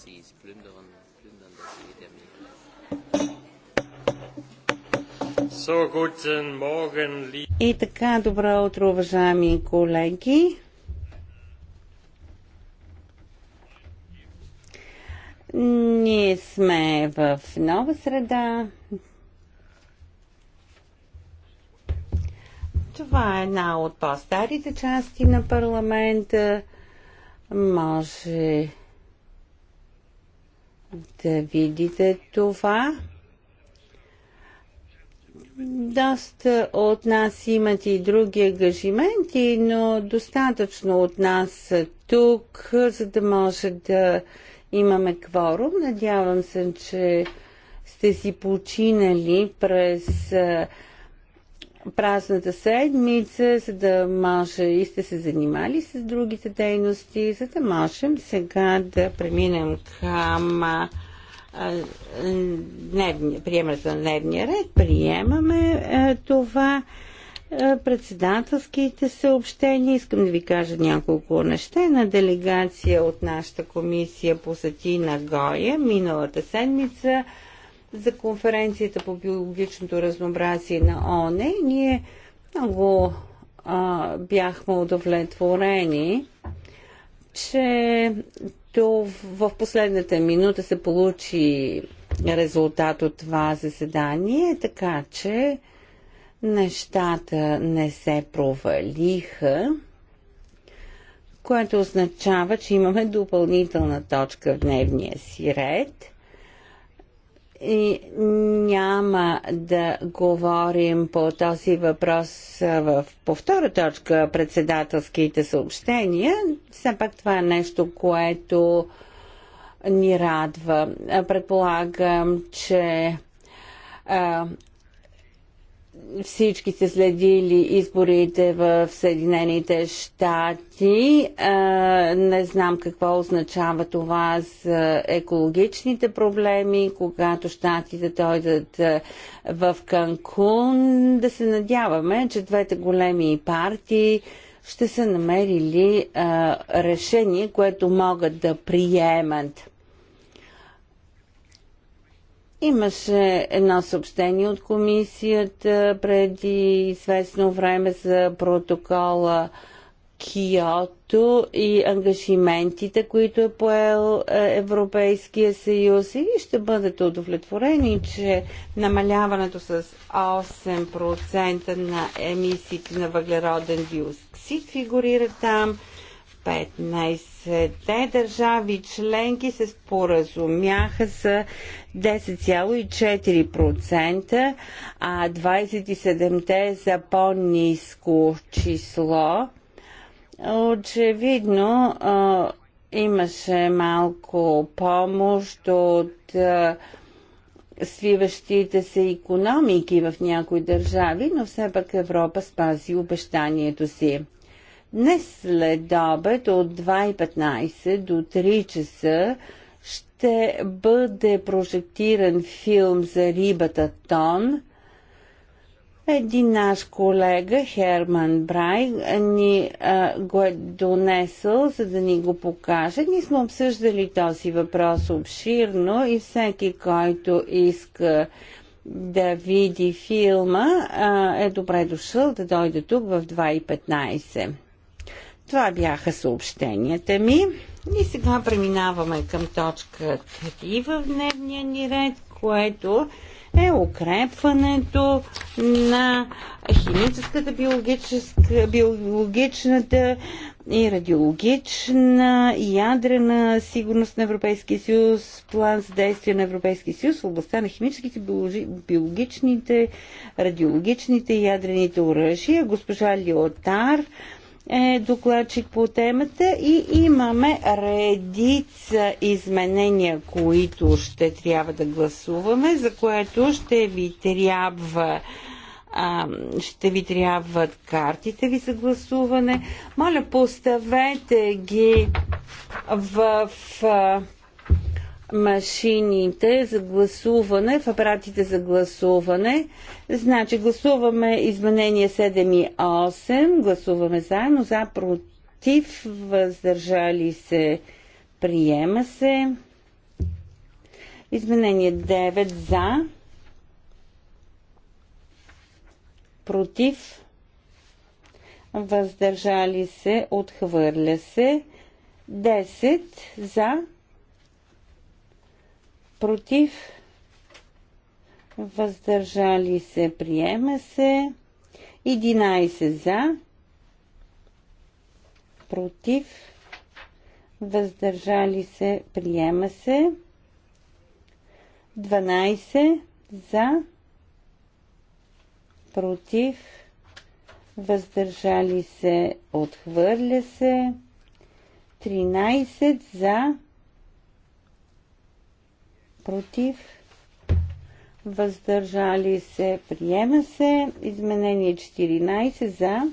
dass sie plündern, plündern das So, guten Morgen, Epidemie. И така, добро утро, уважаеми колеги. Ние сме в нова среда. Това е една от по-старите части на парламента. Може да видите това. Доста от нас имат и други ангажименти, но достатъчно от нас са тук, за да може да имаме кворум. Надявам се, че сте си починали през празната седмица, за да може и сте се занимали с другите дейности, за да можем сега да преминем към дневния, приемането на дневния ред. Приемаме това председателските съобщения. Искам да ви кажа няколко неща. Една делегация от нашата комисия посети Нагоя миналата седмица за конференцията по биологичното разнообразие на ОНЕ. Ние много а, бяхме удовлетворени, че то в последната минута се получи резултат от това заседание, така че нещата не се провалиха, което означава, че имаме допълнителна точка в дневния си ред – и няма да говорим по този въпрос в, по втора точка председателските съобщения. Все пак това е нещо, което ни радва. Предполагам, че всички са следили изборите в Съединените щати. Не знам какво означава това за екологичните проблеми, когато щатите дойдат в Канкун. Да се надяваме, че двете големи партии ще са намерили решение, което могат да приемат. Имаше едно съобщение от комисията преди известно време за протокола Киото и ангажиментите, които е поел е, Европейския съюз и ще бъдете удовлетворени, че намаляването с 8% на емисиите на въглероден диоксид фигурира там 15-те държави членки се споразумяха с 10,4%, а 27-те за по-низко число. Очевидно имаше малко помощ от свиващите се економики в някои държави, но все пак Европа спази обещанието си. Днес след обед от 2.15 до 3 часа ще бъде прожектиран филм за рибата Тон. Един наш колега, Херман Брай, ни а, го е донесъл, за да ни го покаже. Ние сме обсъждали този въпрос обширно и всеки, който иска да види филма, а, е добре дошъл да дойде тук в 2.15. Това бяха съобщенията ми. И сега преминаваме към точка 3 в дневния ни ред, което е укрепването на химическата, биологичната и радиологична и ядрена сигурност на Европейския съюз, план за действие на Европейския съюз в областта на химическите, биологичните, радиологичните и ядрените оръжия. Госпожа Лиотар е докладчик по темата и имаме редица изменения, които ще трябва да гласуваме, за което ще ви трябва а, ще ви трябват картите ви за гласуване. Моля, поставете ги в, в машините за гласуване, в апаратите за гласуване. Значи гласуваме изменение 7 и 8, гласуваме заедно, за, против, въздържали се, приема се. Изменение 9 за, против, въздържали се, отхвърля се. 10 за, против, въздържали се, приема се, 11 за, против, въздържали се, приема се, 12 за, против, въздържали се, отхвърля се, 13 за, против, въздържали се, приема се. Изменение 14 за,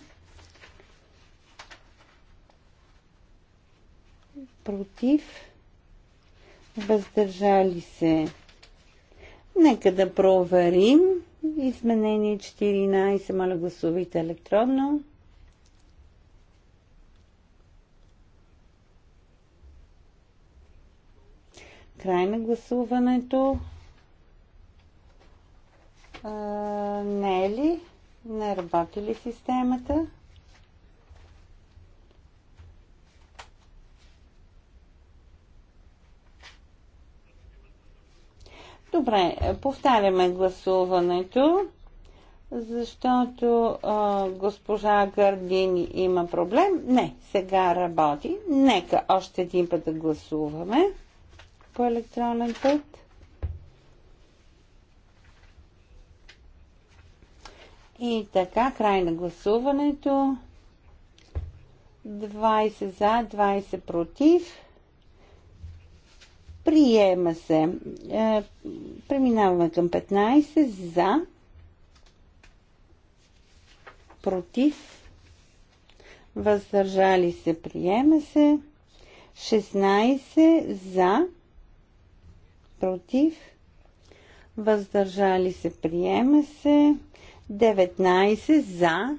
против, въздържали се. Нека да проверим. Изменение 14. Моля гласувайте електронно. Край на гласуването. А, не е ли? Не работи ли системата? Добре, повтаряме гласуването, защото а, госпожа Гардини има проблем. Не, сега работи. Нека още един път да гласуваме по електронен път. И така, край на гласуването. 20 за, 20 против. Приема се. Е, преминаваме към 15 за, против, въздържали се, приема се. 16 за, против, въздържали се, приема се, 19 за,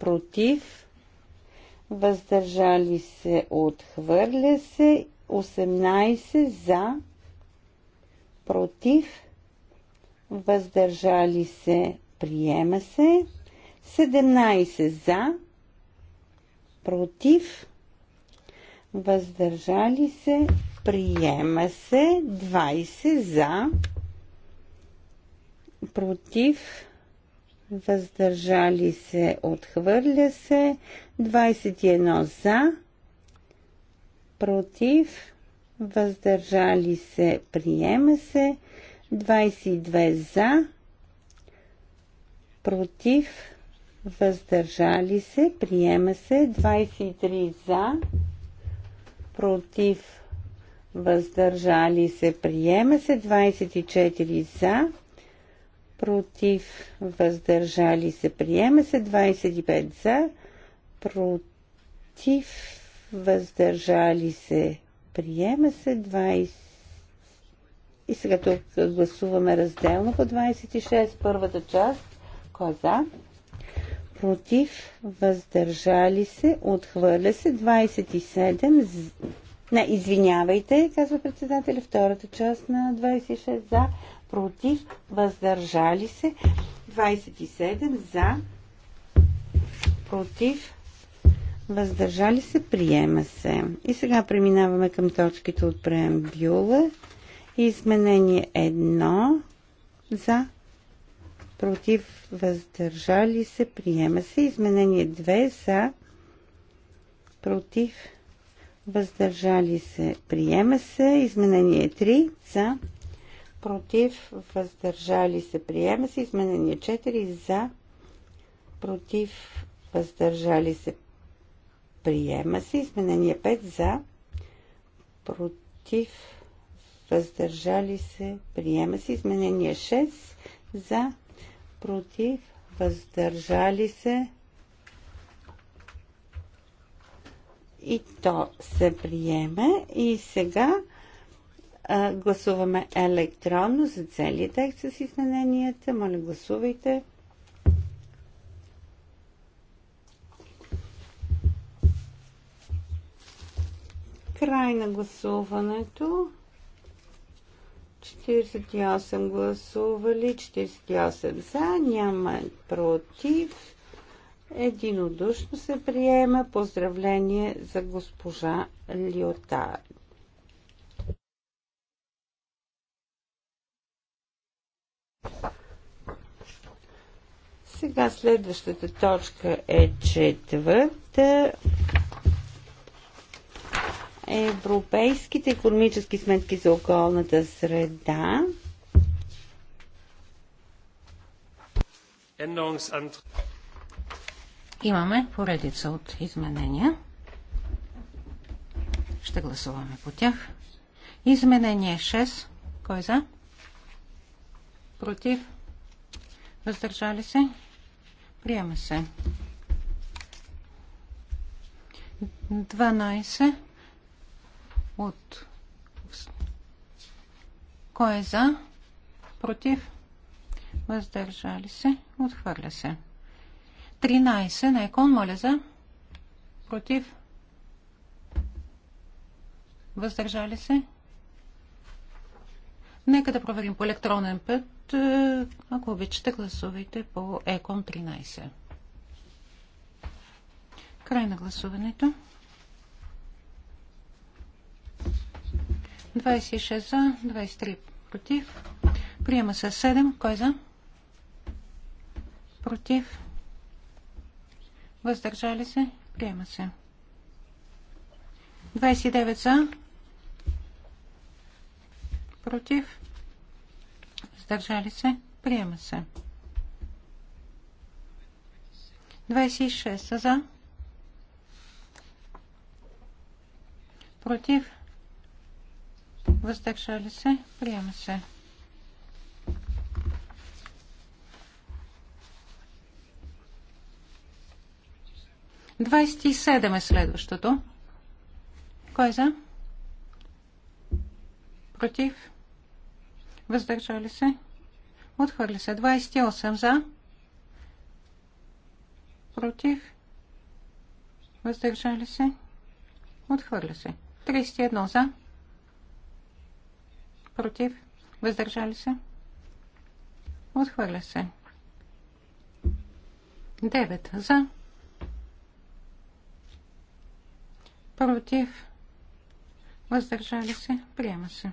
против, въздържали се, отхвърля се, 18 за, против, въздържали се, приема се, 17 за, против, въздържали се, Приема се 20 за, против, въздържали се, отхвърля се, 21 за, против, въздържали се, приема се, 22 за, против, въздържали се, приема се, 23 за, против, въздържали се, приема се 24 за, против, въздържали се, приема се 25 за, против, въздържали се, приема се 20. И сега тук гласуваме разделно по 26, първата част, кой е за? против, въздържали се, отхвърля се 27 не, извинявайте, казва председателя, втората част на 26 за, против, въздържали се, 27 за, против, въздържали се, приема се. И сега преминаваме към точките от преамбюла. Изменение 1 за, против, въздържали се, приема се. Изменение 2 за, против, въздържали се въздържали се, приема се. Изменение 3 за, против, въздържали се, приема се. Изменение 4 за, против, въздържали се, приема се. Изменение 5 за, против, въздържали се, приема се. Изменение 6 за, против, въздържали се, и то се приеме. И сега а, гласуваме електронно за целият текст с измененията. Моля, гласувайте. Край на гласуването. 48 гласували, 48 за, няма против единодушно се приема. Поздравление за госпожа Лиотар. Сега следващата точка е четвърта. Европейските економически сметки за околната среда. Änderungsantrag. Имаме поредица от изменения. Ще гласуваме по тях. Изменение 6. Кой е за? Против? Въздържали се? Приема се. 12 от кой е за? Против? Въздържали се? Отхвърля се. 13 на Екон, моля за. Против. Въздържали се. Нека да проверим по електронен път. Е, ако обичате, гласувайте по Екон 13. Край на гласуването. 26 за, 23 против. Приема се 7. Кой е за? Против. Въздържали се? Приема се. 29 за. Против. Въздържали се? Приема се. 26 за. Против. Въздържали се? Приема се. 27 е следващото. Кой е за? Против? Въздържали се? Отхвърли се. 28 за? Против? Въздържали се? Отхвърля се. 31 за? Против? Въздържали се? Отхвърля се. 9 за? против, въздържали се, приема се.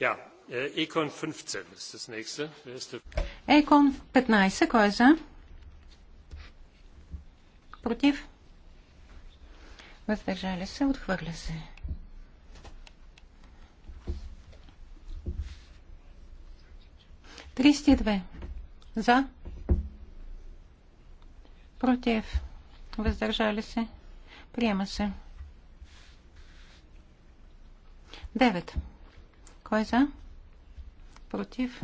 Ja, äh, Econ 15 ist das nächste. Econ 15, кой е за? Против? Въздържали се? Отхвърля се. Тристи две. За? Против? Въздържали се? Приема се. Девет. Кой е за? Против?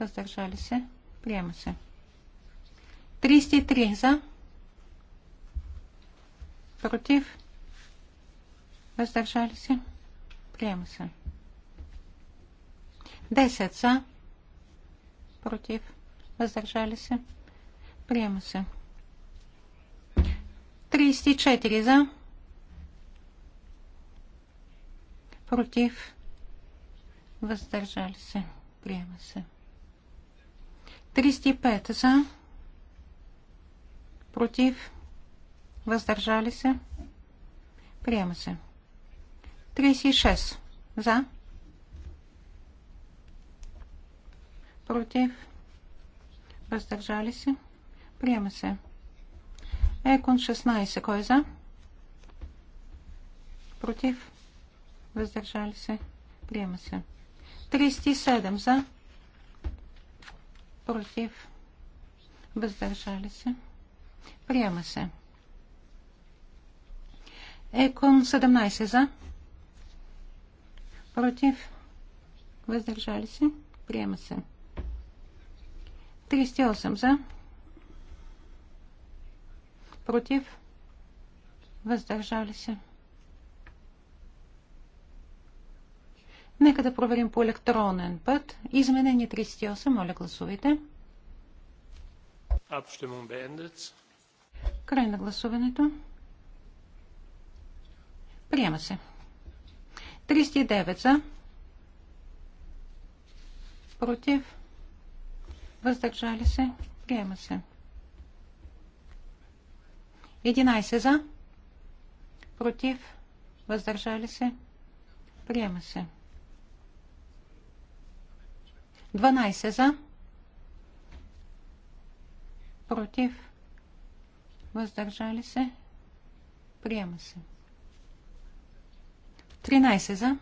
Въздържали се? Приема се. три. за? против, въздържали се, приема се. 10 за, против, въздържали се, приема се. 34 за, против, въздържали се, приема се. 35 за, против, Въздържали се? Въздържали се. Приема се. 36. За. Против. Въздържали се. Приема се. Екон 16. Кой е за? Против. Въздържали се. Приема се. 37 за. Против. Въздържали се. Приема се. Екон 17 за. Против. Въздържали се. Приема се. 38 за. Против. Въздържали се. Нека да проверим по електронен път. Изменение 38. Моля, гласувайте. Край на гласуването. Приема се. 39 за. Против. Въздържали се. Приема се. 11 за. Против. Въздържали се. Приема се. 12 за. Против. Въздържали се. Приема се. 13 за.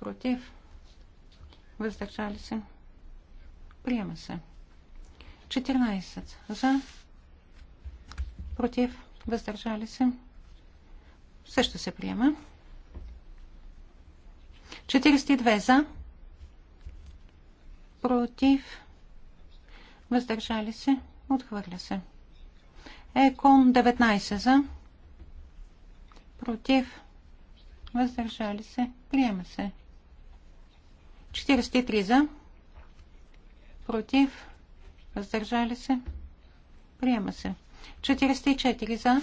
Против. Въздържали се. Приема се. 14 за. Против. Въздържали се. Също се приема. 42 за. Против. Въздържали се. Отхвърля се. Екон 19 за. Против въздържали се, приема се. 43 за, против, въздържали се, приема се. 44 за,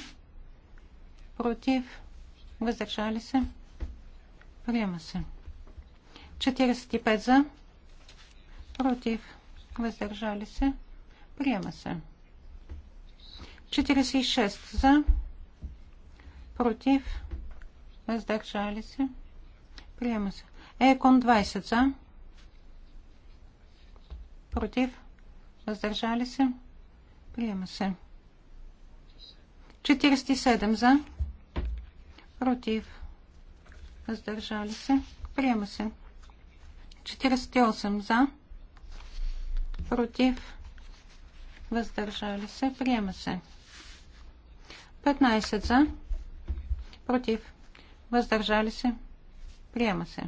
против, въздържали се, приема се. 45 за, против, въздържали се, приема се. 46 за, против, въздържали се, приема се. Екон 20 за, против, въздържали се, приема се. 47 за, против, въздържали се, приема се. 48 за, против, въздържали се, приема се. 15 за, против, въздържали се, приема се.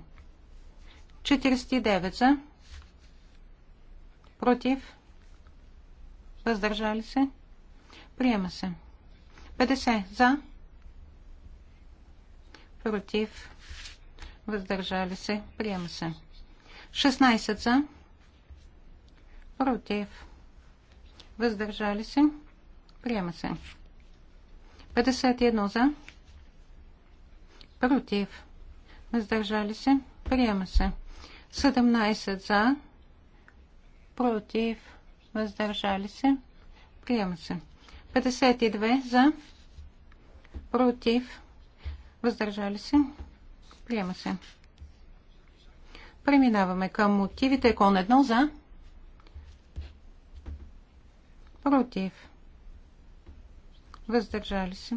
49 за, против, въздържали се, приема се. 50 за, против, въздържали се, приема се. 16 за, против, въздържали се, приема се. 51 за, против, въздържали се, приема се. 17 за, против, въздържали се, приема се. 52 за, против, въздържали се, приема се. Преминаваме към мотивите. Кон едно за, против, въздържали се,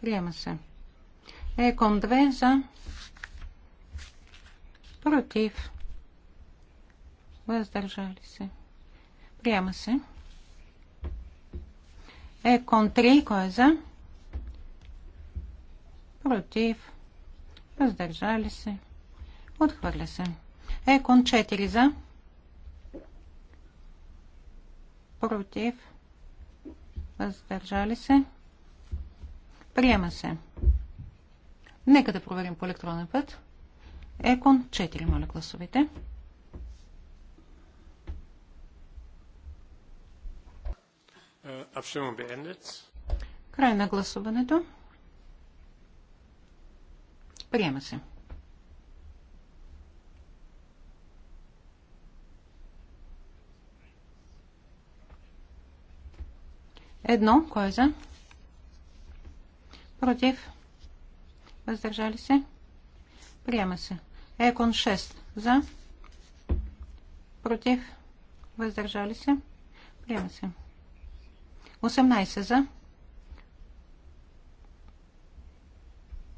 приема се. Екон 2 за. Против. Въздържали се. Приема се. кон 3, кой е за? Против. Въздържали се. Отхвърля се. Екон 4 за. Против. Въздържали се. Приема се. Нека да проверим по електронен път. Екон 4, моля гласовете. Е, Край на гласуването. Приема се. Едно, кой е за? Против. Въздържали се? Приема се. Екон 6. За? Против? Въздържали се? Приема се. 18 за.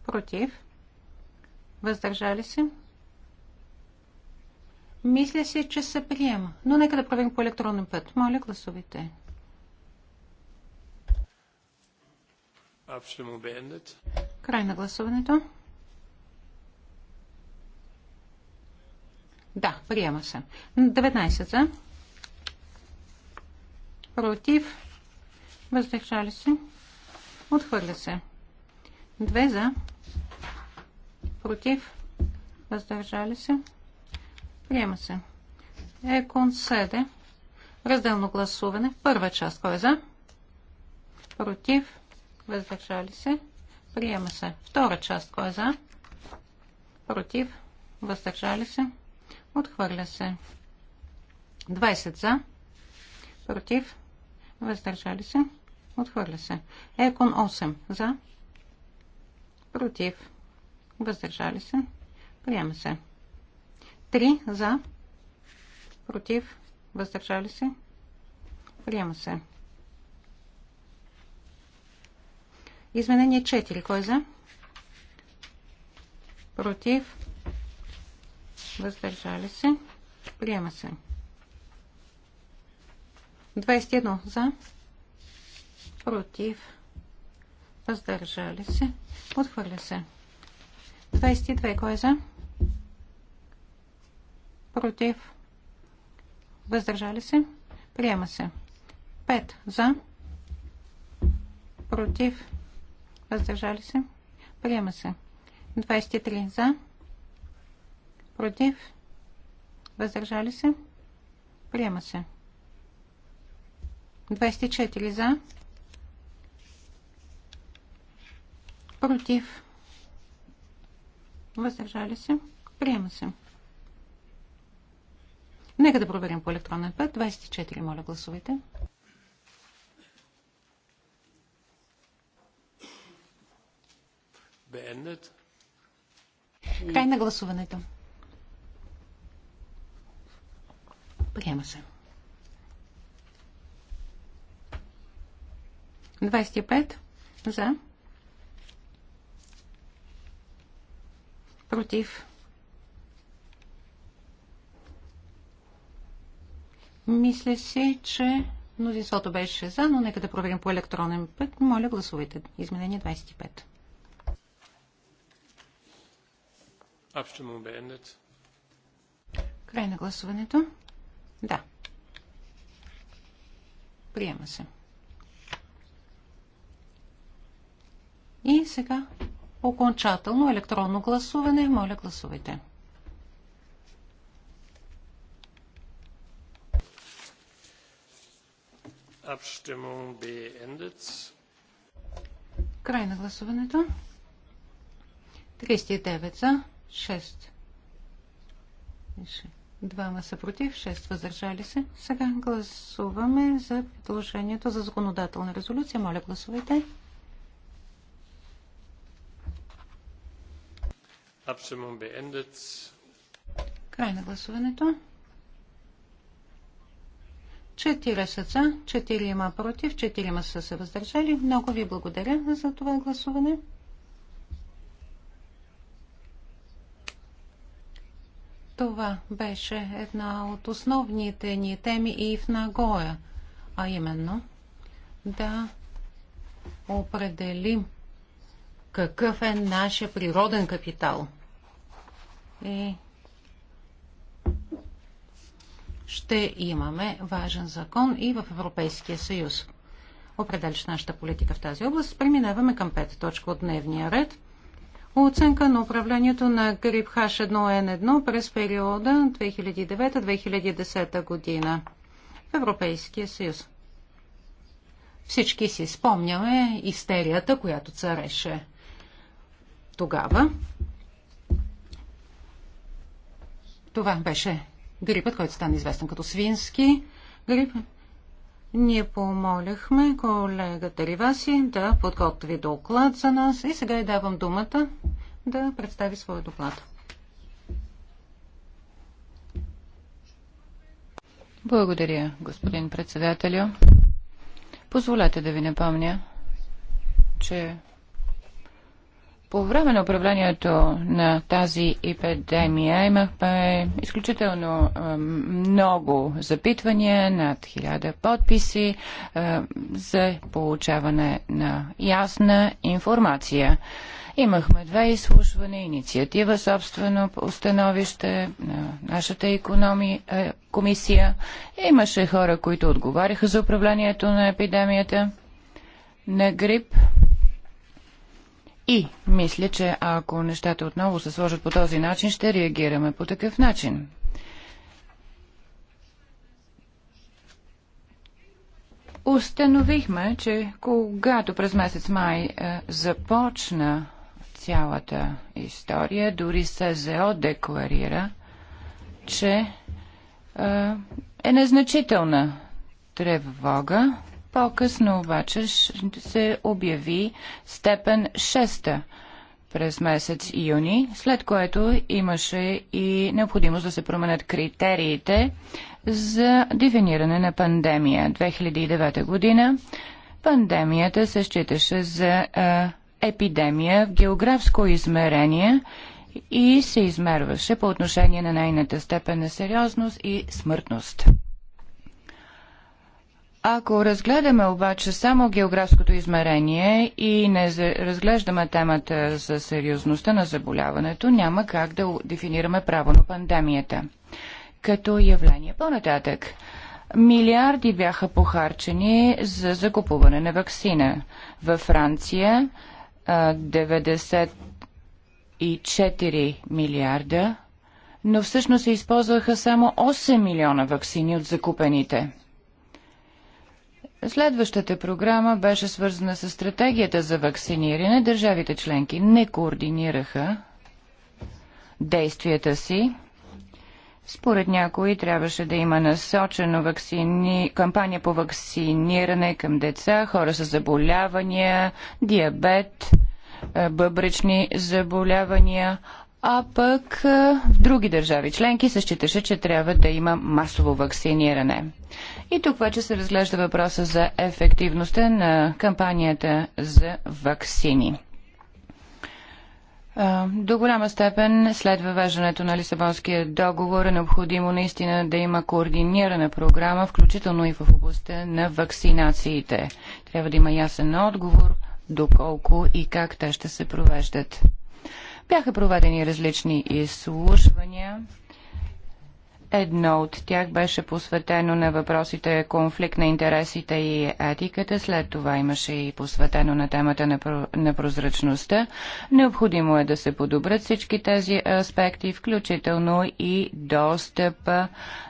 Против. Въздържали се. Мисля си, че се приема. Но нека да проверим по електронен път. Моля, гласувайте. Край на гласуването. Да, приема се. 19 за. Против. Въздържали се. Отхвърля се. 2 за. Против. Въздържали се. Приема се. Екон 7. Разделно гласуване. Първа част. Кой е за? Против. Въздържали се. Приема се. Втора част. Кой е за? Против. Въздържали се. Отхвърля се. 20 за. Против. Въздържали се. Отхвърля се. Екон 8 за. Против. Въздържали се. Приема се. 3 за. Против. Въздържали се. Приема се. Изменение 4. Кой е за? Против. Въздържали се. Приема се. 21. За. Против. Въздържали се. Отхвърля се. 22. Кой е за? Против. Въздържали се. Приема се. 5. За. Против въздържали се, приема се. 23 за, против, въздържали се, приема се. 24 за, против, въздържали се, приема се. Нека да проверим по електронен път. 24, моля, гласувайте. beendet. Край на гласуването. Приема се. 25 за. Против. Мисля си, че мнозинството беше за, но нека да проверим по електронен път. Моля, гласувайте. Изменение 25. Abstimmung beendet. Край на гласуването. Да. Приема се. И сега окончателно електронно гласуване. Моля, гласувайте. Abstimmung beendet. Край на гласуването. 39 за, 6. Двама са против, 6 въздържали се. Сега гласуваме за предложението за законодателна резолюция. Моля, гласувайте. Край на гласуването. 4 са за, 4 има против, 4 са се въздържали. Много ви благодаря за това гласуване. Това беше една от основните ни теми и в Нагоя, а именно да определим какъв е нашия природен капитал. И ще имаме важен закон и в Европейския съюз. Определящ нашата политика в тази област, преминаваме към пета точка от дневния ред – оценка на управлението на грип H1N1 през периода 2009-2010 година в Европейския съюз. Всички си спомняме истерията, която цареше тогава. Това беше грипът, който стана известен като свински грип. Ние помоляхме колегата Риваси да подготви доклад за нас и сега й давам думата да представи своя доклад. Благодаря, господин председателю. Позволете да ви напомня, че по време на управлението на тази епидемия имахме изключително много запитвания, над хиляда подписи за получаване на ясна информация. Имахме две изслушвания, инициатива, собствено установище на нашата економи, е, комисия. Имаше хора, които отговаряха за управлението на епидемията на грип и мисля, че ако нещата отново се сложат по този начин, ще реагираме по такъв начин. Установихме, че когато през месец май е, започна цялата история, дори СЗО декларира, че е, е незначителна тревога по-късно обаче се обяви степен 6 през месец юни, след което имаше и необходимост да се променят критериите за дефиниране на пандемия. 2009 година пандемията се считаше за а, епидемия в географско измерение и се измерваше по отношение на нейната степен на сериозност и смъртност. Ако разгледаме обаче само географското измерение и не разглеждаме темата за сериозността на заболяването, няма как да дефинираме право на пандемията. Като явление по-нататък, милиарди бяха похарчени за закупуване на вакцина. Във Франция 94 милиарда, но всъщност се използваха само 8 милиона вакцини от закупените – Следващата програма беше свързана с стратегията за вакциниране. Държавите членки не координираха действията си. Според някои трябваше да има насочено вакцини... кампания по вакциниране към деца, хора с заболявания, диабет, е, бъбречни заболявания, а пък в други държави членки се считаше, че трябва да има масово вакциниране. И тук вече се разглежда въпроса за ефективността на кампанията за вакцини. До голяма степен след въвеждането на Лисабонския договор е необходимо наистина да има координирана програма, включително и в областта на вакцинациите. Трябва да има ясен отговор доколко и как те ще се провеждат. Бяха проведени различни изслушвания. Едно от тях беше посветено на въпросите конфликт на интересите и етиката, след това имаше и посветено на темата на, про... на прозрачността. Необходимо е да се подобрят всички тези аспекти, включително и достъп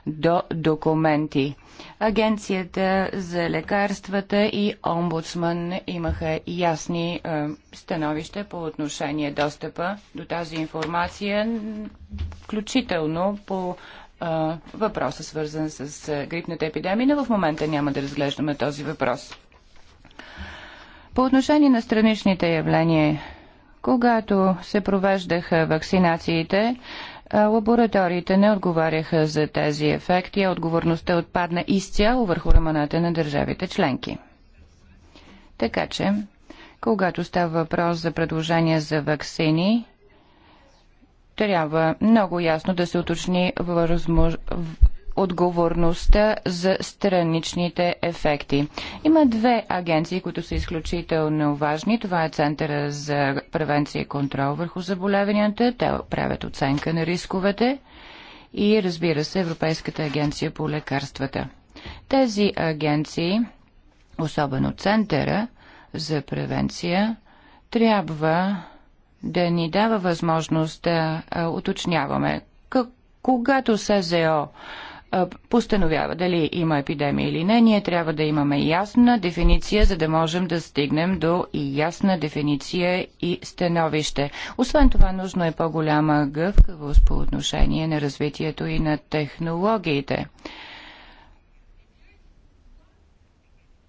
до документи. Агенцията за лекарствата и омбудсман имаха ясни е, становища по отношение достъпа до тази информация, включително по въпроса, свързан с грипната епидемия, но в момента няма да разглеждаме този въпрос. По отношение на страничните явления, когато се провеждаха вакцинациите, лабораториите не отговаряха за тези ефекти, а отговорността отпадна изцяло върху рамената на държавите членки. Така че, когато става въпрос за предложения за вакцини, трябва много ясно да се уточни отговорността за страничните ефекти. Има две агенции, които са изключително важни. Това е Центъра за превенция и контрол върху заболяванията. Те правят оценка на рисковете и разбира се Европейската агенция по лекарствата. Тези агенции, особено Центъра за превенция, трябва да ни дава възможност да уточняваме когато СЗО постановява дали има епидемия или не, ние трябва да имаме ясна дефиниция, за да можем да стигнем до и ясна дефиниция и становище. Освен това, нужно е по-голяма гъвкавост по отношение на развитието и на технологиите.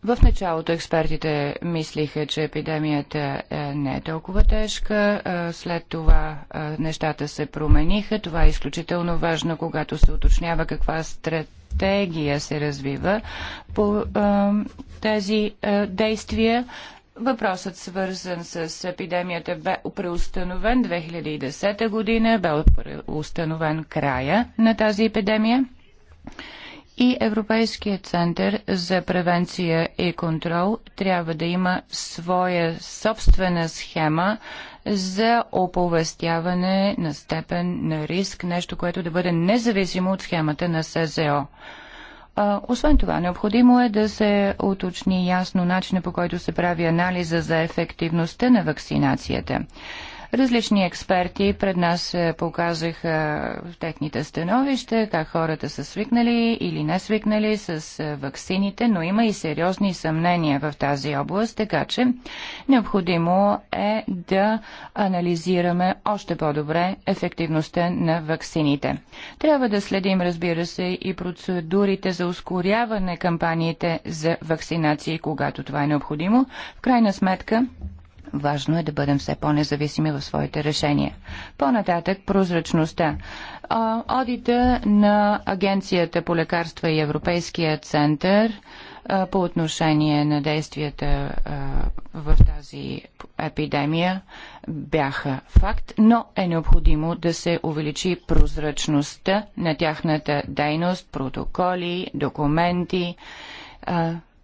В началото експертите мислиха, че епидемията е, не е толкова тежка. Е, след това е, нещата се промениха. Това е изключително важно, когато се уточнява каква стратегия се развива по тези действия. Въпросът свързан с епидемията бе преустановен 2010 година, бе преустановен края на тази епидемия и Европейският център за превенция и контрол трябва да има своя собствена схема за оповестяване на степен на риск, нещо, което да бъде независимо от схемата на СЗО. Освен това, необходимо е да се уточни ясно начина по който се прави анализа за ефективността на вакцинацията. Различни експерти пред нас е, показаха е, техните становища, как хората са свикнали или не свикнали с е, ваксините, но има и сериозни съмнения в тази област, така че необходимо е да анализираме още по-добре ефективността на ваксините. Трябва да следим, разбира се, и процедурите за ускоряване кампаниите за вакцинации, когато това е необходимо. В крайна сметка, Важно е да бъдем все по-независими в своите решения. По-нататък прозрачността. Одита на Агенцията по лекарства и Европейския център по отношение на действията в тази епидемия бяха факт, но е необходимо да се увеличи прозрачността на тяхната дейност, протоколи, документи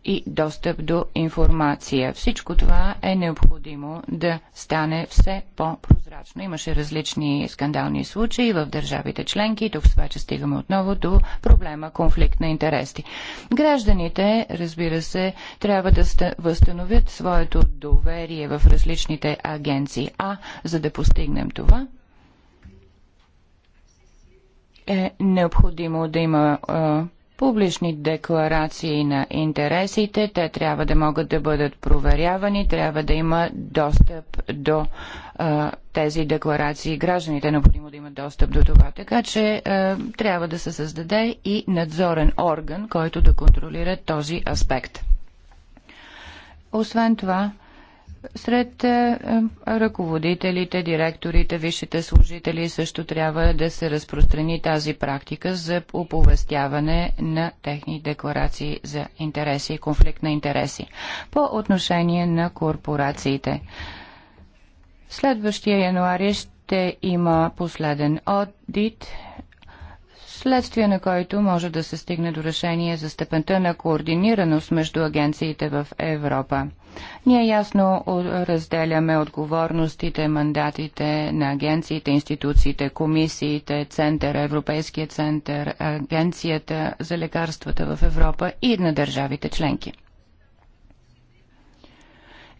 и достъп до информация. Всичко това е необходимо да стане все по-прозрачно. Имаше различни скандални случаи в държавите членки и тук с това, че стигаме отново до проблема конфликт на интереси. Гражданите, разбира се, трябва да възстановят своето доверие в различните агенции. А за да постигнем това, е необходимо да има публични декларации на интересите. Те трябва да могат да бъдат проверявани, трябва да има достъп до а, тези декларации. Гражданите е необходимо да имат достъп до това. Така че а, трябва да се създаде и надзорен орган, който да контролира този аспект. Освен това, сред е, е, ръководителите, директорите, висшите служители също трябва да се разпространи тази практика за оповестяване на техни декларации за интереси и конфликт на интереси. По отношение на корпорациите. Следващия януари ще има последен одит следствие на който може да се стигне до решение за степента на координираност между агенциите в Европа. Ние ясно разделяме отговорностите, мандатите на агенциите, институциите, комисиите, център, Европейския център, Агенцията за лекарствата в Европа и на държавите членки.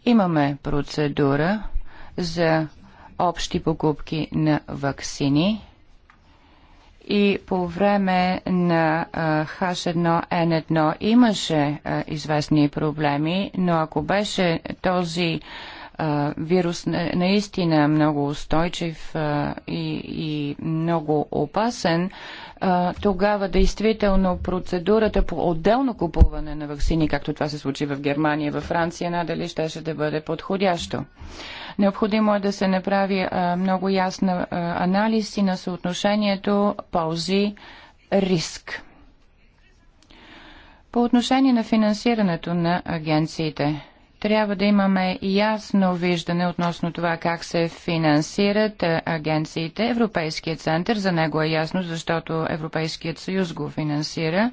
Имаме процедура за общи покупки на ваксини и по време на H1N1 имаше известни проблеми, но ако беше този вирус наистина много устойчив и, и много опасен, тогава действително процедурата по отделно купуване на вакцини, както това се случи в Германия и във Франция, надали щеше да бъде подходящо. Необходимо е да се направи много ясна анализ и на съотношението ползи-риск. По отношение на финансирането на агенциите, трябва да имаме ясно виждане относно това как се финансират агенциите. Европейският център, за него е ясно, защото Европейският съюз го финансира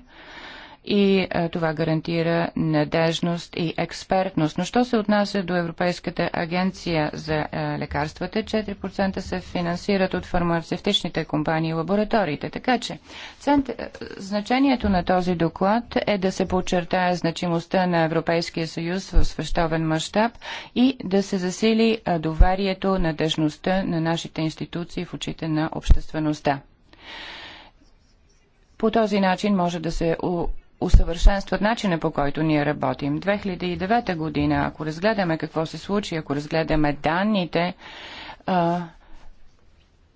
и а, е, това гарантира надежност и експертност. Но що се отнася до Европейската агенция за а, е, лекарствата, 4% се финансират от фармацевтичните компании и лабораториите. Така че цент... Е, значението на този доклад е да се подчертае значимостта на Европейския съюз в свещовен мащаб и да се засили а, доверието, надежността на нашите институции в очите на обществеността. По този начин може да се усъвършенстват начина по който ние работим. 2009 година, ако разгледаме какво се случи, ако разгледаме данните, а,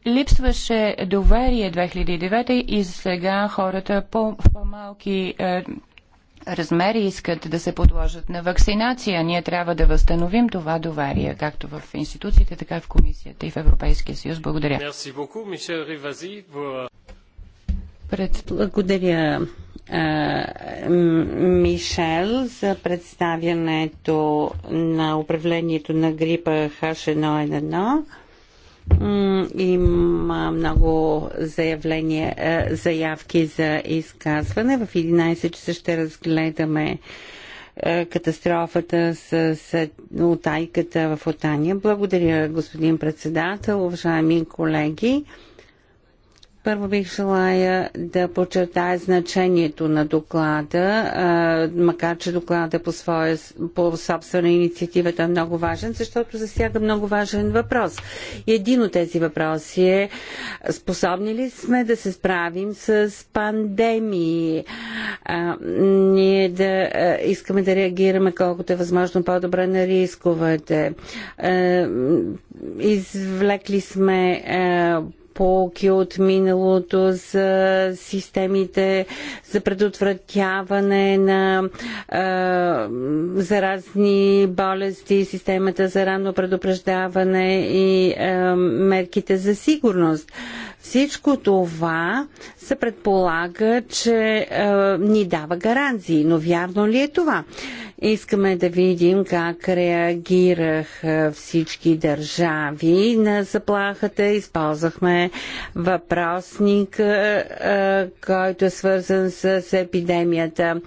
липсваше доверие 2009 и сега хората по, по-малки а, е, размери искат да се подложат на вакцинация. Ние трябва да възстановим това доверие, както в институциите, така и в комисията и в Европейския съюз. Благодаря. Благодаря, е, Мишел за представянето на управлението на грипа H1N1. Има много заявления, е, заявки за изказване. В 11 часа ще разгледаме е, катастрофата с, с отайката в Отания. Благодаря, господин председател, уважаеми колеги. Първо бих желая да подчертая значението на доклада, макар че доклада по, своя, по собствена инициативата е много важен, защото засяга много важен въпрос. И един от тези въпроси е способни ли сме да се справим с пандемии? А, ние да а, искаме да реагираме колкото е възможно по-добре на рисковете. А, извлекли сме а, полки от миналото за системите за предотвратяване на е, заразни болести, системата за ранно предупреждаване и е, мерките за сигурност. Всичко това се предполага, че е, ни дава гаранции, но вярно ли е това? Искаме да видим как реагирах всички държави на заплахата. Използвахме въпросник, който е свързан с епидемията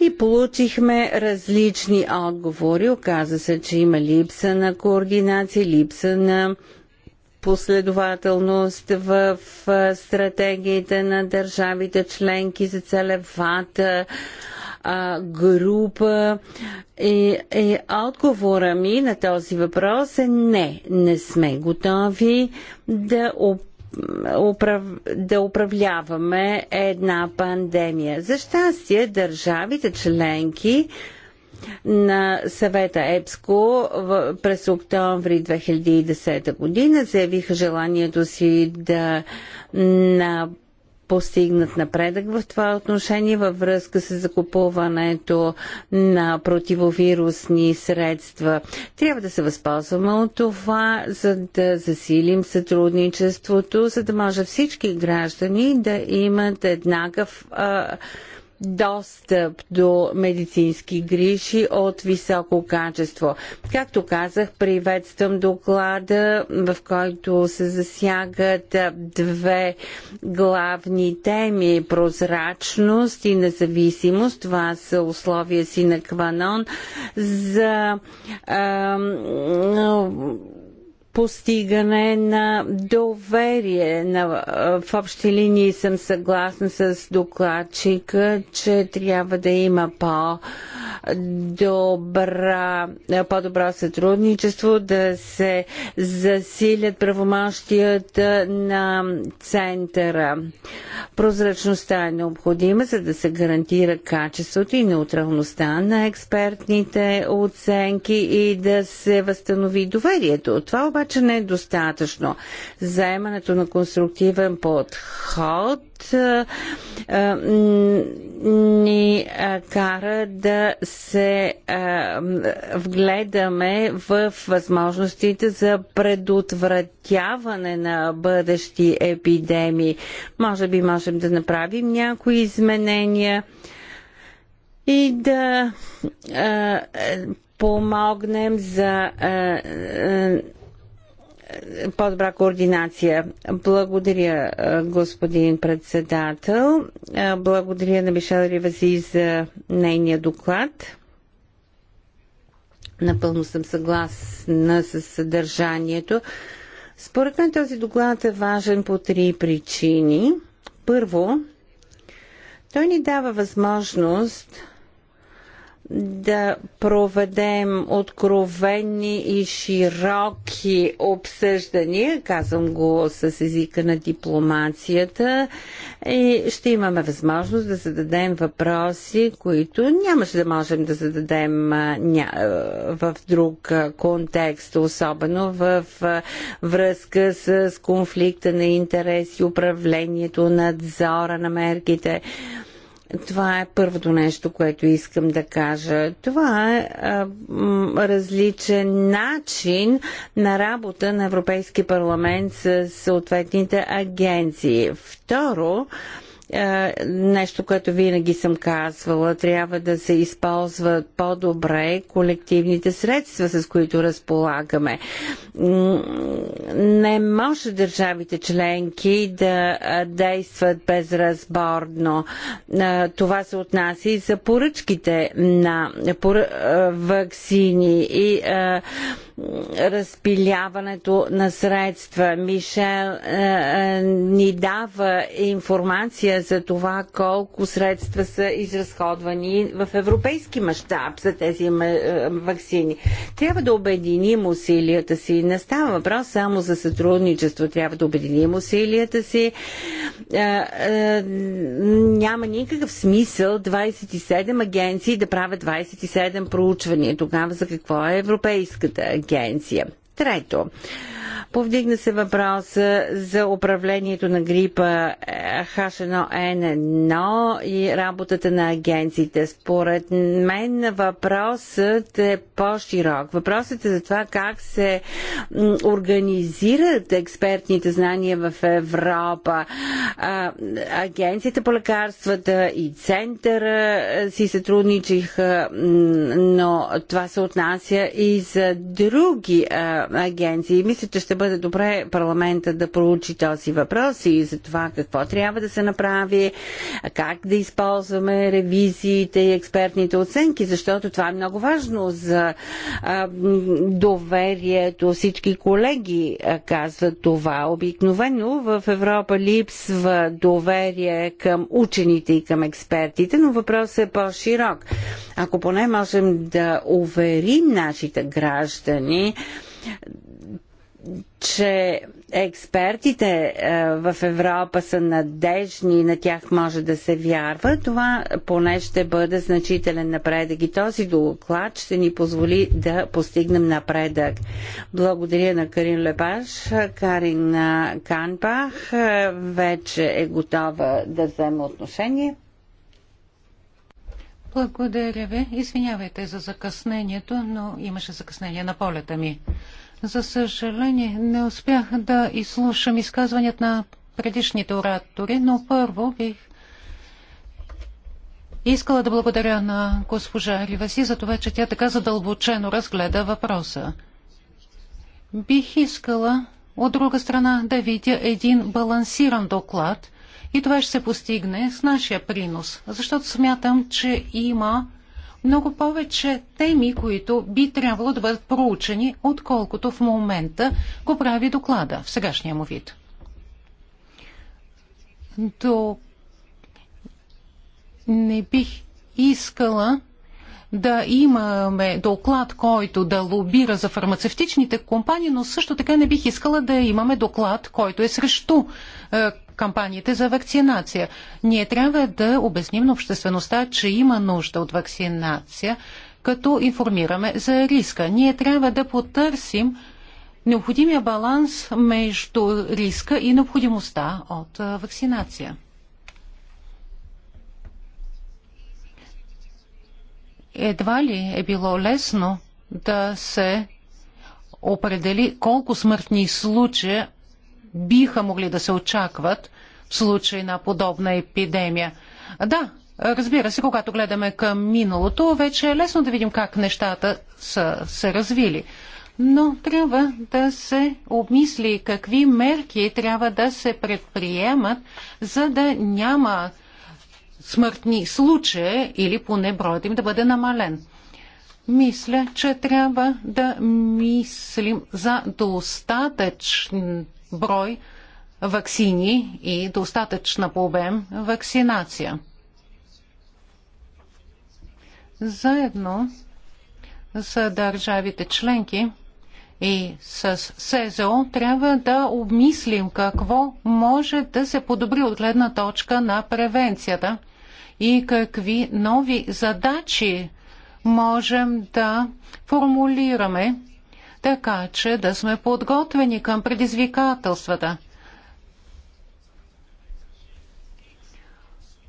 и получихме различни отговори. Оказа се, че има липса на координация, липса на последователност в стратегиите на държавите членки за целевата а, група. И, е, и е, отговора ми на този въпрос е не, не сме готови да управ... да управляваме една пандемия. За щастие, държавите членки на съвета ЕПСКО през октомври 2010 година заявиха желанието си да на постигнат напредък в това отношение във връзка с закупуването на противовирусни средства. Трябва да се възползваме от това, за да засилим сътрудничеството, за да може всички граждани да имат еднакъв а, достъп до медицински грижи от високо качество. Както казах, приветствам доклада, в който се засягат две главни теми прозрачност и независимост. Това са условия си на Кванон за а, постигане на доверие. На, в общи линии съм съгласна с докладчика, че трябва да има по добра, по-добро сътрудничество, да се засилят правомощията на центъра. Прозрачността е необходима, за да се гарантира качеството и неутралността на експертните оценки и да се възстанови доверието. Това обаче обаче не е достатъчно. Заемането на конструктивен подход ни кара да се вгледаме в възможностите за предотвратяване на бъдещи епидемии. Може би можем да направим някои изменения и да е, помогнем за е, по-добра координация. Благодаря, е, господин председател. Е, благодаря на Мишел Ривази за нейния доклад. Напълно съм съгласна с съдържанието. Според мен този доклад е важен по три причини. Първо, той ни дава възможност да проведем откровени и широки обсъждания, казвам го с езика на дипломацията, и ще имаме възможност да зададем въпроси, които нямаше да можем да зададем в друг контекст, особено в връзка с конфликта на интереси, управлението, надзора на мерките. Това е първото нещо, което искам да кажа. Това е а, различен начин на работа на Европейски парламент с съответните агенции. Второ, а, е, нещо, което винаги съм казвала, трябва да се използват по-добре колективните средства, с които разполагаме. Не може държавите членки да действат безразборно. Е, това се отнася и за поръчките на е, вакцини и разпиляването на средства. Мишел е, ни дава информация за това колко средства са изразходвани в европейски мащаб за тези е, вакцини. Трябва да обединим усилията си. Не става въпрос само за сътрудничество. Трябва да обединим усилията си. Е, е, няма никакъв смисъл 27 агенции да правят 27 проучвания. Тогава за какво е Европейската агенция? Трето, Повдигна се въпроса за управлението на грипа е, H1N1 и работата на агенциите. Според мен въпросът е по-широк. Въпросът е за това как се организират експертните знания в Европа. Агенцията по лекарствата и центъра е, си сътрудничиха, но това се отнася и за други агенции. Мисля, че ще бъде бъде добре парламента да проучи този въпрос и за това какво трябва да се направи, как да използваме ревизиите и експертните оценки, защото това е много важно за а, доверието. Всички колеги а, казват това. Обикновено в Европа липсва доверие към учените и към експертите, но въпросът е по-широк. Ако поне можем да уверим нашите граждани, че експертите е, в Европа са надежни и на тях може да се вярва, това поне ще бъде значителен напредък и този доклад ще ни позволи да постигнем напредък. Благодаря на Карин Лепаш, Карин Канбах е, вече е готова да вземе отношение. Благодаря ви. Извинявайте за закъснението, но имаше закъснение на полета ми. За съжаление, не успях да изслушам изказванията на предишните оратори, но първо бих искала да благодаря на госпожа Риваси за това, че тя така задълбочено разгледа въпроса. Бих искала, от друга страна, да видя един балансиран доклад и това ще се постигне с нашия принос, защото смятам, че има много повече теми, които би трябвало да бъдат проучени, отколкото в момента го прави доклада в сегашния му вид. До... Не бих искала да имаме доклад, който да лобира за фармацевтичните компании, но също така не бих искала да имаме доклад, който е срещу е, кампаниите за вакцинация. Ние трябва да обясним на обществеността, че има нужда от вакцинация, като информираме за риска. Ние трябва да потърсим необходимия баланс между риска и необходимостта от вакцинация. Едва ли е било лесно да се определи колко смъртни случаи? биха могли да се очакват в случай на подобна епидемия. Да, разбира се, когато гледаме към миналото, вече е лесно да видим как нещата са се развили. Но трябва да се обмисли какви мерки трябва да се предприемат, за да няма смъртни случаи или поне броят им да бъде намален. Мисля, че трябва да мислим за достатъчно брой вакцини и достатъчна по обем вакцинация. Заедно с държавите членки и с СЗО трябва да обмислим какво може да се подобри от гледна точка на превенцията и какви нови задачи можем да формулираме така че да сме подготвени към предизвикателствата.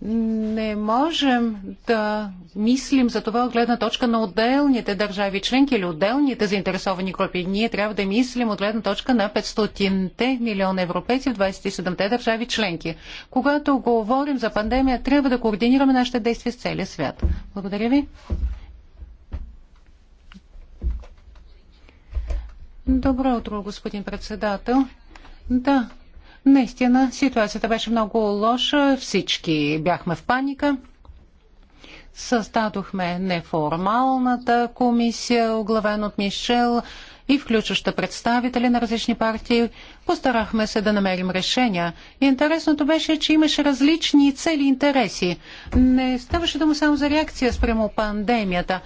не можем да мислим за това от гледна точка на отделните държави членки или отделните заинтересовани групи. Ние трябва да мислим от гледна точка на 500-те милиона европейци в 27-те държави членки. Когато говорим за пандемия, трябва да координираме нашите действия с целия свят. Благодаря ви. Добро утро, господин председател. Да, наистина ситуацията беше много лоша. Всички бяхме в паника. Създадохме неформалната комисия, оглавен от Мишел и включваща представители на различни партии. Постарахме се да намерим решения. Интересното беше, че имаше различни цели и интереси. Не ставаше дума само за реакция спрямо пандемията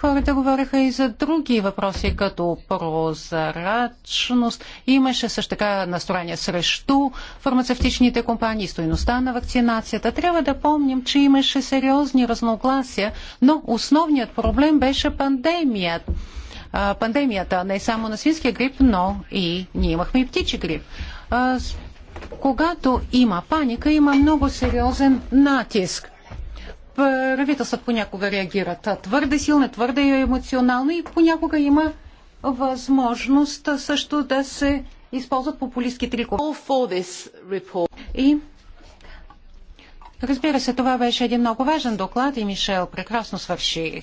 хората говореха и за други въпроси, като прозрачност. Имаше също така настроение срещу фармацевтичните компании, стоеността на вакцинацията. Трябва да помним, че имаше сериозни разногласия, но основният проблем беше пандемият. Пандемията не само на свинския грип, но и ние имахме и птичи грип. Когато има паника, има много сериозен натиск. Е, правителствата понякога реагират твърде силно, твърде емоционално и понякога има възможност също да се използват популистски трикове. И разбира се, това беше един много важен доклад и Мишел прекрасно свърши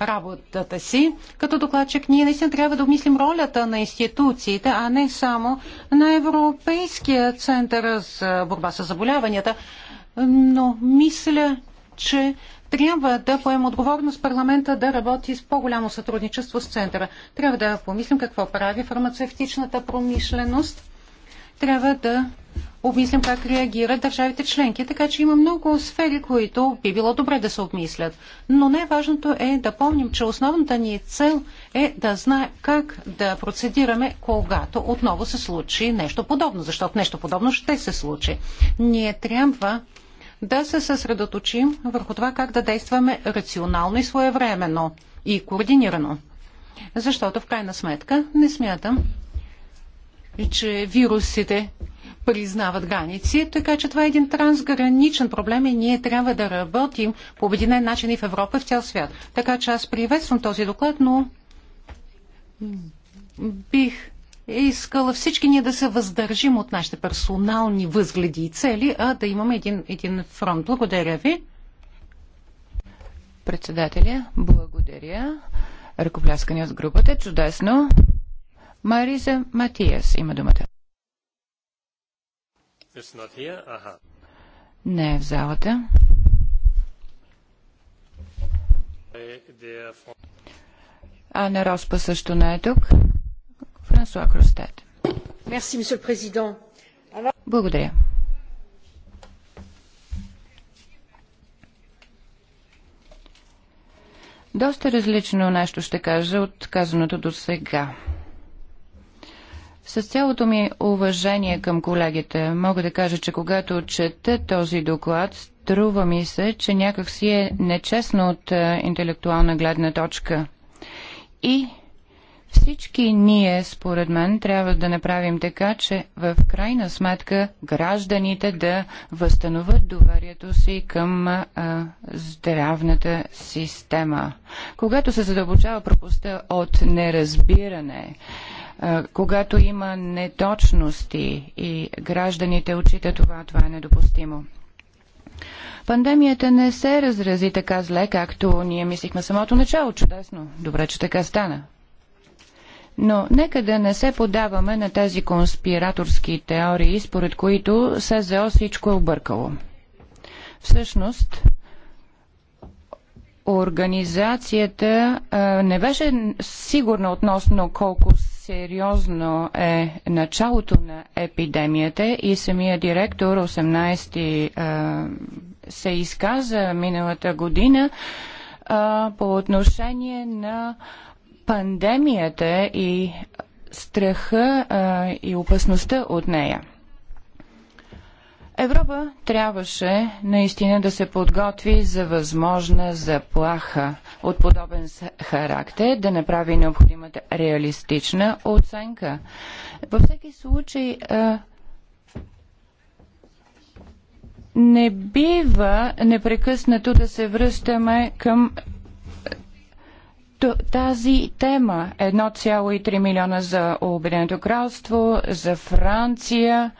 работата си. Като докладчик ние наистина трябва да обмислим ролята на институциите, а не само на Европейския център за борба с заболяванията. Но мисля, че трябва да поем отговорност парламента да работи с по-голямо сътрудничество с центъра. Трябва да помислим какво прави фармацевтичната промишленост. Трябва да обмислим как реагират държавите членки, така че има много сфери, които би било добре да се обмислят. Но най-важното е да помним, че основната ни цел е да знаем как да процедираме, когато отново се случи нещо подобно, защото нещо подобно ще се случи. Ние трябва да се съсредоточим върху това как да действаме рационално и своевременно и координирано. Защото в крайна сметка не смятам, че вирусите признават граници, така че това е един трансграничен проблем и ние трябва да работим по обединен начин и в Европа, и в цял свят. Така че аз приветствам този доклад, но бих е искала всички ние да се въздържим от нашите персонални възгледи и цели, а да имаме един, един фронт. Благодаря ви. Председателя, благодаря. Ръкопляскане от групата. Чудесно. Мариза Матиас има думата. Не е в залата. Е, е на Роспа също не е тук. Франсуа Кростет. Благодаря. Доста различно нещо ще кажа от казаното до сега. С цялото ми уважение към колегите, мога да кажа, че когато чета този доклад, струва ми се, че някак си е нечестно от е, интелектуална гледна точка. И всички ние, според мен, трябва да направим така, че в крайна сметка гражданите да възстановят доверието си към а, здравната система. Когато се задълбочава пропуста от неразбиране, когато има неточности и гражданите отчитат това, това е недопустимо. Пандемията не се разрази така зле, както ние мислихме самото начало. Чудесно. Добре, че така стана. Но нека да не се подаваме на тези конспираторски теории, според които СЗО всичко е объркало. Всъщност, организацията а, не беше сигурна относно колко сериозно е началото на епидемията и самия директор 18 а, се изказа миналата година а, по отношение на а, пандемията и страха а, и опасността от нея. Европа трябваше наистина да се подготви за възможна заплаха от подобен характер, да направи необходимата реалистична оценка. Във всеки случай а, не бива непрекъснато да се връщаме към тази тема 1,3 милиона за Обединеното кралство, за Франция.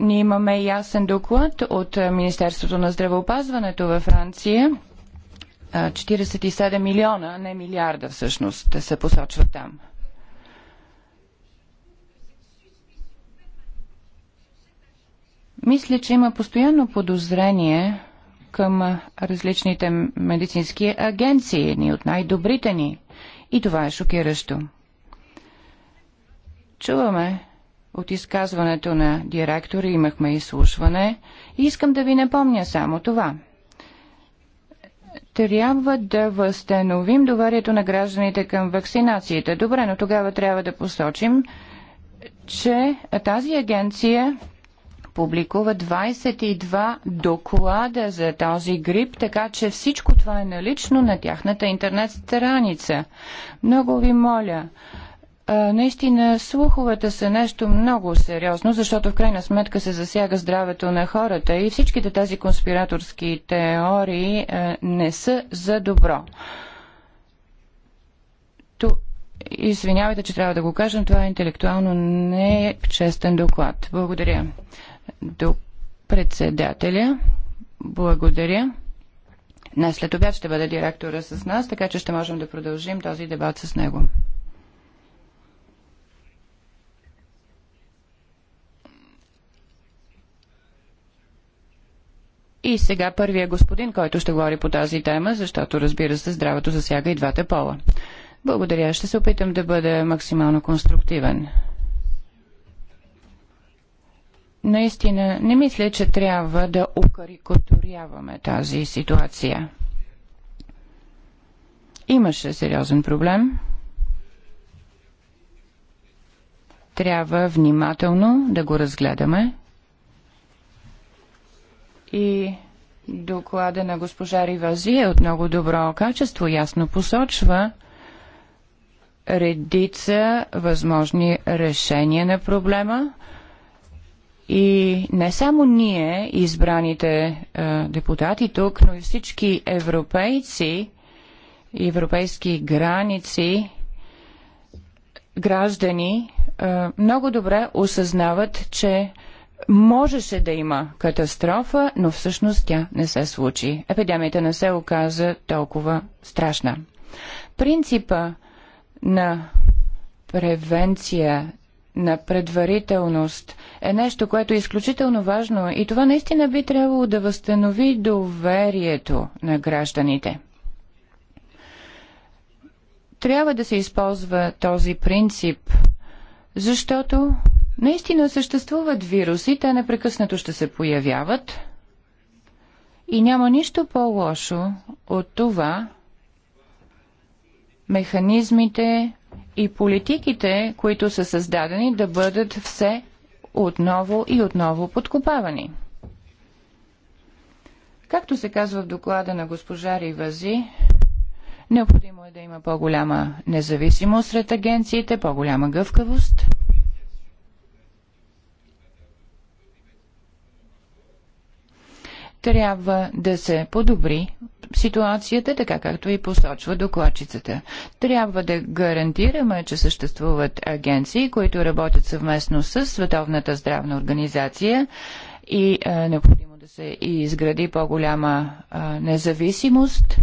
Ние имаме ясен доклад от Министерството на здравеопазването във Франция. 47 милиона, не милиарда всъщност, се посочва там. Мисля, че има постоянно подозрение, към различните медицински агенции, едни от най-добрите ни. И това е шокиращо. Чуваме от изказването на директори, имахме изслушване и искам да ви напомня само това. Трябва да възстановим доверието на гражданите към вакцинацията. Добре, но тогава трябва да посочим, че тази агенция публикува 22 доклада за този грип, така че всичко това е налично на тяхната интернет страница. Много ви моля, наистина слуховете са нещо много сериозно, защото в крайна сметка се засяга здравето на хората и всичките тези конспираторски теории не са за добро. Ту, извинявайте, че трябва да го кажем, това е интелектуално не честен доклад. Благодаря до председателя. Благодаря. Днес след обяд ще бъде директора с нас, така че ще можем да продължим този дебат с него. И сега първия е господин, който ще говори по тази тема, защото разбира се, здравето засяга и двата пола. Благодаря. Ще се опитам да бъда максимално конструктивен. Наистина, не мисля, че трябва да укарикатуряваме тази ситуация. Имаше сериозен проблем. Трябва внимателно да го разгледаме. И доклада на госпожа Ривази е от много добро качество. Ясно посочва, редица възможни решения на проблема, и не само ние, избраните е, депутати тук, но и всички европейци европейски граници, граждани, е, много добре осъзнават, че можеше да има катастрофа, но всъщност тя не се случи. Епидемията не се оказа толкова страшна. Принципа на превенция на предварителност е нещо, което е изключително важно и това наистина би трябвало да възстанови доверието на гражданите. Трябва да се използва този принцип, защото наистина съществуват вируси, те непрекъснато ще се появяват и няма нищо по-лошо от това механизмите и политиките, които са създадени, да бъдат все отново и отново подкопавани. Както се казва в доклада на госпожа Ривази, необходимо е да има по-голяма независимост сред агенциите, по-голяма гъвкавост. трябва да се подобри ситуацията, така както и посочва докладчицата. Трябва да гарантираме, че съществуват агенции, които работят съвместно с Световната здравна организация и е необходимо да се изгради по-голяма е, независимост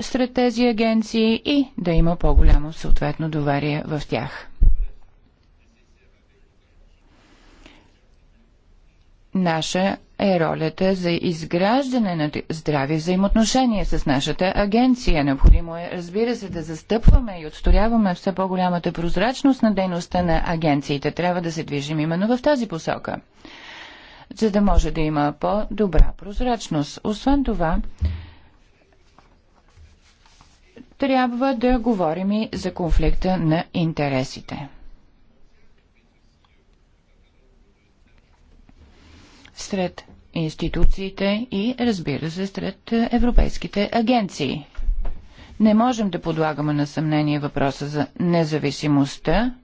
сред тези агенции и да има по-голямо съответно доверие в тях. Наша е ролята за изграждане на здрави взаимоотношения с нашата агенция. Необходимо е, разбира се, да застъпваме и отстояваме все по-голямата прозрачност на дейността на агенциите. Трябва да се движим именно в тази посока, за да може да има по-добра прозрачност. Освен това, трябва да говорим и за конфликта на интересите. сред институциите и, разбира се, сред европейските агенции. Не можем да подлагаме на съмнение въпроса за независимостта,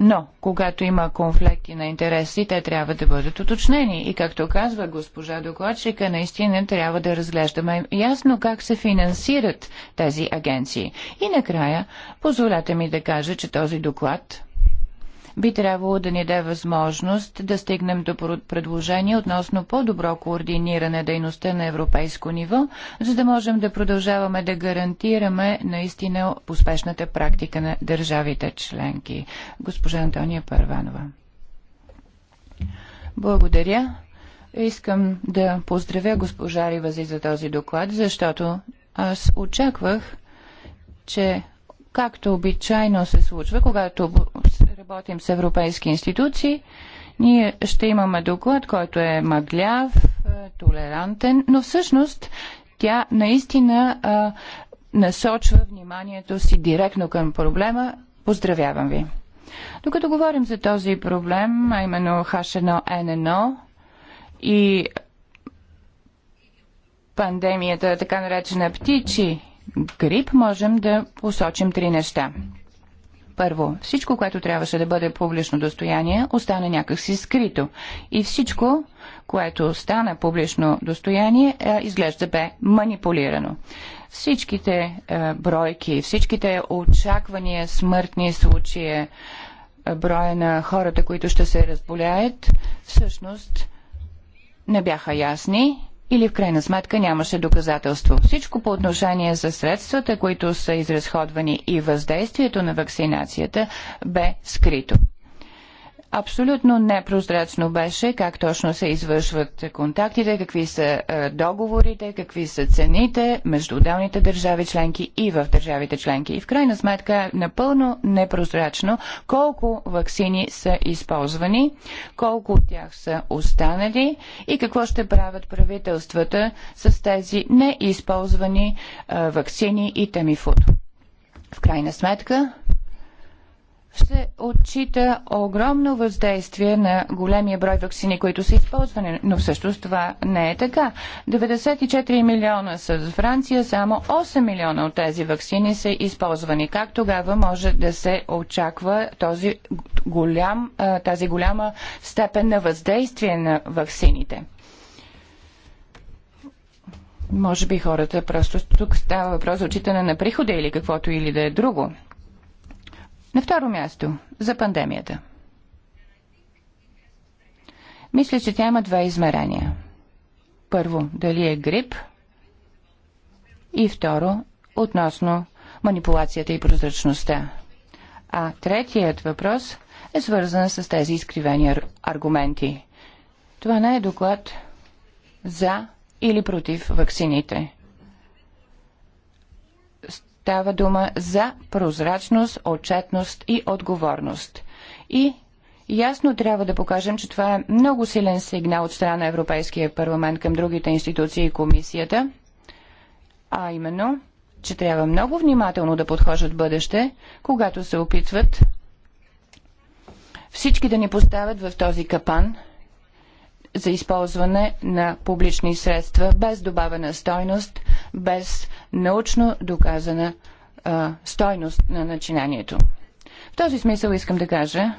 но когато има конфликти на интереси, те трябва да бъдат уточнени. И както казва госпожа докладчика, наистина трябва да разглеждаме ясно как се финансират тези агенции. И накрая, позволете ми да кажа, че този доклад би трябвало да ни даде възможност да стигнем до предложение относно по-добро координиране дейността на европейско ниво, за да можем да продължаваме да гарантираме наистина успешната практика на държавите членки. Госпожа Антония Първанова. Благодаря. Искам да поздравя госпожа Ривази за този доклад, защото аз очаквах, че както обичайно се случва, когато работим с европейски институции, ние ще имаме доклад, който е мъгляв, е, толерантен, но всъщност тя наистина а, насочва вниманието си директно към проблема. Поздравявам ви! Докато говорим за този проблем, а именно H1N1 и пандемията, така наречена птичи грип, можем да посочим три неща – първо, всичко, което трябваше да бъде публично достояние, остана някакси скрито. И всичко, което стана публично достояние, е, изглежда бе манипулирано. Всичките е, бройки, всичките очаквания, смъртни случаи, е, броя на хората, които ще се разболяят, всъщност не бяха ясни или в крайна сметка нямаше доказателство. Всичко по отношение за средствата, които са изразходвани и въздействието на вакцинацията бе скрито. Абсолютно непрозрачно беше как точно се извършват контактите, какви са е, договорите, какви са цените между отделните държави членки и в държавите членки. И в крайна сметка е напълно непрозрачно колко вакцини са използвани, колко от тях са останали и какво ще правят правителствата с тези неизползвани е, вакцини и темифуд. В крайна сметка се отчита огромно въздействие на големия брой вакцини, които са използвани, но всъщност това не е така. 94 милиона са за Франция, само 8 милиона от тези вакцини са използвани. Как тогава може да се очаква този голям, тази голяма степен на въздействие на вакцините? Може би хората просто тук става въпрос за отчитане на прихода или каквото или да е друго. На второ място, за пандемията. Мисля, че тя има два измерения. Първо, дали е грип и второ, относно манипулацията и прозрачността. А третият въпрос е свързан с тези изкривени аргументи. Това не е доклад за или против ваксините. Става дума за прозрачност, отчетност и отговорност. И ясно трябва да покажем, че това е много силен сигнал от страна на Европейския парламент към другите институции и комисията, а именно, че трябва много внимателно да подхожат бъдеще, когато се опитват всички да ни поставят в този капан – за използване на публични средства без добавена стойност, без научно доказана а, стойност на начинанието. В този смисъл искам да кажа,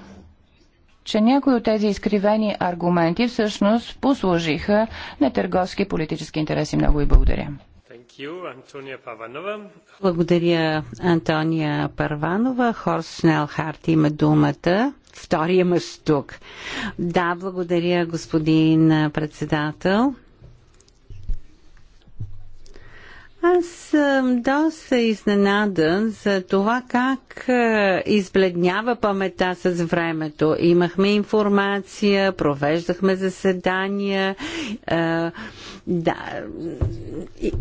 че някои от тези изкривени аргументи всъщност послужиха на търговски политически интереси. Много и благодаря. Благодаря, Антония Парванова. Хорс Шнелхарт има думата втория мъж тук. Да, благодаря, господин председател. Аз съм доста изненадан за това как е, избледнява памета с времето. Имахме информация, провеждахме заседания, е, да,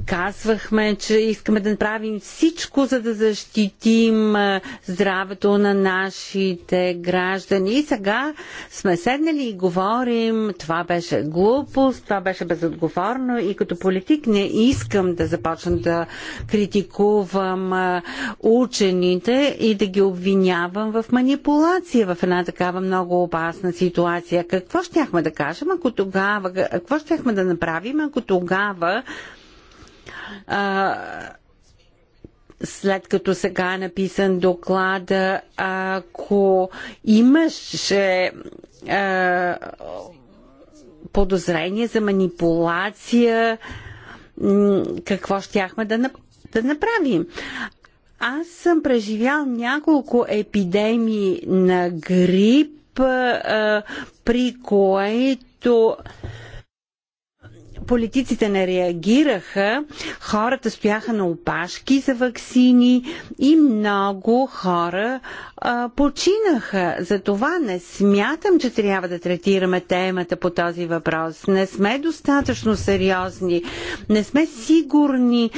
казвахме, че искаме да направим всичко, за да защитим е, здравето на нашите граждани. И сега сме седнали и говорим, това беше глупост, това беше безотговорно и като политик не искам да започна започна да критикувам учените и да ги обвинявам в манипулация в една такава много опасна ситуация. Какво щяхме да кажем, ако тогава, какво щяхме да направим, ако тогава а, след като сега е написан доклада, ако имаше а, подозрение за манипулация, какво щяхме да, да направим. Аз съм преживял няколко епидемии на грип, при което политиците не реагираха, хората стояха на опашки за вакцини и много хора а, починаха. Затова не смятам, че трябва да третираме темата по този въпрос. Не сме достатъчно сериозни. Не сме сигурни,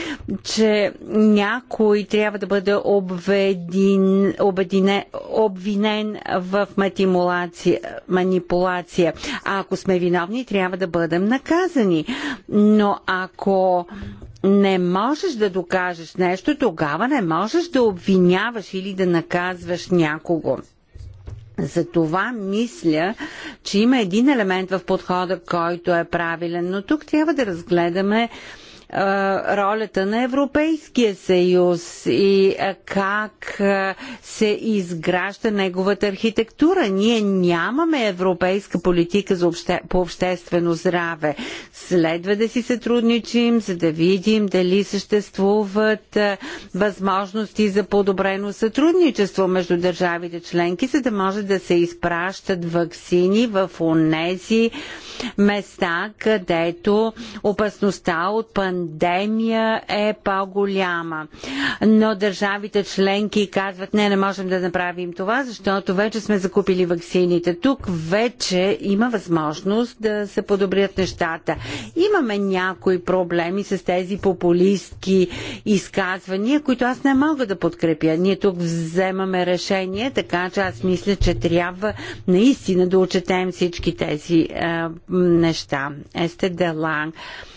че някой трябва да бъде обведен, обедине, обвинен в манипулация. манипулация. А ако сме виновни, трябва да бъдем наказани но ако не можеш да докажеш нещо, тогава не можеш да обвиняваш или да наказваш някого. Затова мисля, че има един елемент в подхода, който е правилен, но тук трябва да разгледаме ролята на Европейския съюз и как се изгражда неговата архитектура. Ние нямаме европейска политика за обще, по обществено здраве. Следва да си сътрудничим, за да видим дали съществуват възможности за подобрено сътрудничество между държавите членки, за да може да се изпращат вакцини в онези места, където опасността от пандемия пандемия е по-голяма. Но държавите членки казват, не, не можем да направим това, защото вече сме закупили ваксините. Тук вече има възможност да се подобрят нещата. Имаме някои проблеми с тези популистки изказвания, които аз не мога да подкрепя. Ние тук вземаме решение, така че аз мисля, че трябва наистина да учетем всички тези е, неща. Есте Деланг.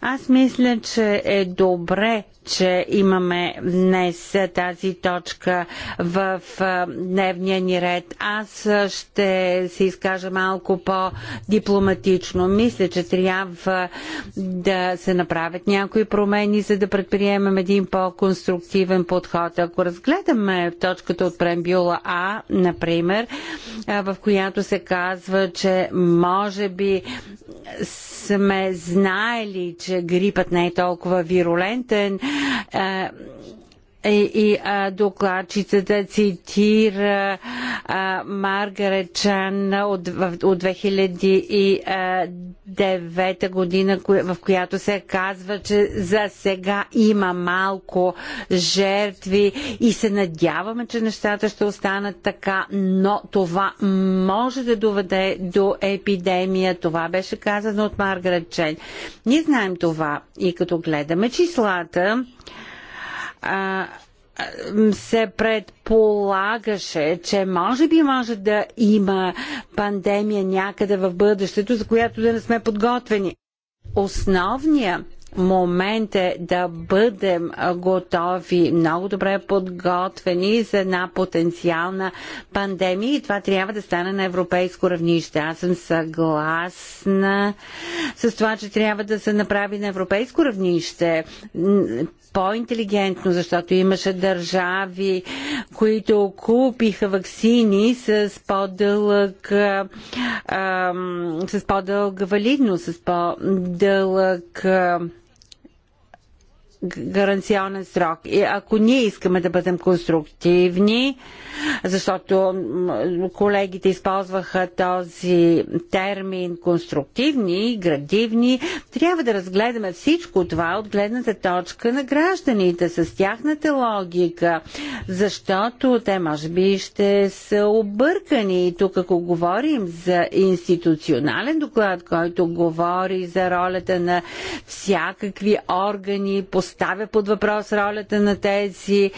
Аз мисля, че е добре, че имаме днес тази точка в дневния ни ред. Аз ще се изкажа малко по-дипломатично. Мисля, че трябва да се направят някои промени, за да предприемем един по-конструктивен подход. Ако разгледаме точката от прембюла А, например, в която се казва, че може би сме знаели, че че грипът не е толкова вирулентен. Е, и, е, и а, докладчицата цитира Маргарет Чан от, от 2009 година, в която се казва, че за сега има малко жертви и се надяваме, че нещата ще останат така, но това може да доведе до епидемия. Това беше казано от Маргарет Чен. Ние знаем това и като гледаме числата, се предполагаше, че може би може да има пандемия някъде в бъдещето, за която да не сме подготвени. Основният момент е да бъдем готови, много добре подготвени за една потенциална пандемия и това трябва да стане на европейско равнище. Аз съм съгласна с това, че трябва да се направи на европейско равнище по-интелигентно, защото имаше държави, които купиха вакцини с по-дълъг с по-дълга валидност, с по-дълъг гаранционен срок. И ако ние искаме да бъдем конструктивни, защото колегите използваха този термин конструктивни, градивни, трябва да разгледаме всичко това от гледната точка на гражданите, с тяхната логика, защото те може би ще са объркани. И тук ако говорим за институционален доклад, който говори за ролята на всякакви органи, по поставя под въпрос ролята на тези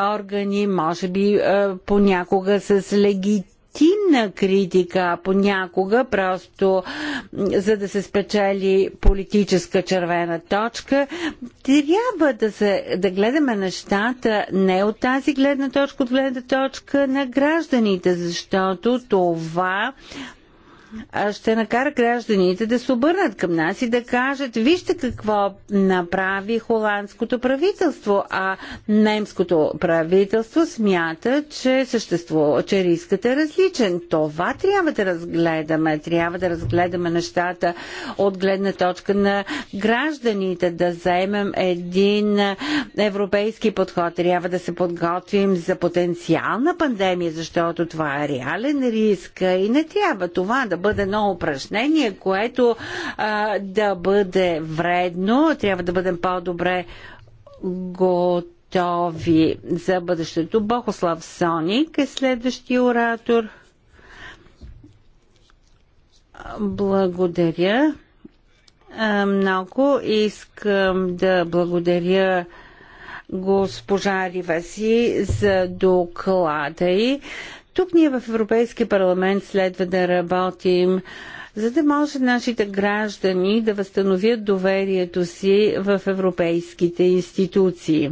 органи, може би е, понякога с легитимност легитимна критика понякога, просто за да се спечели политическа червена точка. Трябва да, се, да гледаме нещата не от тази гледна точка, от гледна точка на гражданите, защото това ще накара гражданите да се обърнат към нас и да кажат, вижте какво направи холандското правителство, а немското правителство смята, че съществува, че рискът е различен. Това трябва да разгледаме. Трябва да разгледаме нещата от гледна точка на гражданите, да заемем един европейски подход. Трябва да се подготвим за потенциална пандемия, защото това е реален риск и не трябва това да бъде едно упражнение, което а, да бъде вредно. Трябва да бъдем по-добре готови за бъдещето. Богослав Соник е следващия оратор. Благодаря много. Искам да благодаря госпожа Риваси за доклада и. Тук ние в Европейския парламент следва да работим, за да може нашите граждани да възстановят доверието си в европейските институции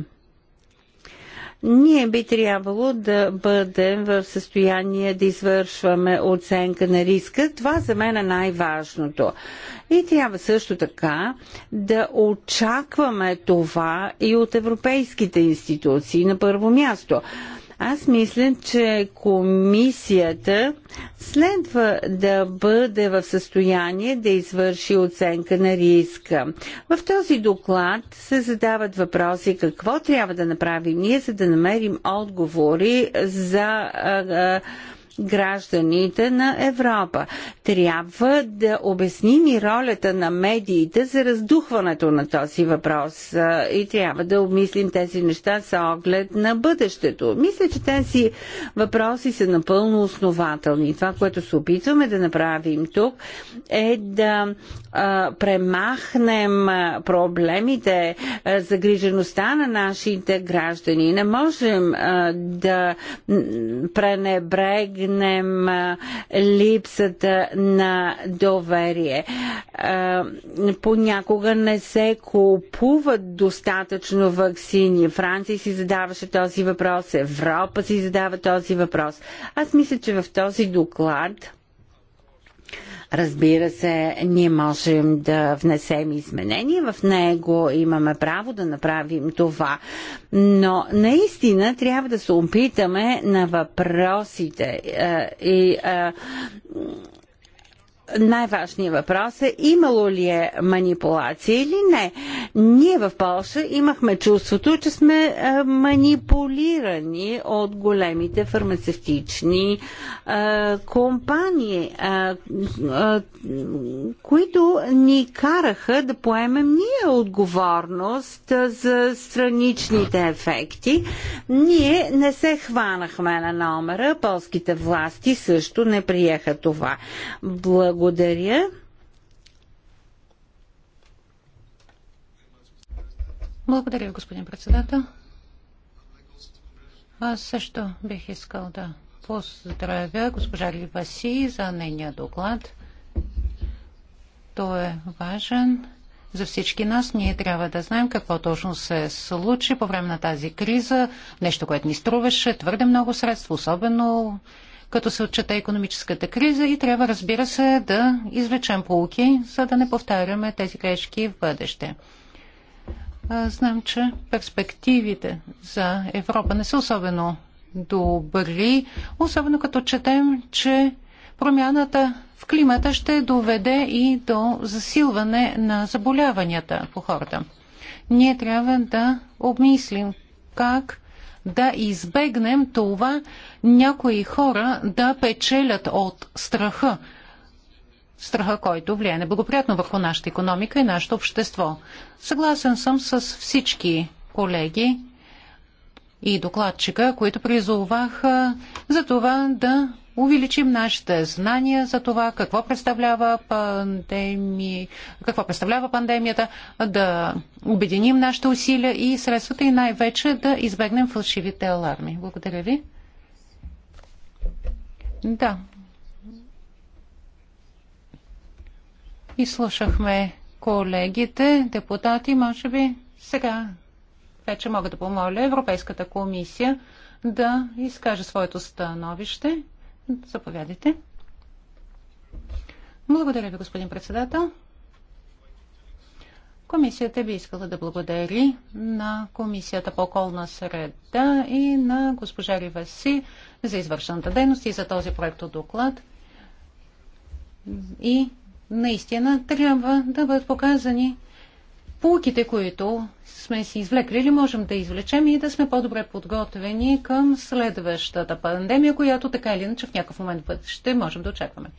ние би трябвало да бъдем в състояние да извършваме оценка на риска. Това за мен е най-важното. И трябва също така да очакваме това и от европейските институции на първо място. Аз мисля, че комисията следва да бъде в състояние да извърши оценка на риска. В този доклад се задават въпроси какво трябва да направим ние, за да намерим отговори за гражданите на Европа. Трябва да обясним и ролята на медиите за раздухването на този въпрос и трябва да обмислим тези неща с оглед на бъдещето. Мисля, че тези въпроси са напълно основателни. Това, което се опитваме да направим тук е да а, премахнем проблемите, а, загрижеността на нашите граждани. Не можем а, да пренебрегнем избегнем липсата на доверие. Понякога не се купуват достатъчно вакцини. Франция си задаваше този въпрос, Европа си задава този въпрос. Аз мисля, че в този доклад Разбира се, ние можем да внесем изменения в него, имаме право да направим това, но наистина трябва да се опитаме на въпросите е, и е, най-важният въпрос е имало ли е манипулация или не. Ние в Польша имахме чувството, че сме е, манипулирани от големите фармацевтични е, компании, е, които ни караха да поемем ние отговорност за страничните ефекти. Ние не се хванахме на номера, полските власти също не приеха това. Благодаря благодаря. Благодаря, господин председател. Аз също бих искал да поздравя госпожа Ливаси за нейния доклад. Той е важен за всички нас. Ние трябва да знаем какво точно се случи по време на тази криза. Нещо, което ни струваше твърде много средства, особено като се отчете економическата криза и трябва, разбира се, да извлечем полки, за да не повтаряме тези грешки в бъдеще. Знам, че перспективите за Европа не са особено добри, особено като четем, че промяната в климата ще доведе и до засилване на заболяванията по хората. Ние трябва да обмислим как да избегнем това някои хора да печелят от страха. Страха, който влияе неблагоприятно върху нашата економика и нашето общество. Съгласен съм с всички колеги и докладчика, които призоваха за това да увеличим нашите знания за това какво представлява, пандеми... какво представлява пандемията, да обединим нашите усилия и средствата и най-вече да избегнем фалшивите аларми. Благодаря ви. Да. И слушахме колегите, депутати, може би сега вече мога да помоля Европейската комисия да изкаже своето становище. Заповядайте. Благодаря ви, господин председател. Комисията би искала да благодари на Комисията по околна среда и на госпожа Риваси за извършената дейност и за този проект от доклад. И наистина трябва да бъдат показани полуките, които сме си извлекли или можем да извлечем и да сме по-добре подготвени към следващата пандемия, която така или иначе в някакъв момент ще можем да очакваме.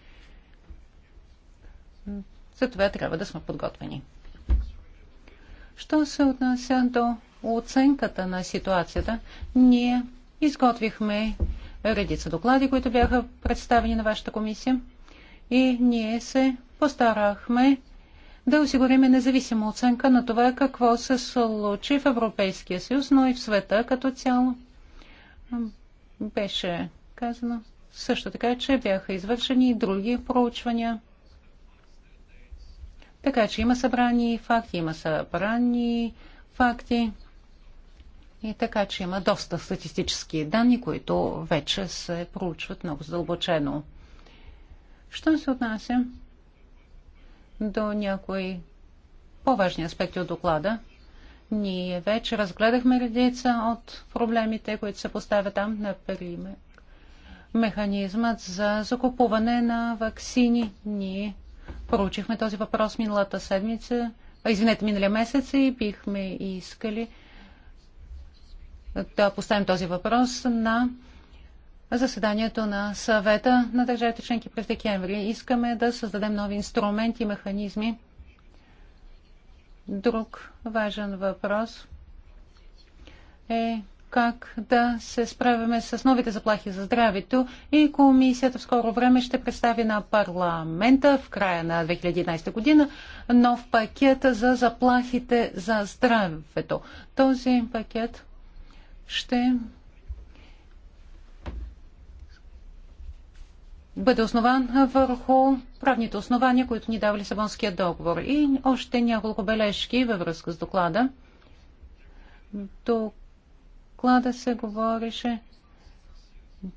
Затова трябва да сме подготвени. Що се отнася до оценката на ситуацията, ние изготвихме редица доклади, които бяха представени на вашата комисия и ние се постарахме да осигурим независима оценка на това какво се случи в Европейския съюз, но и в света като цяло. Беше казано също така, че бяха извършени и други проучвания. Така че има събрани факти, има събрани факти. И така, че има доста статистически данни, които вече се проучват много задълбочено. Що се отнася до някои по-важни аспекти от доклада. Ние вече разгледахме редица от проблемите, които се поставят там, например механизмът за закупуване на вакцини. Ние проучихме този въпрос миналата седмица, а, извинете, миналия месец и бихме искали да поставим този въпрос на заседанието на съвета на държавите членки през декември. Искаме да създадем нови инструменти механизми. Друг важен въпрос е как да се справяме с новите заплахи за здравето и комисията в скоро време ще представи на парламента в края на 2011 година нов пакет за заплахите за здравето. Този пакет ще бъде основан върху правните основания, които ни дава Лисабонския договор. И още няколко бележки във връзка с доклада. Доклада се говореше,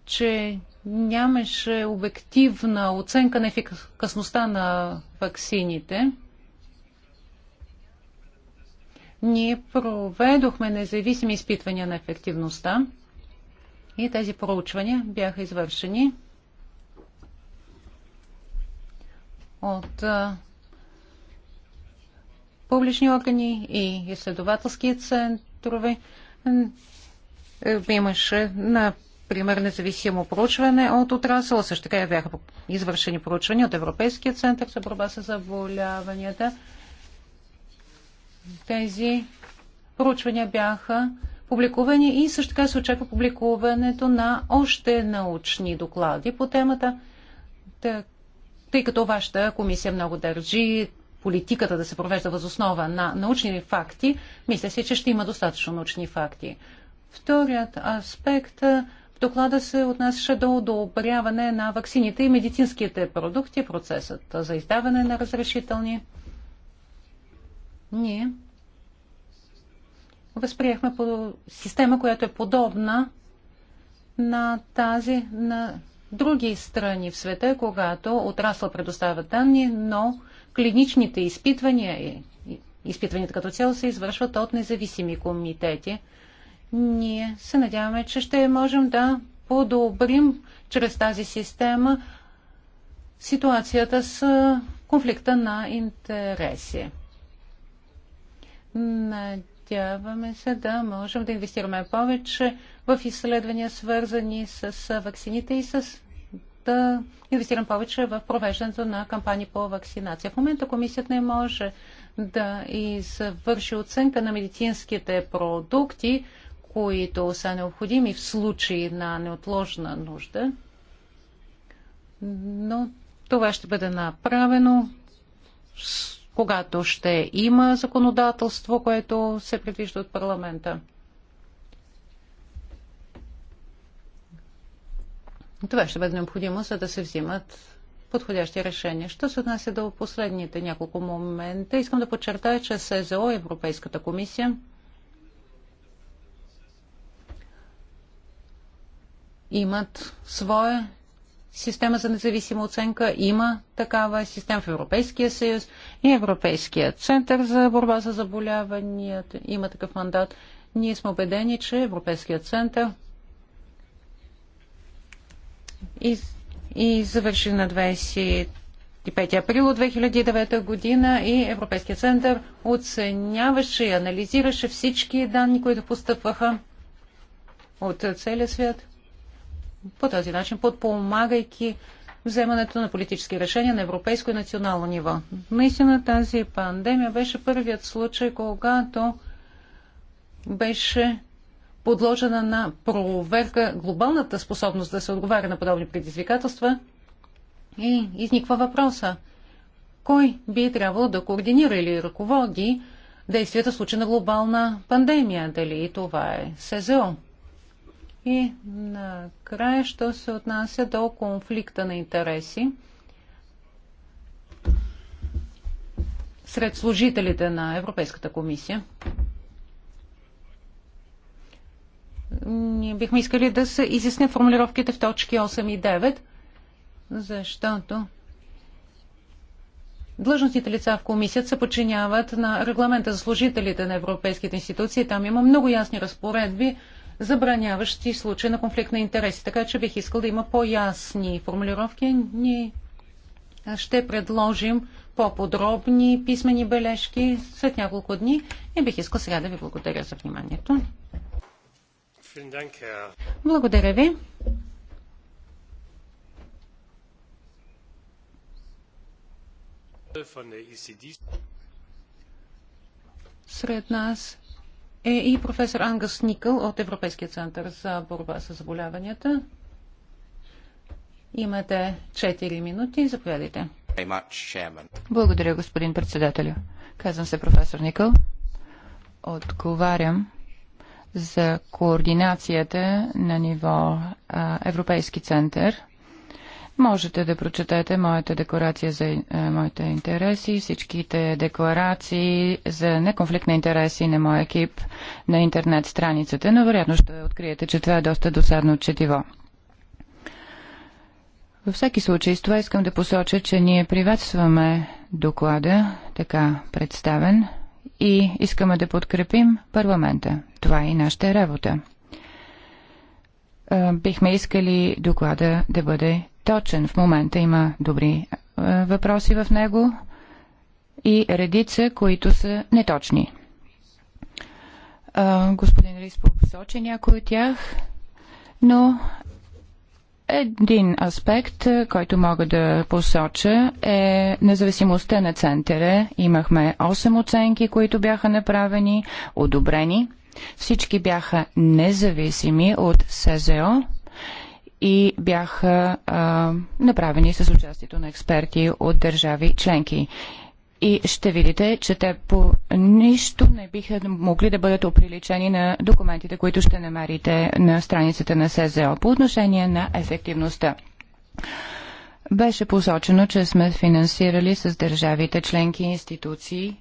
че нямаше обективна оценка на ефикасността на ваксините. Ние проведохме независими изпитвания на ефективността и тези проучвания бяха извършени от публични органи и изследователски центрове. Имаше, например, независимо проучване от отрасъла. Също така бяха извършени проучвания от Европейския център за борба с заболяванията. Тези проучвания бяха публикувани и също така се очаква публикуването на още научни доклади по темата. Така тъй като вашата комисия много държи политиката да се провежда възоснова на научни факти, мисля си, че ще има достатъчно научни факти. Вторият аспект е, в доклада се отнасяше до одобряване на ваксините и медицинските продукти, процесът за издаване на разрешителни. Ние възприехме по система, която е подобна на тази на други страни в света, когато отрасъл предоставят данни, но клиничните изпитвания и изпитванията като цяло се извършват от независими комитети. Ние се надяваме, че ще можем да подобрим чрез тази система ситуацията с конфликта на интереси. Надяваме се да можем да инвестираме повече в изследвания, свързани с ваксините и с да инвестирам повече в провеждането на кампании по вакцинация. В момента комисията не може да извърши оценка на медицинските продукти, които са необходими в случай на неотложна нужда. Но това ще бъде направено когато ще има законодателство, което се предвижда от парламента. Това ще бъде необходимо, за да се взимат подходящи решения. Що се отнася до последните няколко момента, искам да подчертая, че СЗО, Европейската комисия, имат свое система за независима оценка, има такава система в Европейския съюз и Европейския център за борба за заболяванията има такъв мандат. Ние сме убедени, че Европейският център и, и завърши на 25 април 2009 година и Европейския център оценяваше и анализираше всички данни, които постъпваха от целия свят по този начин подпомагайки вземането на политически решения на европейско и национално ниво. Наистина тази пандемия беше първият случай, когато беше подложена на проверка глобалната способност да се отговаря на подобни предизвикателства и изниква въпроса кой би трябвало да координира или ръководи действията в случай на глобална пандемия, дали това е СЗО и накрая, що се отнася до конфликта на интереси сред служителите на Европейската комисия. Ние бихме искали да се изясня формулировките в точки 8 и 9, защото Длъжностните лица в комисията се подчиняват на регламента за служителите на европейските институции. Там има много ясни разпоредби забраняващи случаи на конфликт на интереси. Така че бих искал да има по-ясни формулировки. Ние ще предложим по-подробни писмени бележки след няколко дни и бих искал сега да ви благодаря за вниманието. Благодаря ви. Сред нас е и професор Ангас Никъл от Европейския център за борба с заболяванията. Имате 4 минути. Заповядайте. Благодаря, господин председател, Казвам се професор Никъл. Отговарям за координацията на ниво а, Европейски център Можете да прочетете моята декларация за е, моите интереси, всичките декларации за неконфликт на интереси на моя екип на интернет страницата, но вероятно ще откриете, че това е доста досадно четиво. Във всеки случай, с това искам да посоча, че ние приветстваме доклада, така представен, и искаме да подкрепим парламента. Това е и нашата работа. Е, бихме искали доклада да бъде точен. В момента има добри е, въпроси в него и редица, които са неточни. Господин Риспов посочи някой от тях, но един аспект, е, който мога да посоча е независимостта на центъра. Имахме 8 оценки, които бяха направени, одобрени. Всички бяха независими от СЗО и бяха а, направени с участието на експерти от държави членки. И ще видите, че те по нищо не биха могли да бъдат оприличени на документите, които ще намерите на страницата на СЗО по отношение на ефективността. Беше посочено, че сме финансирали с държавите членки институции.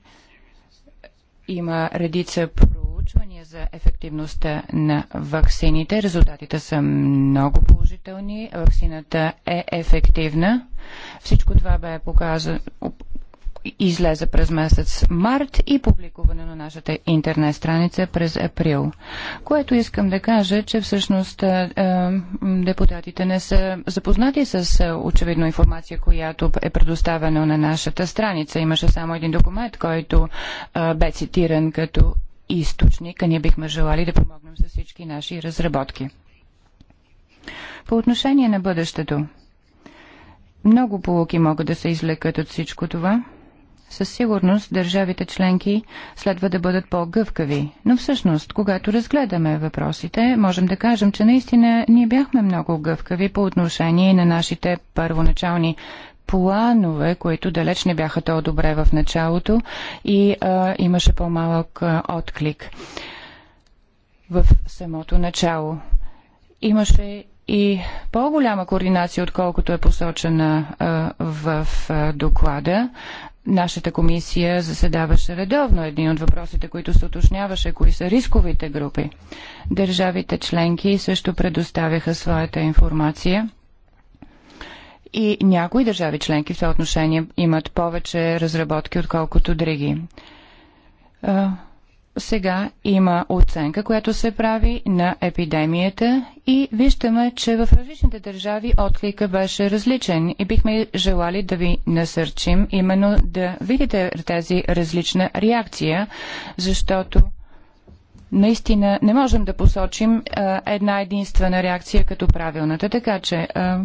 Има редица проекти проучвания за ефективността на ваксините. Резултатите са много положителни. Ваксината е ефективна. Всичко това бе показано излезе през месец март и публикуване на нашата интернет страница през април. Което искам да кажа, че всъщност е, депутатите не са запознати с очевидно информация, която е предоставена на нашата страница. Имаше само един документ, който е, бе цитиран като източник, а ние бихме желали да помогнем с всички наши разработки. По отношение на бъдещето, много полуки могат да се излекат от всичко това. Със сигурност държавите членки следва да бъдат по-гъвкави, но всъщност, когато разгледаме въпросите, можем да кажем, че наистина ние бяхме много гъвкави по отношение на нашите първоначални планове, които далеч не бяха толкова добре в началото и а, имаше по-малък отклик в самото начало. Имаше и по-голяма координация, отколкото е посочена а, в а, доклада. Нашата комисия заседаваше редовно. Един от въпросите, които се уточняваше, кои са рисковите групи. Държавите членки също предоставяха своята информация и някои държави членки в това отношение имат повече разработки, отколкото други. Сега има оценка, която се прави на епидемията и виждаме, че в различните държави отклика беше различен и бихме желали да ви насърчим именно да видите тази различна реакция, защото наистина не можем да посочим а, една единствена реакция като правилната. Така че а,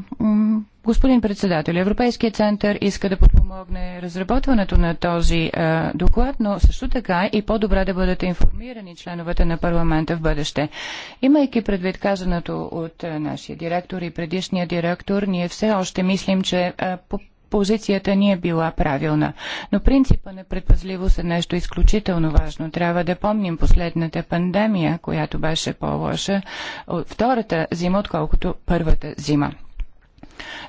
Господин председател, Европейския център иска да подпомогне разработването на този е, доклад, но също така е и по-добре да бъдат информирани членовете на парламента в бъдеще. Имайки предвид казаното от е, нашия директор и предишния директор, ние все още мислим, че е, по позицията ни е била правилна. Но принципа на предпазливост е нещо изключително важно. Трябва да помним последната пандемия, която беше по-лоша, втората зима, отколкото първата зима.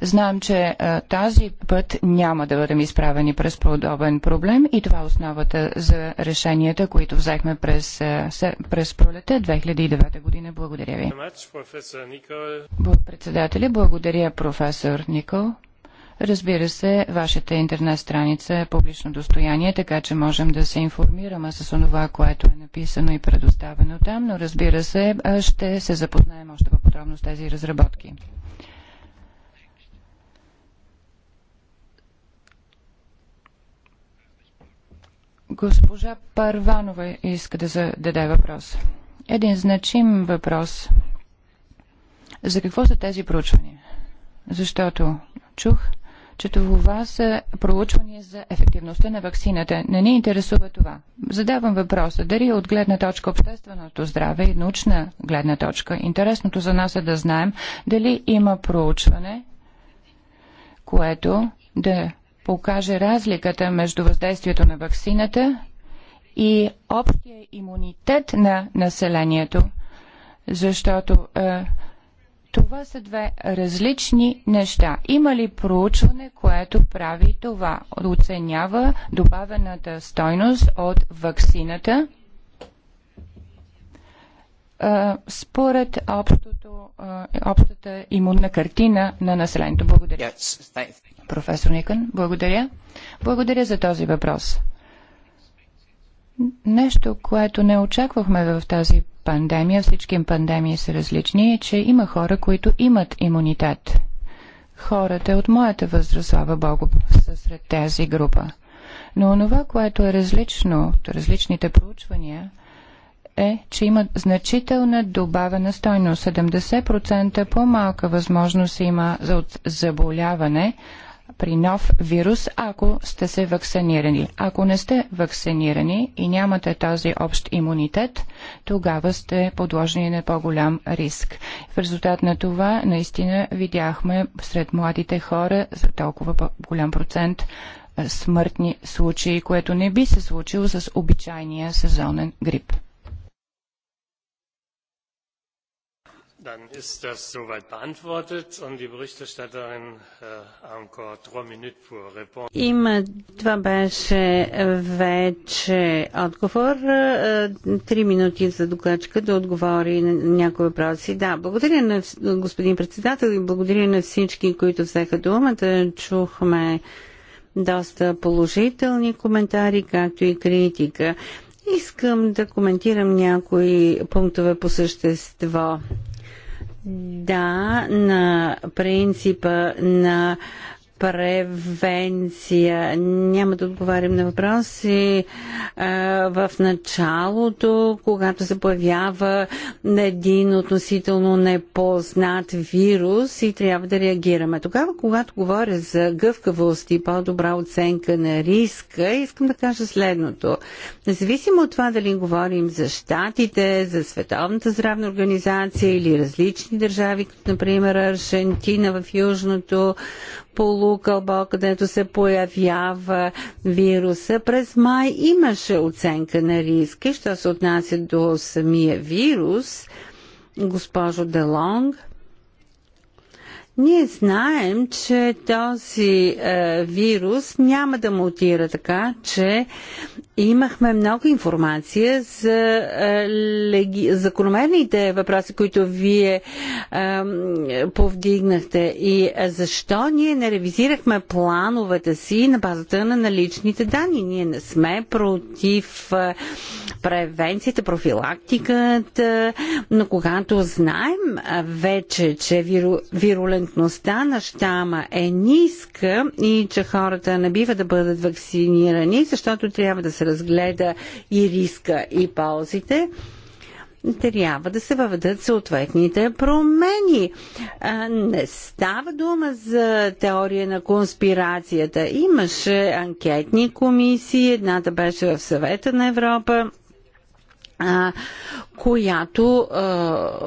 Знаем, че а, тази път няма да бъдем изправени през подобен проблем и това е основата за решенията, които взехме през, през пролета 2009 година. Благодаря ви. Председателя, благодаря професор Никол. Разбира се, вашата интернет страница е публично достояние, така че можем да се информираме с това, което е написано и предоставено там, но разбира се, ще се запознаем още по-подробно с тези разработки. Госпожа Парванова иска да зададе въпрос. Един значим въпрос. За какво са тези проучвания? Защото чух, че това са проучвания за ефективността на ваксината. Не ни интересува това. Задавам въпроса, дали от гледна точка общественото здраве и научна гледна точка. Интересното за нас е да знаем дали има проучване, което да покаже разликата между въздействието на ваксината и общия имунитет на населението, защото е, това са две различни неща. Има ли проучване, което прави това? Оценява добавената стойност от ваксината – според общото, общата имунна картина на населението. Благодаря. Yes, Професор Никън, благодаря. Благодаря за този въпрос. Нещо, което не очаквахме в тази пандемия, всички пандемии са различни, е, че има хора, които имат имунитет. Хората от моята възраст, слава Богу, са сред тази група. Но онова, което е различно от различните проучвания – е, че има значителна добавена стойност. 70% по-малка възможност има за заболяване при нов вирус, ако сте се вакцинирани. Ако не сте вакцинирани и нямате този общ имунитет, тогава сте подложени на по-голям риск. В резултат на това, наистина видяхме сред младите хора за толкова голям процент смъртни случаи, което не би се случило с обичайния сезонен грип. Dann ist das soweit beantwortet und die Berichterstatterin encore äh, trois minutes pour répondre. Има това beše veče odgovor, Три минути за докладчика да отговори на някои въпроси. Да, благодаря на господин председател и благодаря на всички, които взеха думата. Чухме доста положителни коментари, както и критика. Искам да коментирам някои пунктове по същество да на принципа на превенция. Няма да отговарям на въпроси. В началото, когато се появява един относително непознат вирус и трябва да реагираме. Тогава, когато говоря за гъвкавост и по-добра оценка на риска, искам да кажа следното. Независимо от това дали говорим за щатите, за Световната здравна организация или различни държави, като например Аржентина в Южното полу полукълбо, където се появява вируса. През май имаше оценка на риски, що се отнася до самия вирус. Госпожо Делонг, ние знаем, че този е, вирус няма да мутира така, че имахме много информация за е, леги... закономерните въпроси, които вие е, повдигнахте и е, защо ние не ревизирахме плановете си на базата на наличните данни. Ние не сме против е, превенцията, профилактиката, но когато знаем вече, че виру, вирулентността на щама е ниска и че хората не бива да бъдат вакцинирани, защото трябва да се разгледа и риска и ползите, трябва да се въведат съответните промени. Не става дума за теория на конспирацията. Имаше анкетни комисии, едната беше в съвета на Европа, която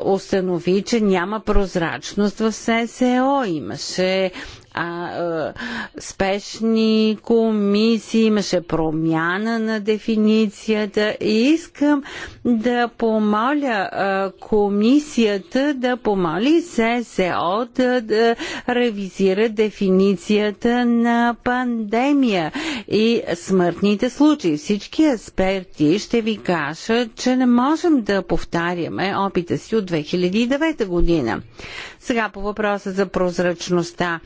установи, че няма прозрачност в ССО. Имаше а, е, спешни комисии, имаше промяна на дефиницията и искам да помоля а, е, комисията да помоли ССО да, да ревизира дефиницията на пандемия и смъртните случаи. Всички експерти ще ви кажат, че не можем да повтаряме опита си от 2009 година. Сега по въпроса за прозрачността.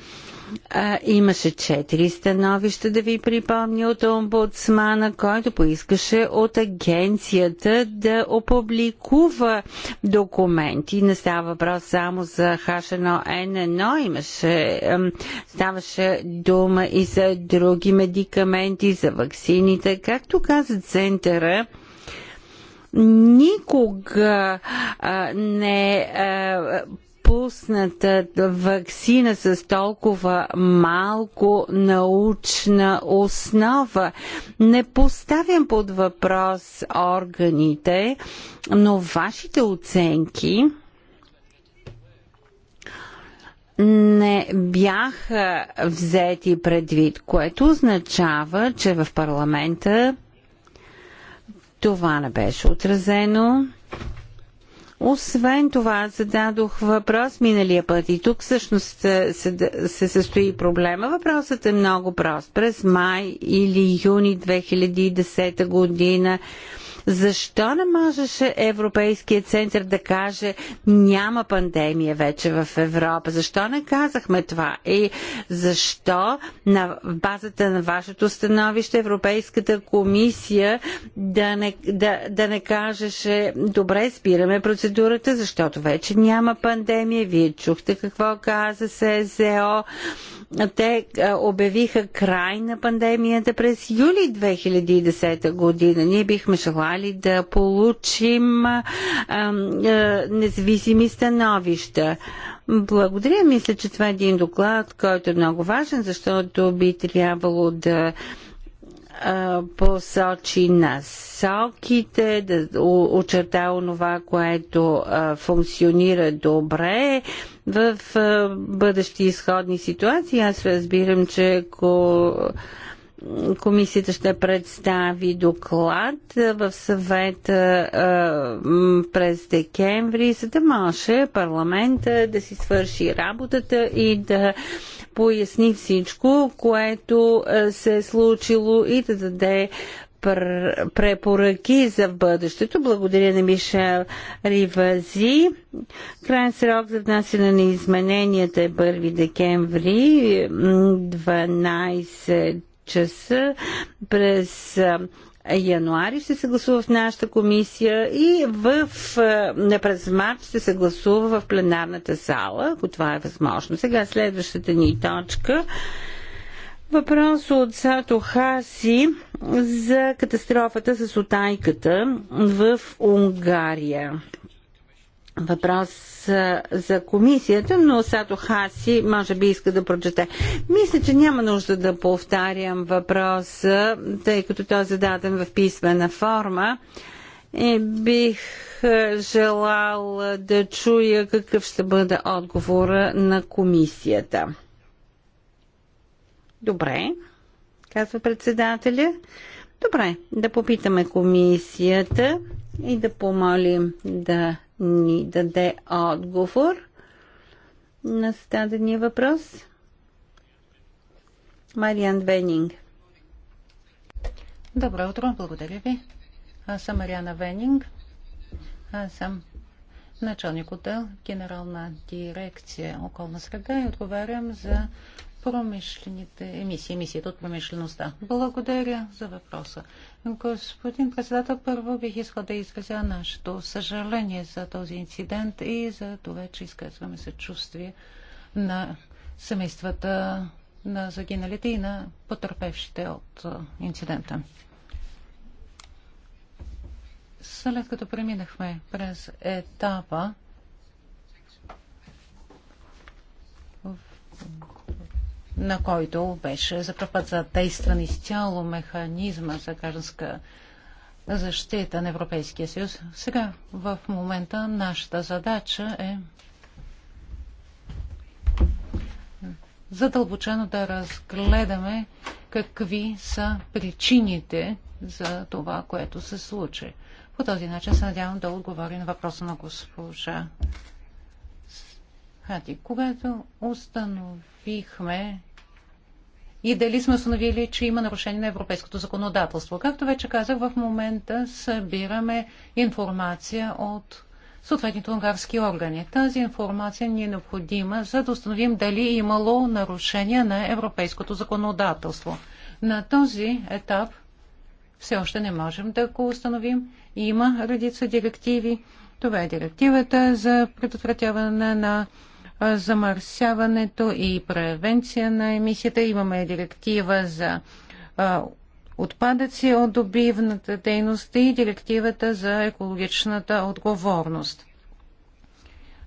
А, имаше четири становища, да ви припомня, от омбудсмана, който поискаше от агенцията да опубликува документи. Не става въпрос само за H1N1, имаше, ставаше дума и за други медикаменти, за ваксините. Както каза центъра, никога а, не а, пусната вакцина с толкова малко научна основа. Не поставям под въпрос органите, но вашите оценки не бяха взети предвид, което означава, че в парламента това не беше отразено. Освен това, зададох въпрос миналия път и тук всъщност се, се, се състои проблема. Въпросът е много прост. През май или юни 2010 година защо не можеше Европейския център да каже няма пандемия вече в Европа? Защо не казахме това? И защо на базата на вашето становище Европейската комисия да не, да, да не кажеше добре, спираме процедурата, защото вече няма пандемия. Вие чухте какво каза СЗО те обявиха край на пандемията през юли 2010 година. Ние бихме желали да получим независими становища. Благодаря. Мисля, че това е един доклад, който е много важен, защото би трябвало да посочи насоките, да очертава това, което функционира добре, в бъдещи изходни ситуации. Аз разбирам, че ако комисията ще представи доклад в съвета през декември, за да може парламента да си свърши работата и да поясни всичко, което се е случило и да даде препоръки за в бъдещето. Благодаря на Мишел Ривази. Крайен срок за внасяне на измененията е 1 декември 12 часа през януари ще се гласува в нашата комисия и в, през март ще се гласува в пленарната сала, ако това е възможно. Сега следващата ни точка Въпрос от Сато Хаси за катастрофата с отайката в Унгария. Въпрос за комисията, но Сато Хаси може би иска да прочете. Мисля, че няма нужда да повтарям въпроса, тъй като той е зададен в писмена форма. И бих желал да чуя какъв ще бъде отговора на комисията. Добре, казва председателя. Добре, да попитаме комисията и да помолим да ни даде отговор на стадения въпрос. Мариан Венинг. Добро утро, благодаря ви. Аз съм Мариана Венинг. Аз съм началник отдел, генерална дирекция околна среда и отговарям за промишлените емисии, емисията от промишлеността? Благодаря за въпроса. Господин председател, първо бих искал да изразя нашето съжаление за този инцидент и за това, че изказваме съчувствие на семействата на загиналите и на потърпевшите от инцидента. След като преминахме през етапа, на който беше за първ път задействан изцяло механизма за гражданска защита на Европейския съюз. Сега, в момента, нашата задача е задълбочено да разгледаме какви са причините за това, което се случи. По този начин се надявам да отговоря на въпроса на госпожа Хати. Когато установихме и дали сме установили, че има нарушение на европейското законодателство. Както вече казах, в момента събираме информация от съответните унгарски органи. Тази информация ни е необходима, за да установим дали е имало нарушение на европейското законодателство. На този етап все още не можем да го установим. Има редица директиви. Това е директивата за предотвратяване на замърсяването и превенция на емисията. Имаме директива за отпадъци от добивната дейност и директивата за екологичната отговорност.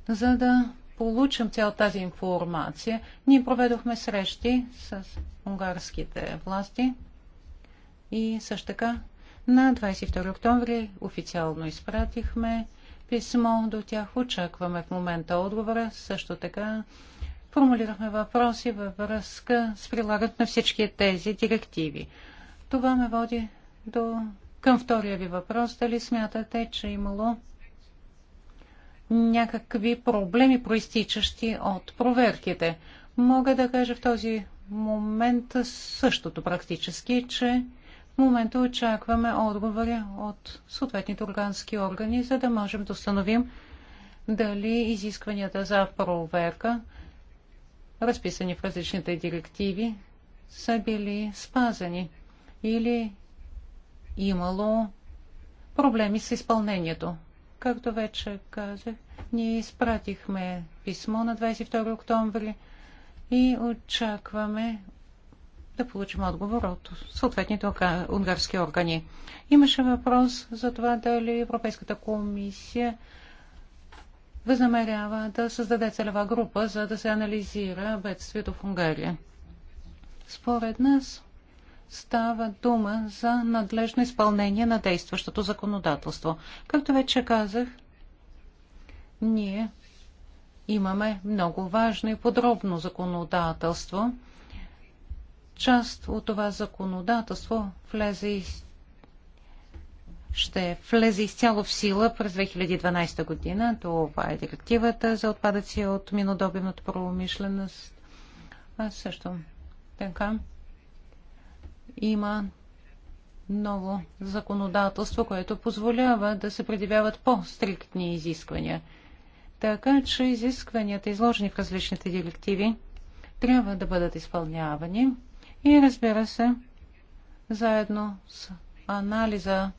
За да получим цял тази информация, ние проведохме срещи с унгарските власти и също така на 22 октомври официално изпратихме писмо до тях. Очакваме в момента отговора. Също така формулирахме въпроси във връзка с прилагането на всички тези директиви. Това ме води до... към втория ви въпрос. Дали смятате, че имало някакви проблеми, проистичащи от проверките? Мога да кажа в този момент същото практически, че в момента очакваме отговори от съответните органски органи, за да можем да установим дали изискванията за проверка, разписани в различните директиви, са били спазени или имало проблеми с изпълнението. Както вече казах, ние изпратихме писмо на 22 октомври и очакваме да получим отговор от съответните унгарски органи. Имаше въпрос за това дали Европейската комисия възнамерява да създаде целева група, за да се анализира бедствието в Унгария. Според нас става дума за надлежно изпълнение на действащото законодателство. Както вече казах, ние имаме много важно и подробно законодателство – част от това законодателство влезе из... ще влезе изцяло в сила през 2012 година. Това е директивата за отпадъци от минодобивната промишленост. А също така има ново законодателство, което позволява да се предявяват по-стриктни изисквания. Така че изискванията, изложени в различните директиви, трябва да бъдат изпълнявани и разбира се, заедно с анализа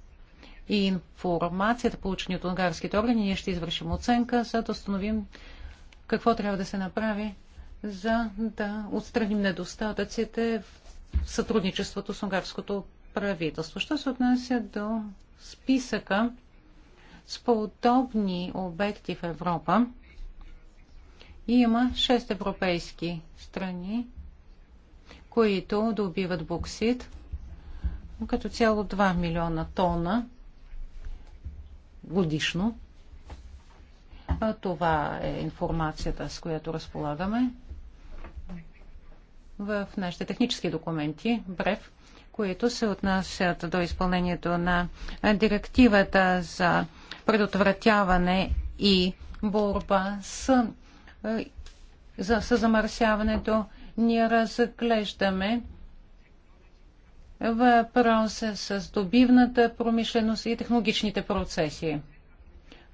и информацията, получени от унгарските органи, ние ще извършим оценка, за да установим какво трябва да се направи, за да отстраним недостатъците в сътрудничеството с унгарското правителство. Що се отнася до списъка с подобни обекти в Европа, има 6 европейски страни, които добиват боксит. Като цяло 2 милиона тона годишно. Това е информацията, с която разполагаме. В нашите технически документи, брев, които се отнасят до изпълнението на директивата за предотвратяване и борба с, е, за, с замърсяването ние разглеждаме въпроса с добивната промишленост и технологичните процеси.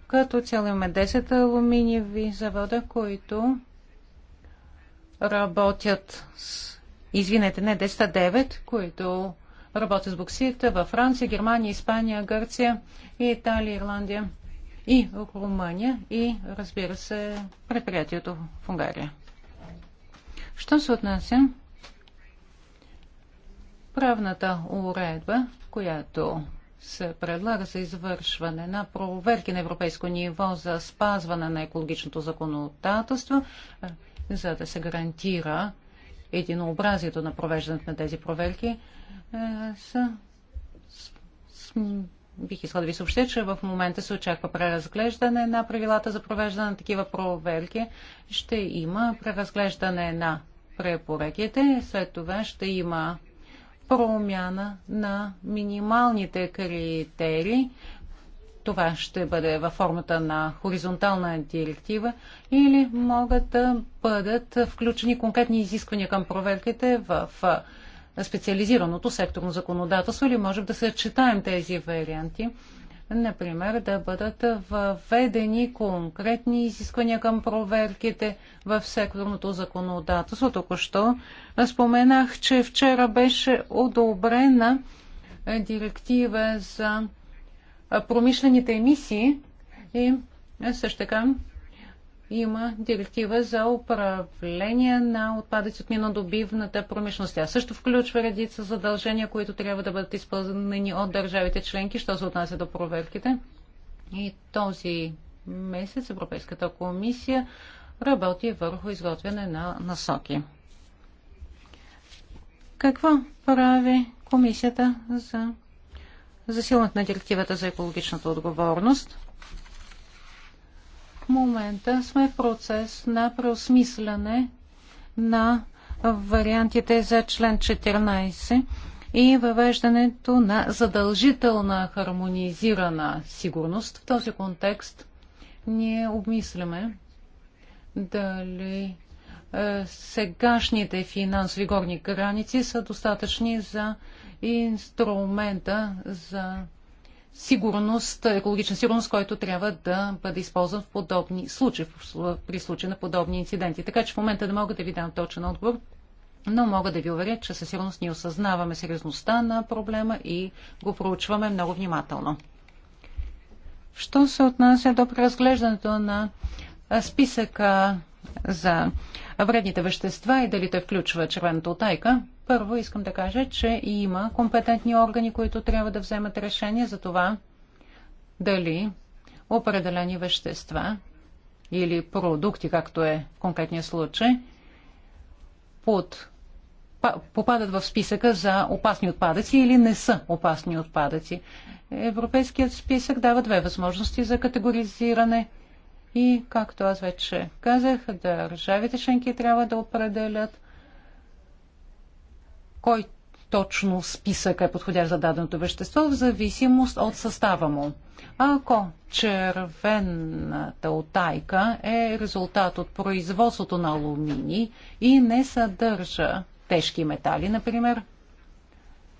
Като цяло имаме 10 алуминиеви завода, които работят с... Извинете, не 10, а 9, които работят с боксит във Франция, Германия, Испания, Гърция, Италия, Ирландия и Румъния и, разбира се, предприятието в Унгария. Що се отнася правната уредба, която се предлага за извършване на проверки на европейско ниво за спазване на екологичното законодателство, за да се гарантира единообразието на провеждането на тези проверки, е, са бих искал да ви съобщя, че в момента се очаква преразглеждане на правилата за провеждане на такива проверки. Ще има преразглеждане на препоръките. След това ще има промяна на минималните критерии. Това ще бъде във формата на хоризонтална директива или могат да бъдат включени конкретни изисквания към проверките в специализираното секторно законодателство или може да съчетаем тези варианти например, да бъдат введени конкретни изисквания към проверките в секторното законодателство. Току-що споменах, че вчера беше одобрена директива за промишлените емисии и също така има директива за управление на отпадъци от минодобивната промишленост. Тя също включва редица задължения, които трябва да бъдат изпълнени от държавите членки, що се отнася до проверките. И този месец Европейската комисия работи върху изготвяне на насоки. Какво прави комисията за засилването на директивата за екологичната отговорност? В момента сме в процес на преосмисляне на вариантите за член 14 и въвеждането на задължителна хармонизирана сигурност. В този контекст ние обмисляме дали е, сегашните финансови горни граници са достатъчни за инструмента за сигурност, екологична сигурност, който трябва да бъде използван в подобни случаи, при случай на подобни инциденти. Така че в момента не мога да ви дам точен отговор, но мога да ви уверя, че със сигурност ние осъзнаваме сериозността на проблема и го проучваме много внимателно. Що се отнася до преразглеждането на списъка за вредните вещества и дали те включва червената отайка, първо искам да кажа, че има компетентни органи, които трябва да вземат решение за това дали определени вещества или продукти, както е в конкретния случай, под, попадат в списъка за опасни отпадъци или не са опасни отпадъци. Европейският списък дава две възможности за категоризиране – и, както аз вече казах, държавите членки трябва да определят кой точно списък е подходящ за даденото вещество в зависимост от състава му. Ако червената отайка е резултат от производството на алумини и не съдържа тежки метали, например,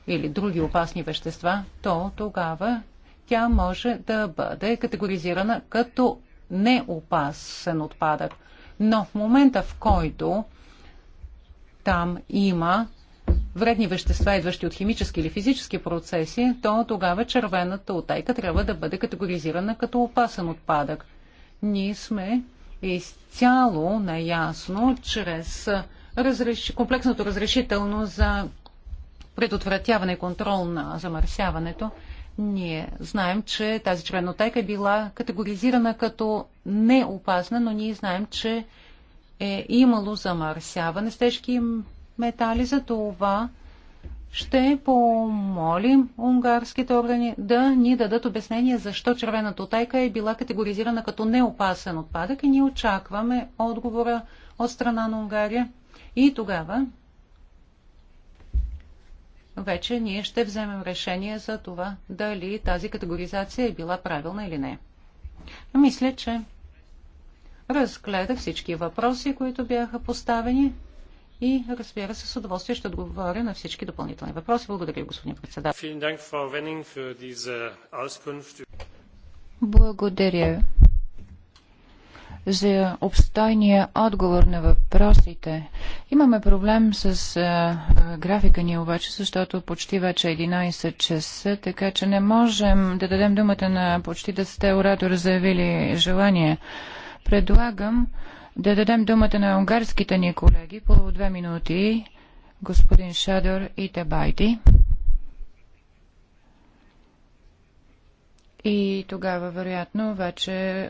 или други опасни вещества, то тогава тя може да бъде категоризирана като неопасен отпадък. Но в момента, в който там има вредни вещества, идващи от химически или физически процеси, то тогава червената отайка трябва да бъде категоризирана като опасен отпадък. Ние сме изцяло наясно чрез разреш... комплексното разрешително за предотвратяване и контрол на замърсяването, ние знаем, че тази чернотека е била категоризирана като неопасна, но ние знаем, че е имало замърсяване с тежки метали. За това ще помолим унгарските органи да ни дадат обяснение защо червената отайка е била категоризирана като неопасен отпадък и ние очакваме отговора от страна на Унгария. И тогава вече ние ще вземем решение за това дали тази категоризация е била правилна или не. Мисля, че разгледах всички въпроси, които бяха поставени и разбира се, с удоволствие ще отговоря на всички допълнителни въпроси. Благодаря, господин председател. Благодаря, за обстойния отговор на въпросите. Имаме проблем с а, графика ни обаче, защото почти вече 11 е часа, така че не можем да дадем думата на почти 10 оратора заявили желание. Предлагам да дадем думата на унгарските ни колеги по две минути, господин Шадор и Табайди. И тогава, вероятно, вече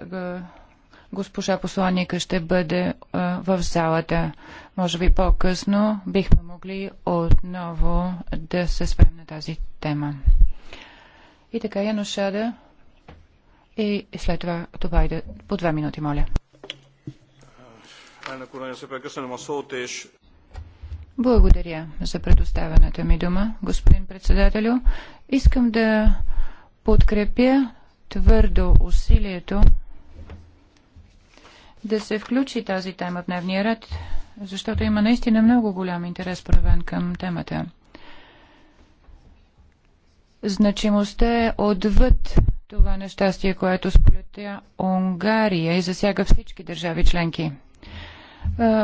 госпожа посланника ще бъде в залата. Може би по-късно бихме могли отново да се спрем на тази тема. И така, Шада и след това Тобайда. По две минути, моля. Благодаря за предоставената ми дума, господин председателю. Искам да подкрепя твърдо усилието да се включи тази тема в дневния ред, защото има наистина много голям интерес проявен към темата. Значимостта е отвъд това нещастие, което сполетя Унгария и засяга всички държави членки.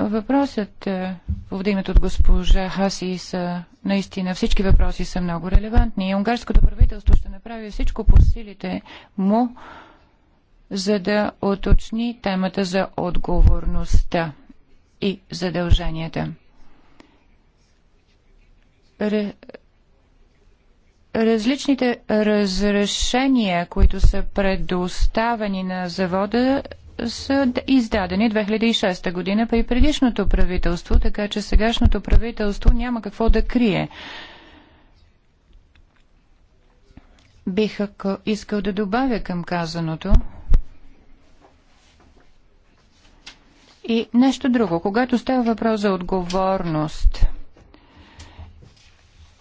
Въпросът, повдигнат от госпожа Хаси, са наистина всички въпроси са много релевантни унгарското правителство ще направи всичко по силите му, за да оточни темата за отговорността и задълженията. Ре... Различните разрешения, които са предоставени на завода, са издадени 2006 година при предишното правителство, така че сегашното правителство няма какво да крие. Бих искал да добавя към казаното, И нещо друго, когато става въпрос за отговорност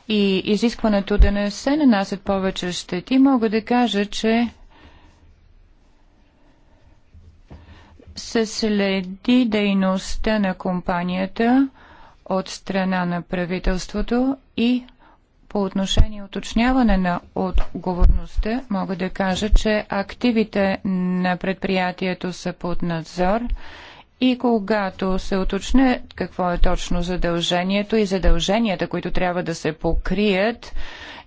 и изискването да не се нанасят повече щети, мога да кажа, че се следи дейността на компанията от страна на правителството и по отношение уточняване на отговорността, мога да кажа, че активите на предприятието са под надзор и когато се уточне какво е точно задължението и задълженията, които трябва да се покрият,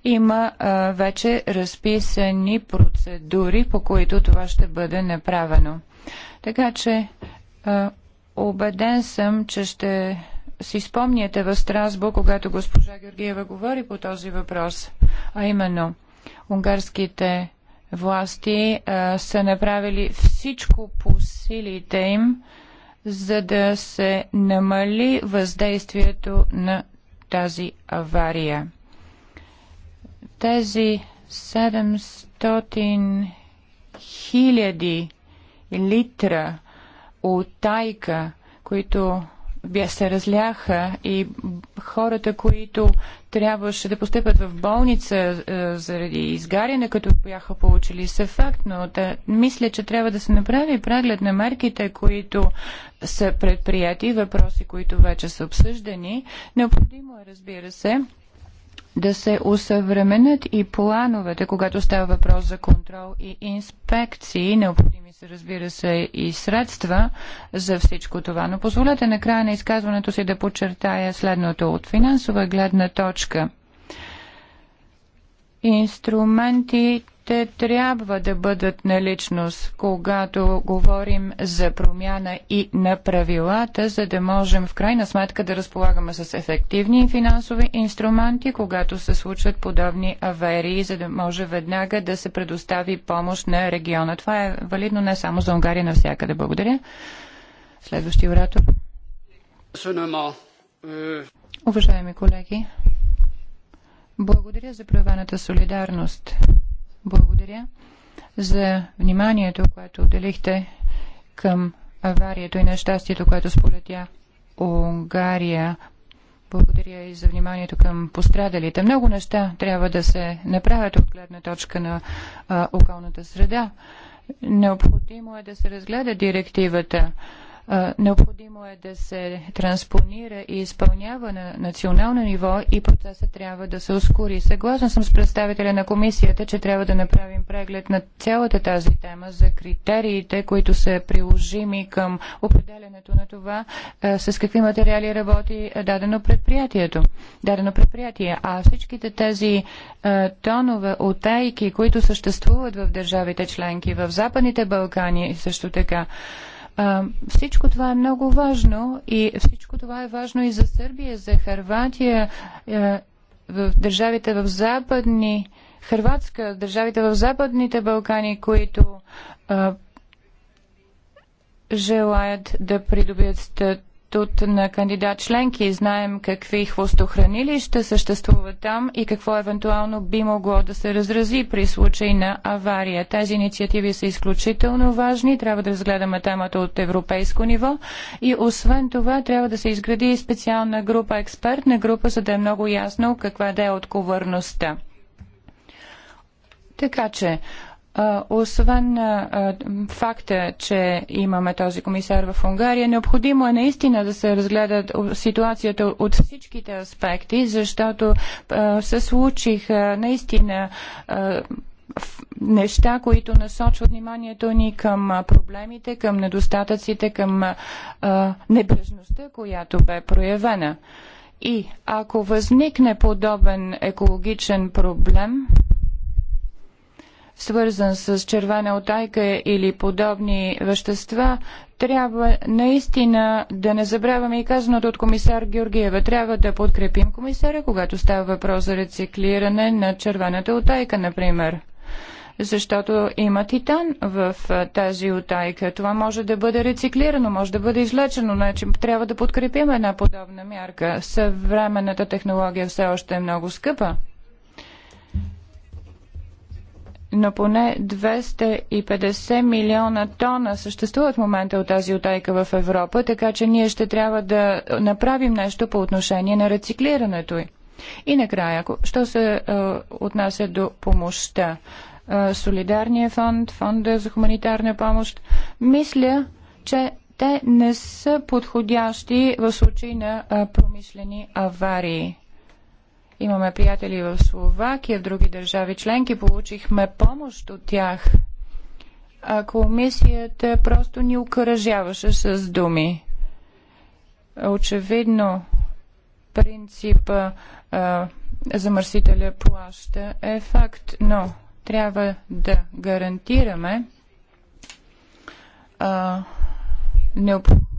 има а, вече разписани процедури, по които това ще бъде направено. Така че а, убеден съм, че ще си спомняте в Страсбург, когато госпожа Георгиева говори по този въпрос, а именно унгарските власти а, са направили всичко по силите им, за да се намали въздействието на тази авария. Тези 700 хиляди литра утайка, които се разляха и хората, които трябваше да постъпят в болница е, заради изгаряне, като бяха получили се факт, но да, мисля, че трябва да се направи преглед на мерките, които са предприяти, въпроси, които вече са обсъждани. Необходимо е, разбира се, да се усъвременят и плановете, когато става въпрос за контрол и инспекции, необходими разбира се, и средства за всичко това. Но позволете на края на изказването си да подчертая следното. От финансова гледна точка – инструменти те трябва да бъдат на личност, когато говорим за промяна и на правилата, за да можем в крайна сметка да разполагаме с ефективни финансови инструменти, когато се случват подобни аварии, за да може веднага да се предостави помощ на региона. Това е валидно не само за Унгария, навсякъде. Благодаря. Следващия оратор. Уважаеми колеги, благодаря за проявената солидарност благодаря за вниманието, което отделихте към аварията и нещастието, което сполетя Унгария. Благодаря и за вниманието към пострадалите. Много неща трябва да се направят от гледна точка на а, околната среда. Необходимо е да се разгледа директивата. Необходимо е да се транспонира и изпълнява на национално ниво и процесът трябва да се ускори. Съгласна съм с представителя на комисията, че трябва да направим преглед на цялата тази тема за критериите, които са приложими към определенето на това с какви материали работи дадено предприятието. Дадено предприятие. А всичките тези тонове, отайки, които съществуват в държавите членки, в Западните Балкани също така, всичко това е много важно и всичко това е важно и за Сърбия, за Харватия, е, в държавите в западни, Харватска, държавите в западните Балкани, които желаят да придобият статут Тут на кандидат членки. Знаем какви хвостохранилища съществуват там и какво евентуално би могло да се разрази при случай на авария. Тези инициативи са изключително важни. Трябва да разгледаме темата от европейско ниво. И освен това, трябва да се изгради и специална група, експертна група, за да е много ясно каква да е отговорността. Така че, освен факта, че имаме този комисар в Унгария, необходимо е наистина да се разгледат ситуацията от всичките аспекти, защото се случиха наистина неща, които насочват вниманието ни към проблемите, към недостатъците, към небрежността, която бе проявена. И ако възникне подобен екологичен проблем, свързан с червена отайка или подобни вещества, трябва наистина да не забравяме и казаното от комисар Георгиева. Трябва да подкрепим комисаря, когато става въпрос за рециклиране на червената отайка, например защото има титан в тази отайка. Това може да бъде рециклирано, може да бъде излечено, значи трябва да подкрепим една подобна мярка. Съвременната технология все още е много скъпа. На поне 250 милиона тона съществуват в момента от тази отайка в Европа, така че ние ще трябва да направим нещо по отношение на рециклирането й. И накрая, що се е, отнася до помощта? Е, солидарния фонд, фонда за хуманитарна помощ, мисля, че те не са подходящи в случай на е, промишлени аварии Имаме приятели в Словакия, в други държави членки. Получихме помощ от тях. А комисията просто ни укоръжаваше с думи. Очевидно, принципа а, замърсителя плаща е факт, но трябва да гарантираме а, необходимост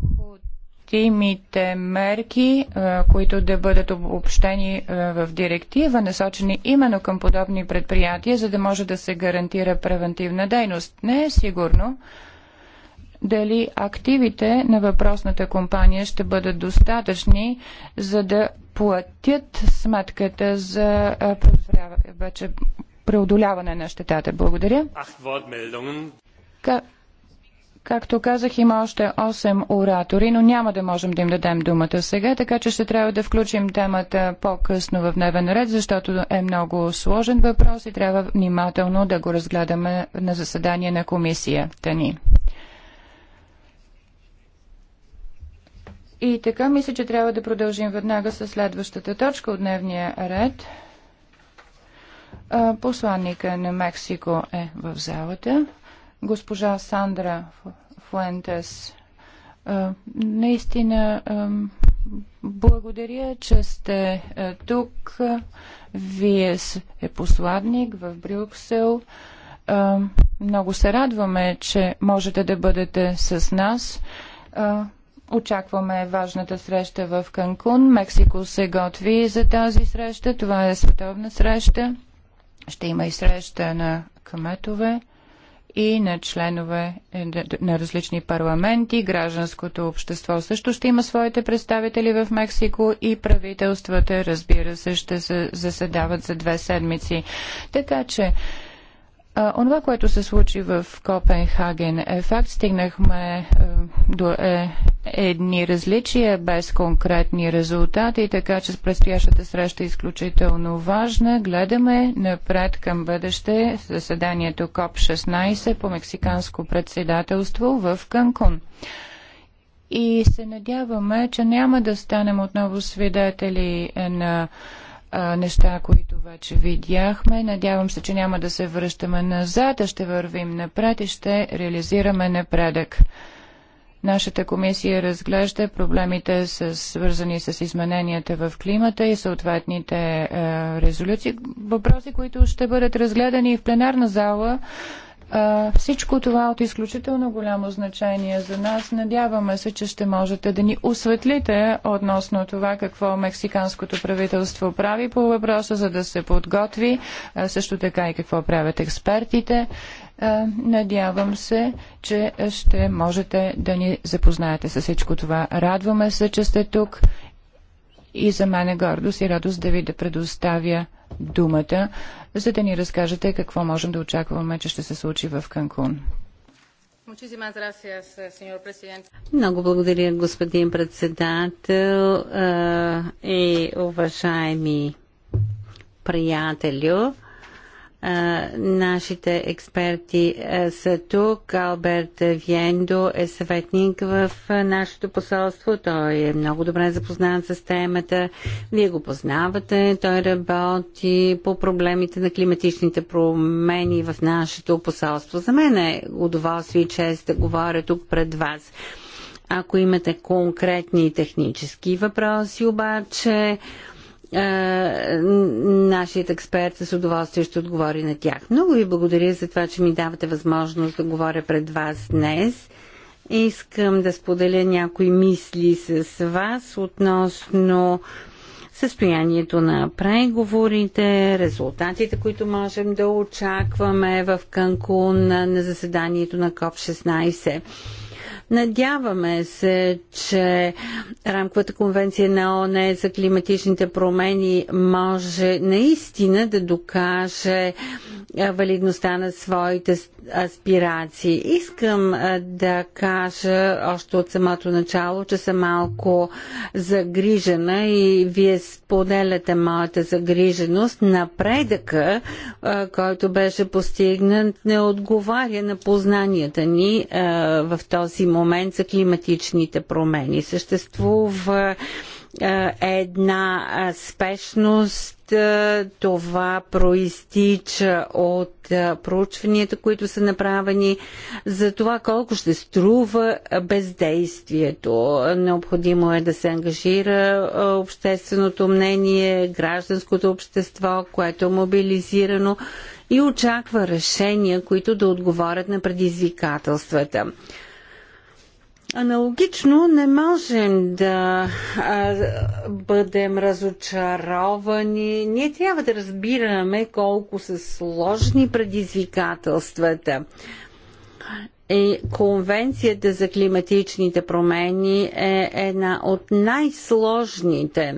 необходимите мерки, е, които да бъдат обобщени е, в директива, насочени именно към подобни предприятия, за да може да се гарантира превентивна дейност. Не е сигурно дали активите на въпросната компания ще бъдат достатъчни, за да платят сметката за е, вече преодоляване на щетата. Благодаря. Както казах, има още 8 оратори, но няма да можем да им дадем думата сега, така че ще трябва да включим темата по-късно в дневен ред, защото е много сложен въпрос и трябва внимателно да го разгледаме на заседание на комисията ни. И така, мисля, че трябва да продължим веднага с следващата точка от дневния ред. Посланника на Мексико е в залата госпожа Сандра Фуентес. Е, наистина е, благодаря, че сте е, тук. Вие е посладник в Брюксел. Много се радваме, че можете да бъдете с нас. Очакваме важната среща в Канкун. Мексико се готви за тази среща. Това е световна среща. Ще има и среща на кметове и на членове на различни парламенти. Гражданското общество също ще има своите представители в Мексико и правителствата, разбира се, ще се заседават за две седмици. Така че онова, което се случи в Копенхаген е факт. Стигнахме е, до е, едни различия без конкретни резултати, така че с предстоящата среща е изключително важна. Гледаме напред към бъдеще заседанието КОП-16 по мексиканско председателство в Канкун и се надяваме, че няма да станем отново свидетели е, на неща, които вече видяхме. Надявам се, че няма да се връщаме назад, а ще вървим напред и ще реализираме напредък. Нашата комисия разглежда проблемите, с, свързани с измененията в климата и съответните е, резолюции, въпроси, които ще бъдат разгледани в пленарна зала всичко това е от изключително голямо значение за нас. Надяваме се, че ще можете да ни осветлите относно това какво мексиканското правителство прави по въпроса, за да се подготви, също така и какво правят експертите. Надявам се, че ще можете да ни запознаете с всичко това. Радваме се, че сте тук и за мен е гордост и радост да ви да предоставя думата, за да ни разкажете какво можем да очакваме, че ще се случи в Канкун. Eh, Много благодаря, господин председател и уважаеми приятели. Нашите експерти са тук. Алберт Вендо е съветник в нашето посолство. Той е много добре запознат с темата. Вие го познавате. Той работи по проблемите на климатичните промени в нашето посолство. За мен е удоволствие и чест да говоря тук пред вас. Ако имате конкретни технически въпроси, обаче, е, нашият експерт с удоволствие ще отговори на тях. Много ви благодаря за това, че ми давате възможност да говоря пред вас днес. Искам да споделя някои мисли с вас относно състоянието на преговорите, резултатите, които можем да очакваме в Канкун на заседанието на КОП-16. Надяваме се, че рамковата конвенция на ООН за климатичните промени може наистина да докаже валидността на своите аспирации. Искам да кажа още от самото начало, че съм малко загрижена и вие споделяте моята загриженост. Напредъка, който беше постигнат, не отговаря на познанията ни в този момент момент за климатичните промени. Съществува е, една е, спешност. Е, това проистича от проучванията, които са направени за това колко ще струва бездействието. Необходимо е да се ангажира общественото мнение, гражданското общество, което е мобилизирано и очаква решения, които да отговорят на предизвикателствата. Аналогично не можем да а, бъдем разочаровани. Ние трябва да разбираме колко са сложни предизвикателствата. И конвенцията за климатичните промени е една от най-сложните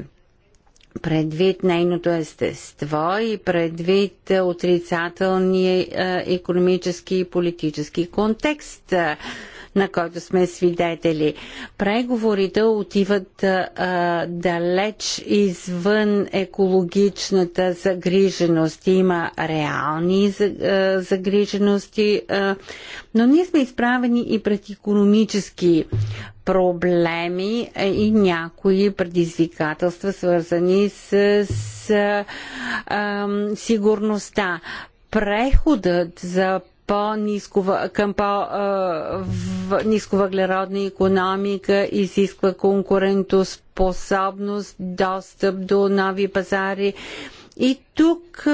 предвид нейното естество и предвид отрицателния економически и политически контекст на който сме свидетели. Преговорите отиват а, далеч извън екологичната загриженост. Има реални загрижености, а, но ние сме изправени и пред економически проблеми и някои предизвикателства, свързани с, с а, сигурността. Преходът за по-ниско, към по-нисковъглеродна економика, изисква конкурентоспособност, достъп до нови пазари, и тук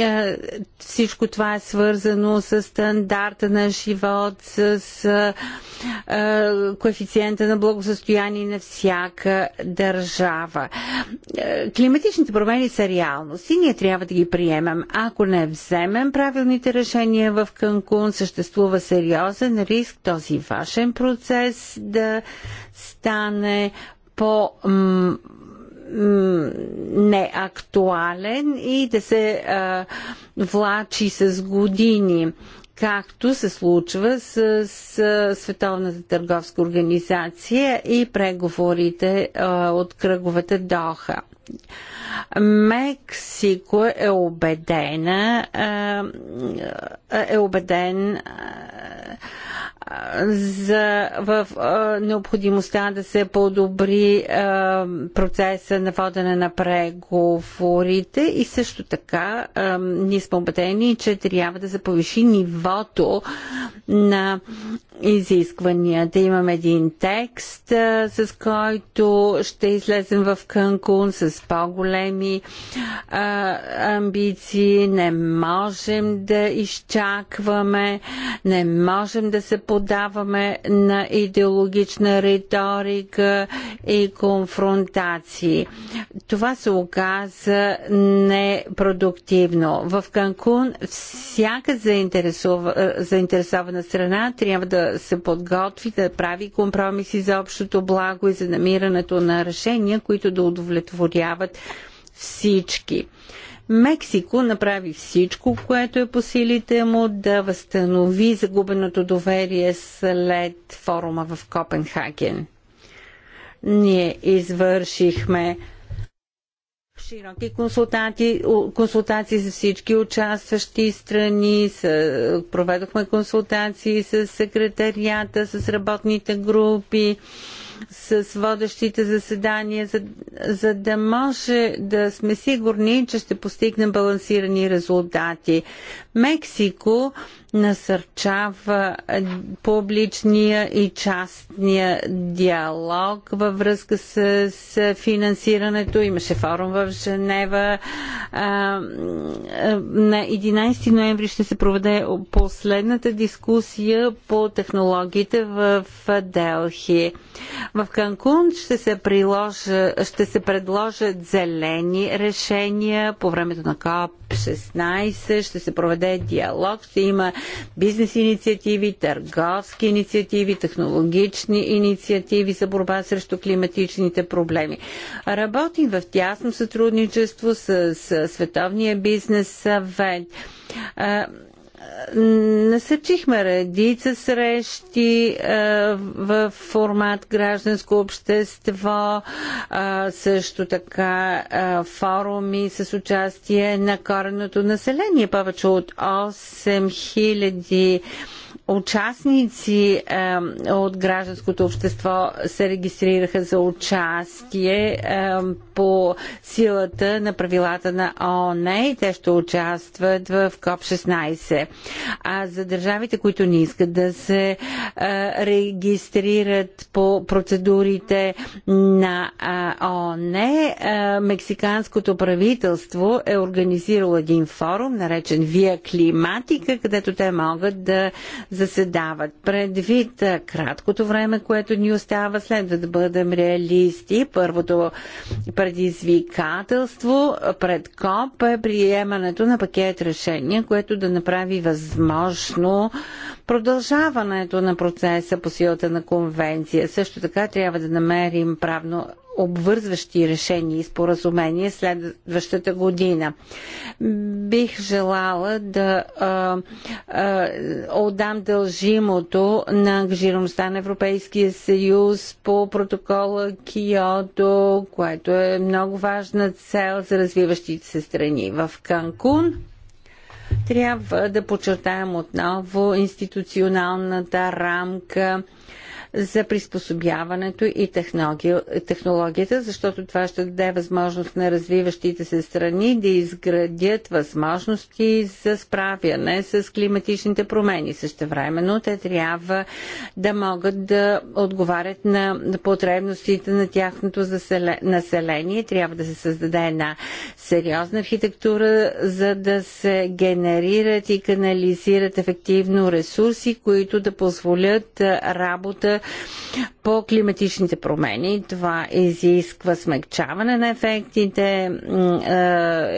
е, всичко това е свързано с стандарта на живот, с е, коефициента на благосъстояние на всяка държава. Е, климатичните промени са реалност и ние трябва да ги приемем. Ако не вземем правилните решения в Канкун, съществува сериозен риск този вашен процес да стане по неактуален и да се а, влачи с години, както се случва с, с Световната търговска организация и преговорите а, от кръговата Доха. Мексико е убедена, а, е убеден. А, за, в а, необходимостта да се подобри а, процеса на водене на преговорите и също така а, ние сме убедени, че трябва да се повиши нивото на изискванията. Имам един текст, с който ще излезем в Канкун с по-големи амбиции. Не можем да изчакваме, не можем да се подаваме на идеологична риторика и конфронтации. Това се оказа непродуктивно. В Канкун всяка заинтересова, заинтересована страна трябва да да се подготви, да прави компромиси за общото благо и за намирането на решения, които да удовлетворяват всички. Мексико направи всичко, което е по силите му да възстанови загубеното доверие след форума в Копенхаген. Ние извършихме широки консултанти, консултации с всички участващи страни, с, проведохме консултации с секретарията, с работните групи, с водещите заседания, за, за да може да сме сигурни, че ще постигнем балансирани резултати. Мексико насърчава публичния и частния диалог във връзка с, с финансирането. Имаше форум в Женева. На 11 ноември ще се проведе последната дискусия по технологиите в Делхи. В Канкун ще се, приложа, ще се предложат зелени решения по времето на КОП 16. Ще се проведе диалог, ще има бизнес инициативи, търговски инициативи, технологични инициативи за борба срещу климатичните проблеми. Работим в тясно сътрудничество с, с Световния бизнес съвет насърчихме редица срещи е, в формат гражданско общество, е, също така е, форуми с участие на кореното население. Повече от 8000 участници е, от гражданското общество се регистрираха за участие е, по силата на правилата на ООН и те ще участват в КОП-16. А за държавите, които не искат да се е, регистрират по процедурите на е, ООН, е, мексиканското правителство е организирало един форум, наречен Via Climatica, където те могат да заседават. Предвид краткото време, което ни остава, следва да бъдем реалисти. Първото предизвикателство пред КОП е приемането на пакет решения, което да направи възможно продължаването на процеса по силата на конвенция. Също така трябва да намерим правно обвързващи решения и споразумения следващата година. Бих желала да а, а, отдам дължимото на ангажираността на Европейския съюз по протокола Киото, което е много важна цел за развиващите се страни. В Канкун трябва да подчертаем отново институционалната рамка, за приспособяването и технологията, защото това ще даде възможност на развиващите се страни да изградят възможности за справяне с климатичните промени. Същевременно те трябва да могат да отговарят на потребностите на тяхното население. Трябва да се създаде една сериозна архитектура, за да се генерират и канализират ефективно ресурси, които да позволят работа по климатичните промени. Това изисква смягчаване на ефектите. Е,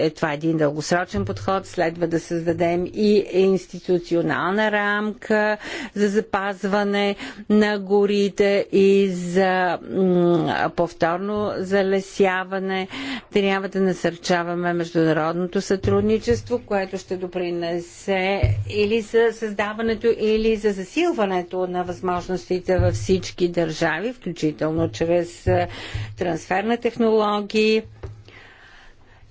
е, това е един дългосрочен подход. Следва да създадем и институционална рамка за запазване на горите и за повторно залесяване. Трябва да насърчаваме международното сътрудничество, което ще допринесе или за създаването, или за засилването на възможностите в всички държави, включително чрез е, трансфер на технологии.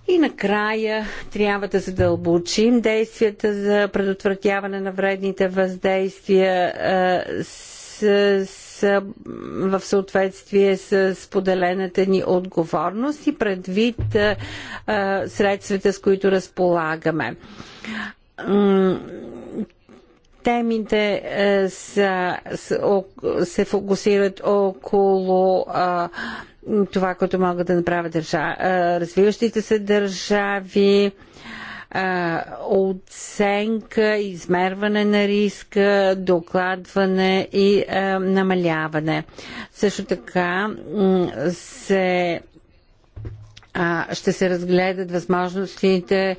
И накрая трябва да задълбочим действията за предотвратяване на вредните въздействия е, с, с, в съответствие с поделената ни отговорност и предвид е, средствата, с които разполагаме Темите е, са, се фокусират около това, което могат да направят държа, е, развиващите се държави, е, оценка, измерване на риска, докладване и намаляване. Също така се ще се разгледат възможностите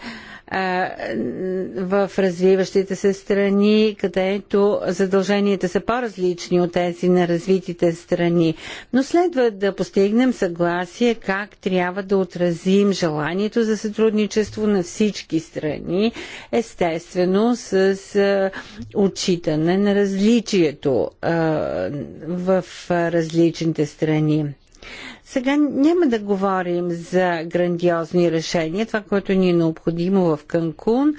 в развиващите се страни, където задълженията са по-различни от тези на развитите страни. Но следва да постигнем съгласие как трябва да отразим желанието за сътрудничество на всички страни, естествено с отчитане на различието в различните страни. Сега няма да говорим за грандиозни решения. Това, което ни е необходимо в Канкун,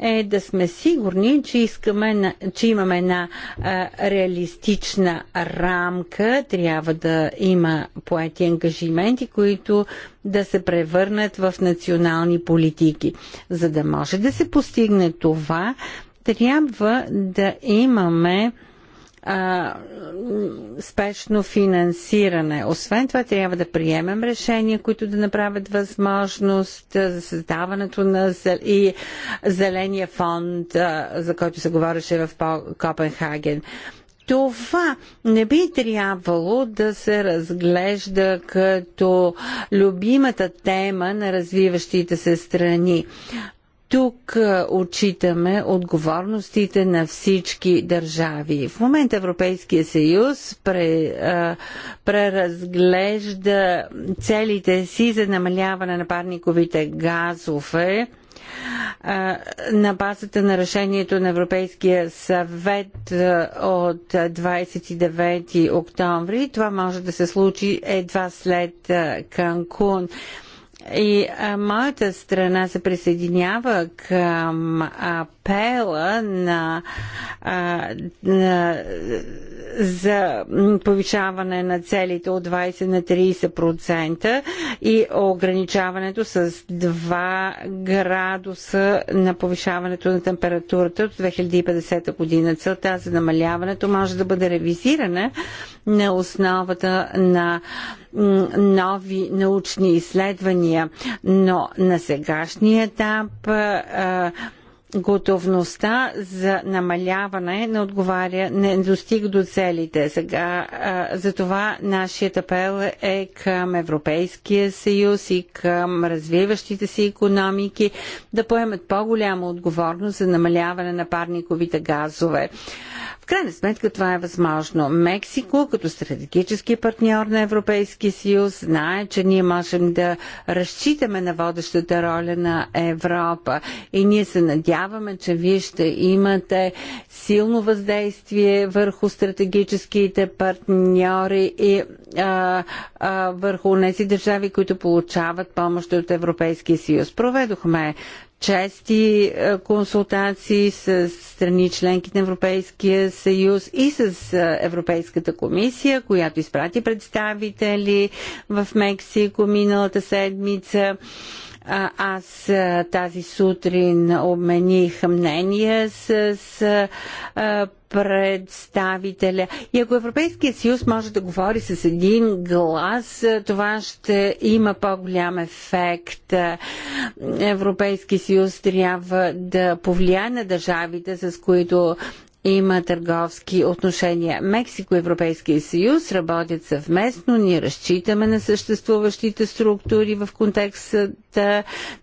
е да сме сигурни, че, искаме, че имаме една а, реалистична рамка, трябва да има поети ангажименти, които да се превърнат в национални политики. За да може да се постигне това, трябва да имаме а, спешно финансиране. Освен това, трябва да приемем решения, които да направят възможност за създаването на зел... и зеления фонд, а, за който се говореше в Копенхаген. Това не би трябвало да се разглежда като любимата тема на развиващите се страни тук отчитаме отговорностите на всички държави. В момента Европейския съюз пре, преразглежда целите си за намаляване на парниковите газове на базата на решението на Европейския съвет от 29 октомври. Това може да се случи едва след Канкун. И а, моята страна се присъединява към апела на, а, на, за повишаване на целите от 20 на 30% и ограничаването с 2 градуса на повишаването на температурата от 2050 година. Целта за намаляването може да бъде ревизирана на основата на нови научни изследвания, но на сегашния етап готовността за намаляване не отговаря, не достига до целите. Сега за това нашият апел е към Европейския съюз и към развиващите си економики да поемат по-голяма отговорност за намаляване на парниковите газове крайна сметка това е възможно. Мексико, като стратегически партньор на Европейския съюз, знае, че ние можем да разчитаме на водещата роля на Европа. И ние се надяваме, че вие ще имате силно въздействие върху стратегическите партньори и а, а, върху тези държави, които получават помощ от Европейския съюз. Проведохме чести е, консултации с страни членки на Европейския съюз и с е, Европейската комисия, която изпрати представители в Мексико миналата седмица. Аз тази сутрин обмених мнение с, представителя. И ако Европейския съюз може да говори с един глас, това ще има по-голям ефект. Европейския съюз трябва да повлияе на държавите, с които има търговски отношения. Мексико и Европейския съюз работят съвместно, ние разчитаме на съществуващите структури в контекста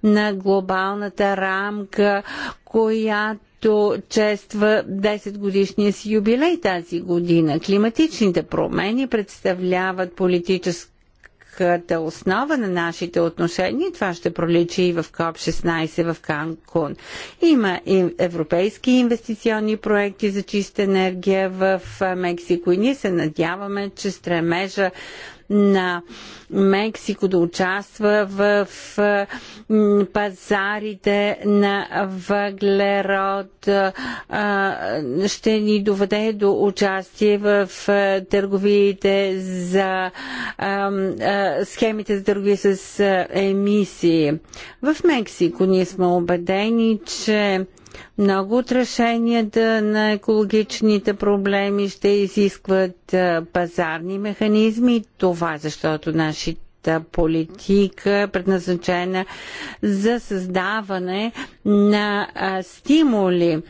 на глобалната рамка, която чества 10 годишния си юбилей тази година. Климатичните промени представляват политически Високата основа на нашите отношения, това ще проличи и в КОП-16 в Канкун. Има европейски инвестиционни проекти за чиста енергия в Мексико и ние се надяваме, че стремежа на Мексико да участва в пазарите на въглерод, ще ни доведе до участие в търговиите за схемите за търговия с емисии. В Мексико ние сме убедени, че много от решенията на екологичните проблеми ще изискват пазарни механизми. Това защото нашата политика е предназначена за създаване на стимули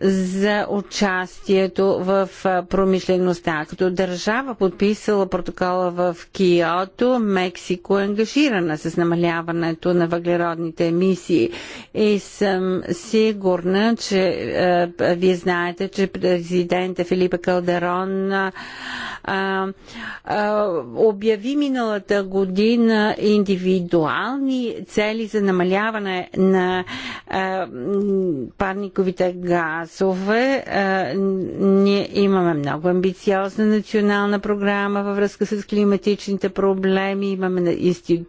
за участието в промишлеността. Като държава подписала протокола в Киото, Мексико е ангажирана с намаляването на въглеродните емисии и съм сигурна, че вие знаете, че президента Филипа Калдерон обяви миналата година индивидуални цели за намаляване на парниковите газове класове. Е, ние имаме много амбициозна национална програма във връзка с климатичните проблеми. Имаме институт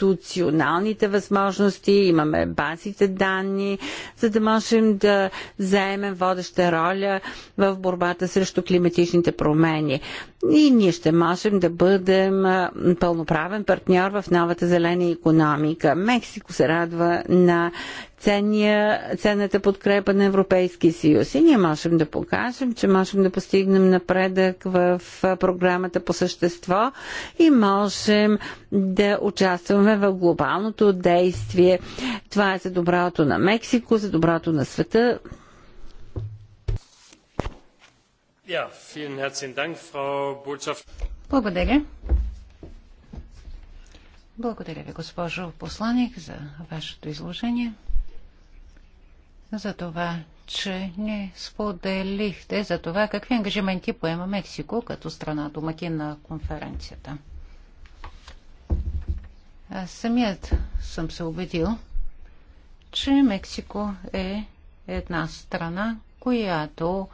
институционалните възможности, имаме базите данни, за да можем да заемем водеща роля в борбата срещу климатичните промени и ние ще можем да бъдем пълноправен партньор в новата зелена економика. Мексико се радва на ценния, ценната подкрепа на Европейския съюз и ние можем да покажем, че можем да постигнем напредък в програмата по същество и можем да участваме в глобалното действие. Това е за доброто на Мексико, за доброто на света. Благодаря. Благодаря ви, госпожо посланник, за вашето изложение, за това, че не споделихте за това какви ангажименти поема Мексико като страна домакин на конференцията. Аз самият съм се убедил, че Мексико е една страна, която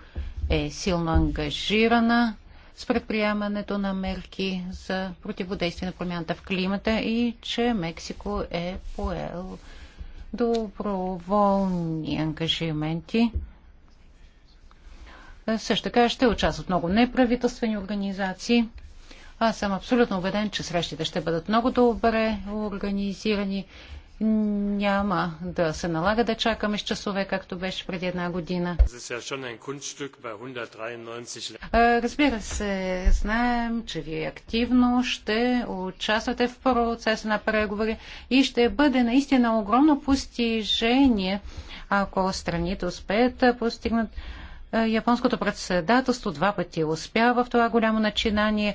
е силно ангажирана с предприемането на мерки за противодействие на промяната в климата и че Мексико е поел доброволни ангажименти. Също така ще участват много неправителствени организации. Аз съм абсолютно убеден, че срещите ще бъдат много добре организирани няма да се налага да чакаме с часове, както беше преди една година. Разбира се, знаем, че вие активно ще участвате в процеса на преговори и ще бъде наистина огромно постижение, ако страните успеят да постигнат японското председателство два пъти успява в това голямо начинание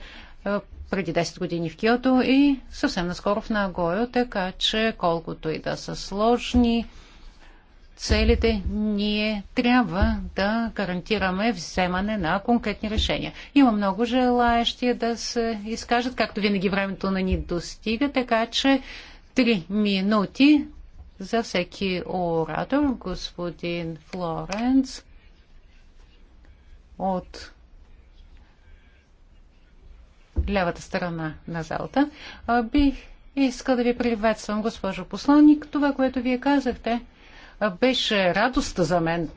преди 10 години в Киото и съвсем наскоро в Нагоя, така че колкото и да са сложни целите, ние трябва да гарантираме вземане на конкретни решения. Има много желаящи да се изкажат, както винаги времето на ни достига, така че 3 минути за всеки оратор, господин Флоренц от лявата страна на залата. Бих искал да ви приветствам, госпожо посланник. Това, което вие казахте, беше радост за мен.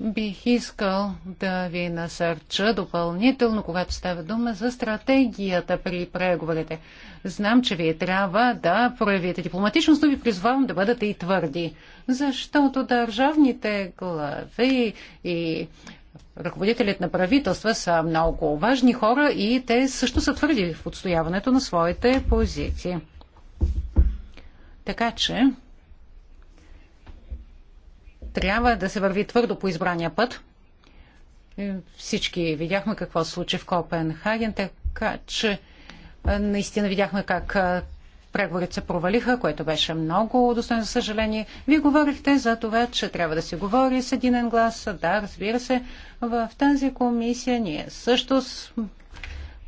Бих искал да ви насърча допълнително, когато става дума за стратегията при преговорите. Знам, че вие трябва да проявите дипломатичност, но ви призвавам да бъдете и твърди, защото държавните глави и ръководителите на правителства са много важни хора и те също са твърди в отстояването на своите позиции. Така че трябва да се върви твърдо по избрания път. Е, всички видяхме какво се случи в Копенхаген, така че е, наистина видяхме как е, преговорите се провалиха, което беше много достойно за съжаление. Вие говорихте за това, че трябва да се говори с един глас. Да, разбира се, в тази комисия ние също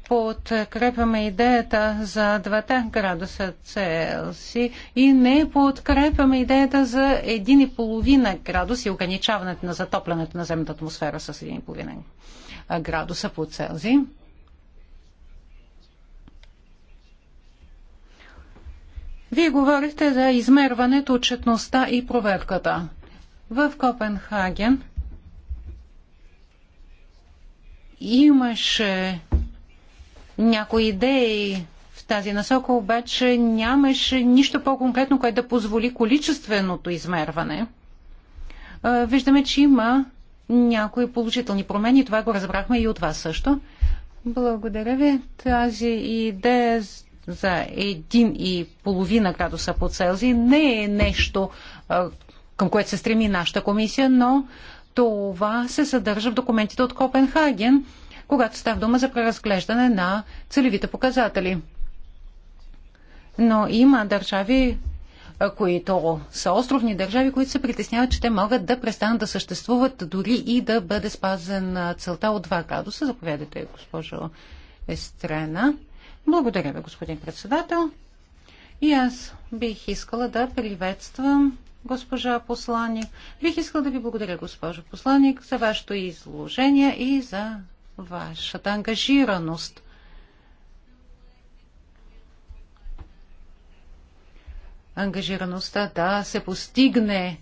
подкрепяме идеята за двата градуса Целси и не подкрепяме идеята за 1,5 градус и ограничаването на затоплянето на земната атмосфера с 1,5 градуса по Целзий. Вие говорихте за измерването, отчетността и проверката. В Копенхаген имаше някои идеи в тази насока, обаче нямаше нищо по-конкретно, което да позволи количественото измерване. Виждаме, че има някои положителни промени. Това го разбрахме и от вас също. Благодаря ви. Тази идея за 1,5 градуса по Целзий не е нещо, към което се стреми нашата комисия, но това се съдържа в документите от Копенхаген, когато става дума за преразглеждане на целевите показатели. Но има държави, които са островни държави, които се притесняват, че те могат да престанат да съществуват дори и да бъде спазен целта от 2 градуса. Заповядайте, госпожо Естрена. Благодаря ви, господин председател. И аз бих искала да приветствам госпожа посланник. Бих искала да ви благодаря, госпожо посланник, за вашето изложение и за вашата ангажираност. Ангажираността да се постигне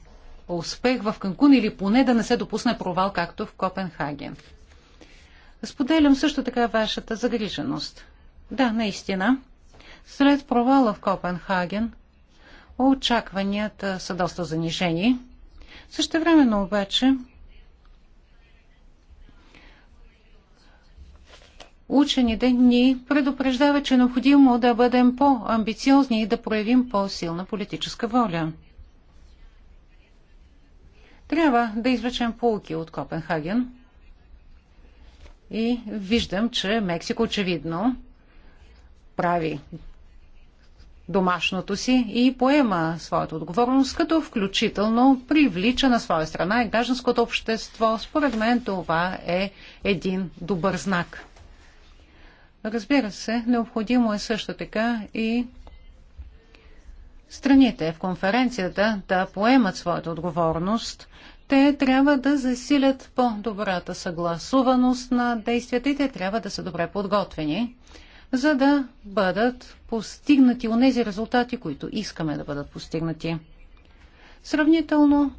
успех в Канкун или поне да не се допусне провал, както в Копенхаген. Споделям също така вашата загриженост – да, наистина. След провала в Копенхаген очакванията са доста занижени. Също времено обаче учените ни предупреждава, че е необходимо да бъдем по-амбициозни и да проявим по-силна политическа воля. Трябва да извлечем полки от Копенхаген. И виждам, че Мексико очевидно прави домашното си и поема своята отговорност, като включително привлича на своя страна и гражданското общество. Според мен това е един добър знак. Разбира се, необходимо е също така и страните в конференцията да поемат своята отговорност. Те трябва да засилят по-добрата съгласуваност на действията и те трябва да са добре подготвени за да бъдат постигнати онези резултати, които искаме да бъдат постигнати. Сравнително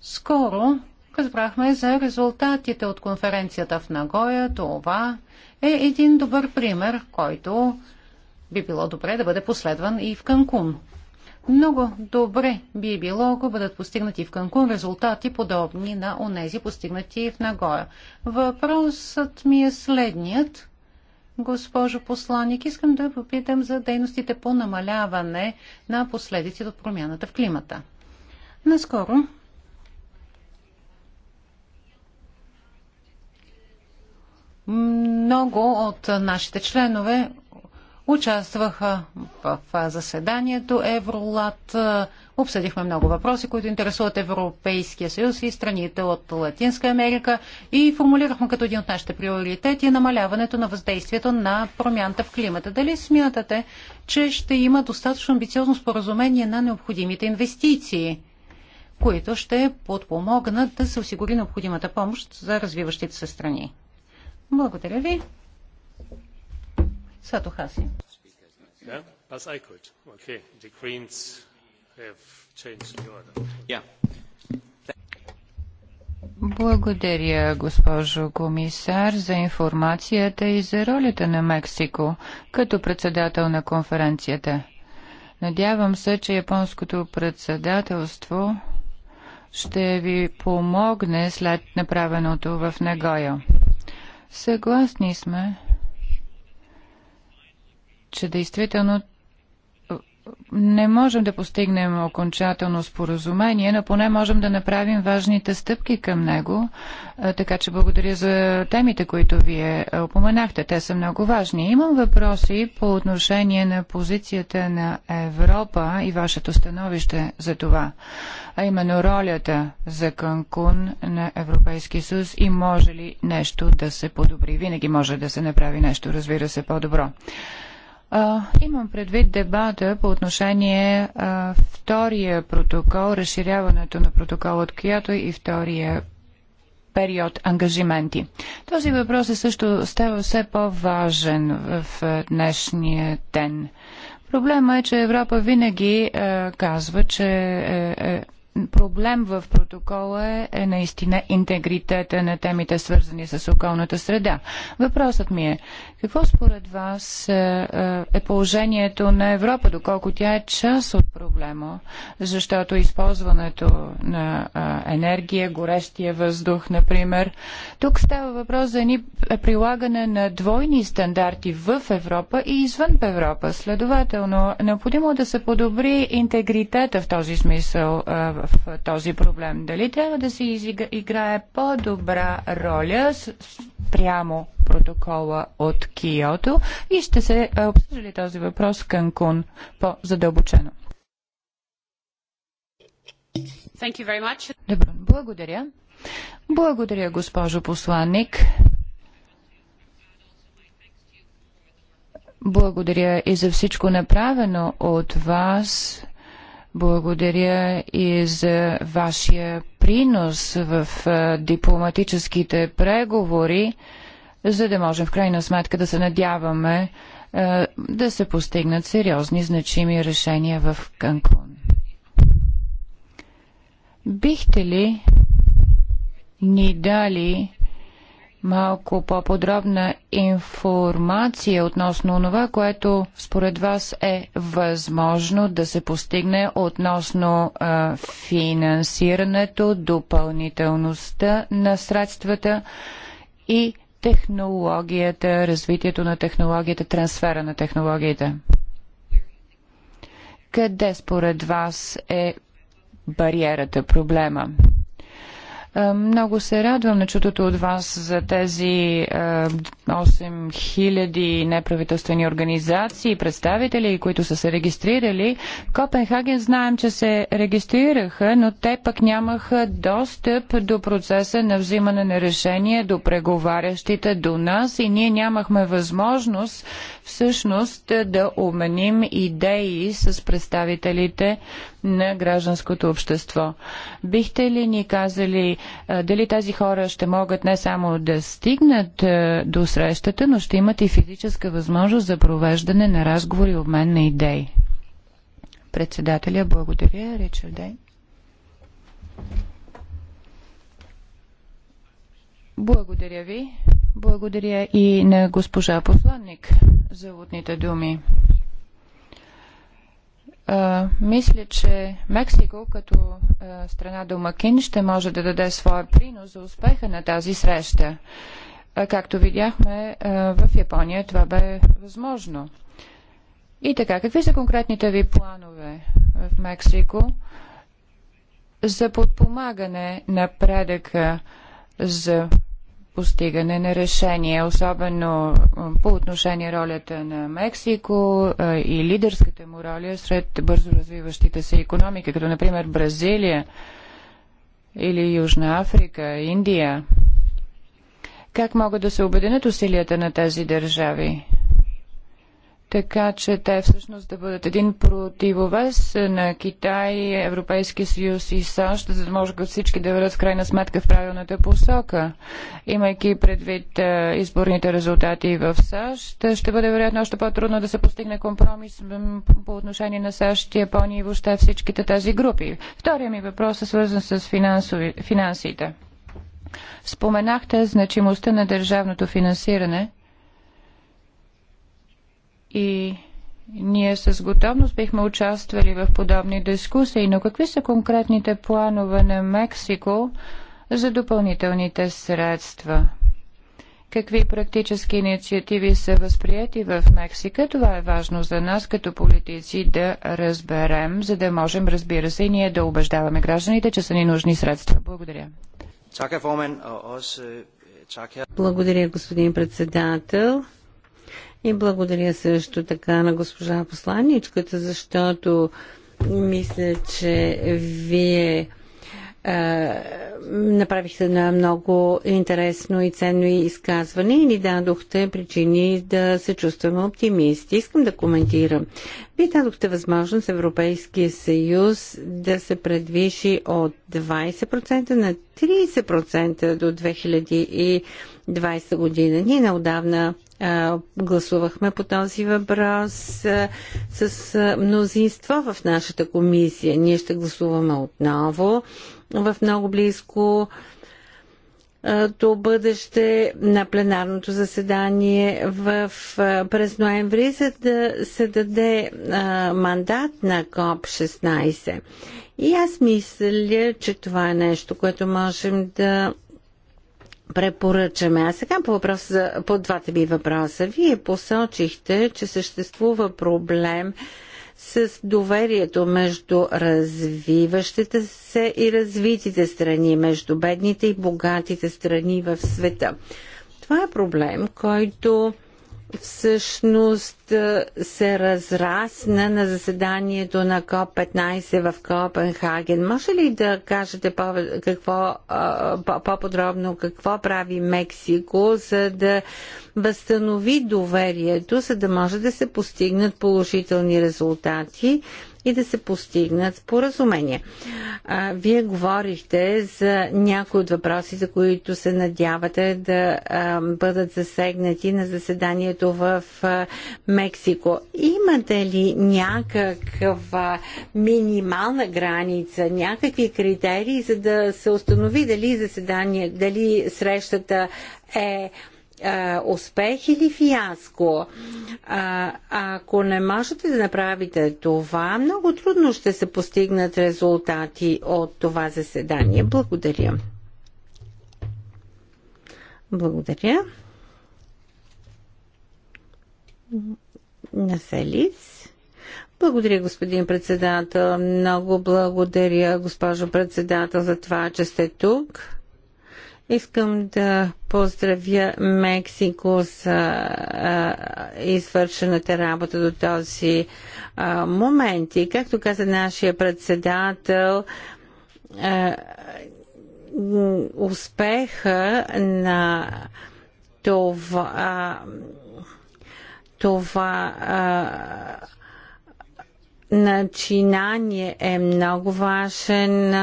скоро разбрахме за резултатите от конференцията в Нагоя. Това е един добър пример, който би било добре да бъде последван и в Канкун. Много добре би било, ако бъдат постигнати в Канкун резултати, подобни на онези постигнати в Нагоя. Въпросът ми е следният госпожо посланник. Искам да попитам за дейностите по намаляване на последиците от промяната в климата. Наскоро много от нашите членове участваха в заседанието Евролат. Обсъдихме много въпроси, които интересуват Европейския съюз и страните от Латинска Америка и формулирахме като един от нашите приоритети намаляването на въздействието на промяната в климата. Дали смятате, че ще има достатъчно амбициозно споразумение на необходимите инвестиции? които ще подпомогнат да се осигури необходимата помощ за развиващите се страни. Благодаря ви. Yeah, I could. Okay, the Greens have changed the order. Yeah. Благодаря, госпожо комисар, за информацията и за ролята на Мексико като председател на конференцията. Надявам се, че японското председателство ще ви помогне след направеното в Нагоя. Съгласни сме, че действително не можем да постигнем окончателно споразумение, но поне можем да направим важните стъпки към него. Така че благодаря за темите, които вие упоменахте. Те са много важни. Имам въпроси по отношение на позицията на Европа и вашето становище за това, а именно ролята за Канкун на Европейски съюз и може ли нещо да се подобри. Винаги може да се направи нещо, разбира се, по-добро имам предвид дебата по отношение а, втория протокол, разширяването на протокол от Киото и втория период ангажименти. Този въпрос е също става все по-важен в днешния ден. Проблема е, че Европа винаги казва, че е, е, проблем в протокола е, е наистина интегритета на темите, свързани с околната среда. Въпросът ми е, какво според вас е, е, е положението на Европа, доколко тя е част от проблема, защото използването на енергия, горещия въздух, например, тук става въпрос за едни прилагане на двойни стандарти в Европа и извън Европа. Следователно, необходимо да се подобри интегритета в този смисъл този проблем? Дали трябва да се играе по-добра роля с, прямо протокола от Киото и ще се обсъжда ли този въпрос в Канкун по-задълбочено? Добре, благодаря. Благодаря, госпожо посланник. Благодаря и за всичко направено от вас благодаря и за вашия принос в дипломатическите преговори, за да можем в крайна сметка да се надяваме да се постигнат сериозни, значими решения в Канкун. Бихте ли ни дали малко по-подробна информация относно това, което според вас е възможно да се постигне относно а, финансирането, допълнителността на средствата и технологията, развитието на технологията, трансфера на технологиите. Къде според вас е бариерата, проблема? Е, много се радвам на чутото от вас за тези 8000 е, неправителствени организации, представители, които са се регистрирали. В Копенхаген знаем, че се регистрираха, но те пък нямаха достъп до процеса на взимане на решение, до преговарящите, до нас и ние нямахме възможност всъщност да обменим идеи с представителите на гражданското общество. Бихте ли ни казали дали тези хора ще могат не само да стигнат до срещата, но ще имат и физическа възможност за провеждане на разговори и обмен на идеи? Председателя, благодаря. Ричард Дей. Благодаря ви. Благодаря и на госпожа посланник за лутните думи мисля, че Мексико като страна домакин ще може да даде своя принос за успеха на тази среща. както видяхме в Япония, това бе възможно. И така, какви са конкретните ви планове в Мексико за подпомагане на предъка за постигане на решение, особено по отношение ролята на Мексико и лидерската му роля сред бързо развиващите се економики, като например Бразилия или Южна Африка, Индия. Как могат да се обединят усилията на тези държави? така че те всъщност да бъдат един противовес на Китай, Европейския съюз и САЩ, за да може всички да върват в крайна сметка в правилната посока. Имайки предвид е, изборните резултати в САЩ, ще бъде вероятно още по-трудно да се постигне компромис по отношение на САЩ, Япония и въобще всичките тези групи. Втория ми въпрос е свързан с финансови, финансите. Споменахте значимостта на държавното финансиране – и ние с готовност бихме участвали в подобни дискусии, но какви са конкретните планове на Мексико за допълнителните средства? Какви практически инициативи са възприяти в Мексика? Това е важно за нас като политици да разберем, за да можем, разбира се, и ние да убеждаваме гражданите, че са ни нужни средства. Благодаря. Е, е, е. Благодаря, господин председател. И благодаря също така на госпожа посланичката, защото мисля, че вие направихте на много интересно и ценно изказване и ни дадохте причини да се чувстваме оптимисти. Искам да коментирам. Вие дадохте възможност Европейския съюз да се предвижи от 20% на 30% до 2020 година. Ние неодавна гласувахме по този въпрос с мнозинство в нашата комисия. Ние ще гласуваме отново в много близко до бъдеще на пленарното заседание в, през ноември, за да се даде а, мандат на КОП-16. И аз мисля, че това е нещо, което можем да препоръчаме. А сега по, въпрос, по двата ми въпроса. Вие посочихте, че съществува проблем с доверието между развиващите се и развитите страни, между бедните и богатите страни в света. Това е проблем, който всъщност е, се разрасна на заседанието на КОП-15 в Копенхаген. Може ли да кажете по- какво, по-подробно какво прави Мексико, за да възстанови доверието, за да може да се постигнат положителни резултати? и да се постигнат споразумения. А, вие говорихте за някои от въпроси, за които се надявате да а, бъдат засегнати на заседанието в а, Мексико. Имате ли някаква минимална граница, някакви критерии, за да се установи дали заседание, дали срещата е е, успех или фиаско. А, е, ако не можете да направите това, много трудно ще се постигнат резултати от това заседание. Благодаря. Благодаря. Населиц. Благодаря, господин председател. Много благодаря, госпожо председател, за това, че сте тук. Искам да поздравя Мексико за извършената работа до този момент. И както каза нашия председател, успеха на това, това начинание е много важен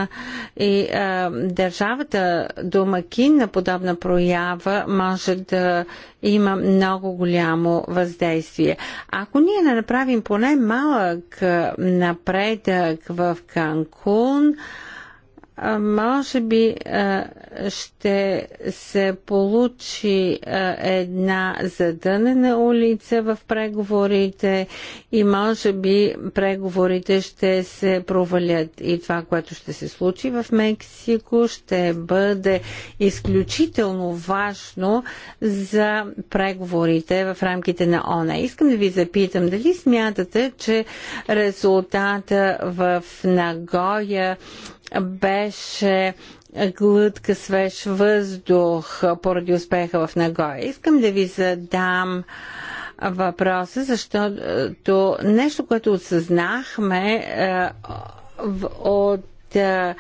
и а, е, държавата домакин на подобна проява може да има много голямо въздействие. Ако ние не направим поне малък напредък в Канкун, а, може би ще се получи една задънена улица в преговорите и може би преговорите ще се провалят. И това, което ще се случи в Мексико, ще бъде изключително важно за преговорите в рамките на ОНА. Искам да ви запитам, дали смятате, че резултата в Нагоя беше глътка свеж въздух поради успеха в Нагоя. Искам да ви задам въпроса, защото нещо, което осъзнахме е, от е,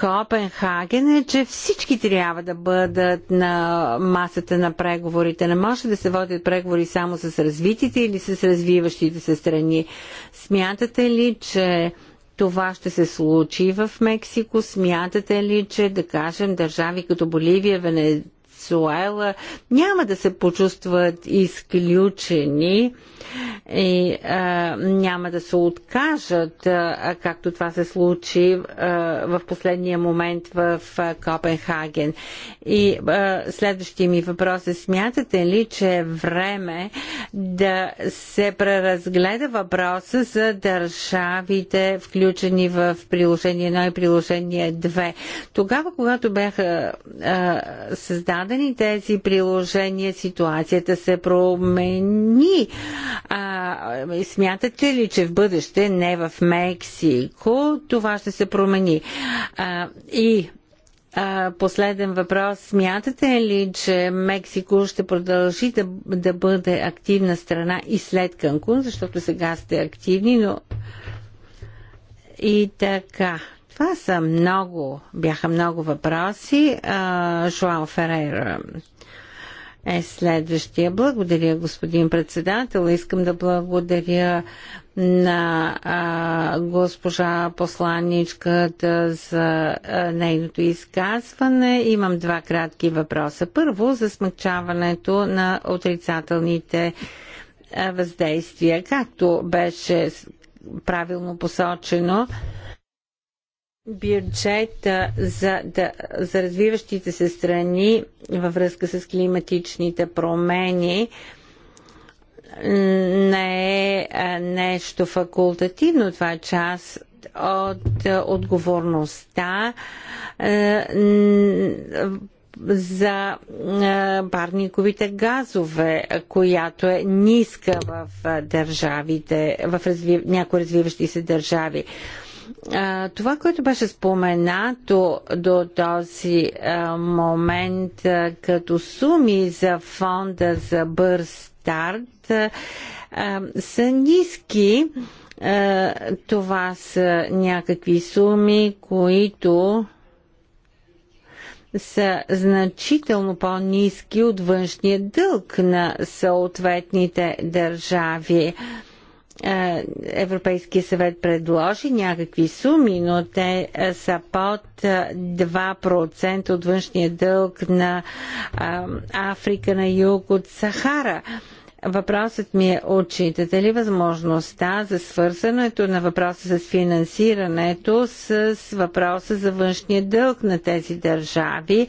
Копенхаген е, че всички трябва да бъдат на масата на преговорите. Не може да се водят преговори само с развитите или с развиващите се страни. Смятате ли, че това ще се случи в Мексико? Смятате ли, че да кажем държави като Боливия, Венецуела, Венецуела няма да се почувстват изключени и а, няма да се откажат, а, както това се случи а, в последния момент в а, Копенхаген. И а, следващия ми въпрос е, смятате ли, че е време да се преразгледа въпроса за държавите, включени в приложение 1 и приложение 2? Тогава, когато бяха а, създадени създадени тези приложения, ситуацията се промени. А, смятате ли, че в бъдеще, не в Мексико, това ще се промени? А, и последен въпрос. Смятате ли, че Мексико ще продължи да, да бъде активна страна и след Канкун, защото сега сте активни, но и така. Това са много, бяха много въпроси. Жуан Ферейра е следващия. Благодаря, господин председател. Искам да благодаря на а, госпожа посланничката за а, нейното изказване. Имам два кратки въпроса. Първо, за смъкчаването на отрицателните а, въздействия. Както беше правилно посочено, а, бюджета за, да, за развиващите се страни във връзка с климатичните промени не е нещо факултативно. Това е част от отговорността за парниковите газове, която е ниска в държавите, в разви... някои развиващи се държави а, това, което беше споменато до този а, момент а, като суми за фонда за бърз старт а, са ниски. А, това са някакви суми, които са значително по-низки от външния дълг на съответните държави. А, е, Европейския съвет предложи някакви суми, но те е, са под 2% е, от външния дълг на Африка на юг от Сахара. Въпросът ми е, отчитате ли възможността за свързането на въпроса с финансирането с въпроса за външния дълг на тези държави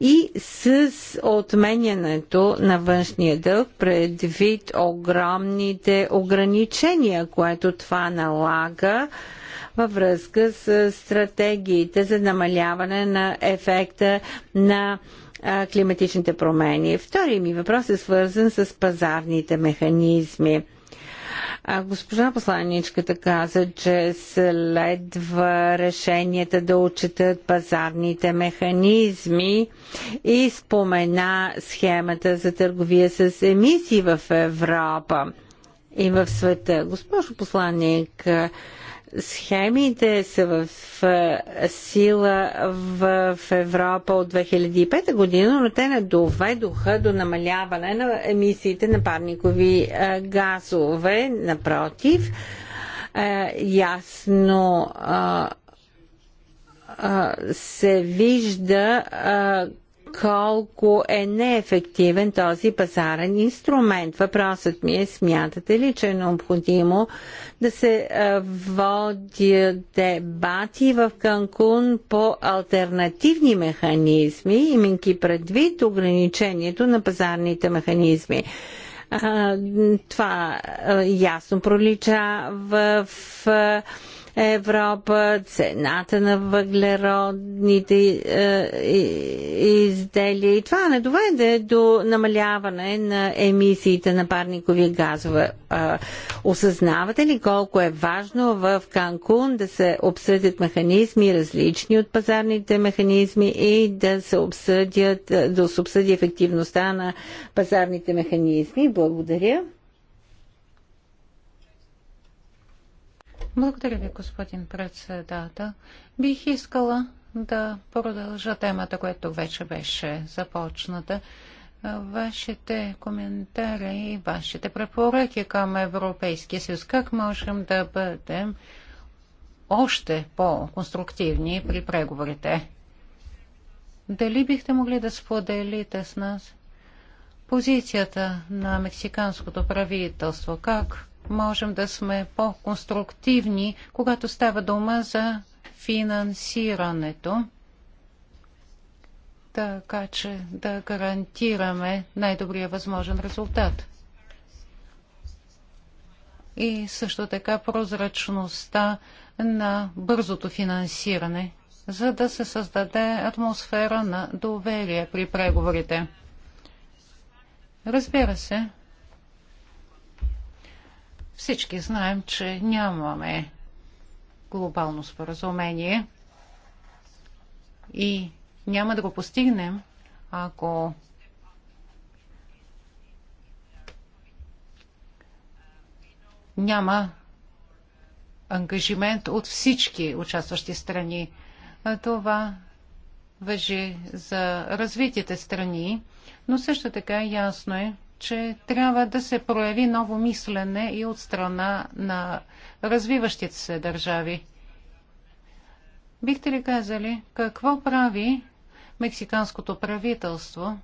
и с отменянето на външния дълг предвид огромните ограничения, което това налага? във връзка с стратегиите за намаляване на ефекта на климатичните промени. Втория ми въпрос е свързан с пазарните механизми. А госпожа посланничката каза, че следва решенията да отчитат пазарните механизми и спомена схемата за търговия с емисии в Европа и в света. Госпожо посланник, Схемите са в сила в Европа от 2005 година, но те не доведоха до намаляване на емисиите на парникови газове. Напротив, ясно се вижда колко е неефективен този пазарен инструмент. Въпросът ми е, смятате ли, че е необходимо да се води дебати в Канкун по альтернативни механизми, имайки предвид ограничението на пазарните механизми? това ясно пролича в Европа, цената на въглеродните е, изделия и това е не доведе до намаляване на емисиите на парникови газове. Е, осъзнавате ли колко е важно в Канкун да се обсъдят механизми, различни от пазарните механизми и да се обсъдят, да се обсъди ефективността на пазарните механизми? Благодаря. Благодаря ви, господин председател. Бих искала да продължа темата, която вече беше започната. Вашите коментари и вашите препоръки към Европейския съюз. Как можем да бъдем още по-конструктивни при преговорите? Дали бихте могли да споделите с нас позицията на мексиканското правителство? Как можем да сме по-конструктивни, когато става дума за финансирането, така че да гарантираме най-добрия възможен резултат. И също така прозрачността на бързото финансиране, за да се създаде атмосфера на доверие при преговорите. Разбира се, всички знаем, че нямаме глобално споразумение и няма да го постигнем, ако няма ангажимент от всички участващи страни. Това въжи за развитите страни, но също така ясно е, че трябва да се прояви ново мислене и от страна на развиващите се държави. Бихте ли казали какво прави мексиканското правителство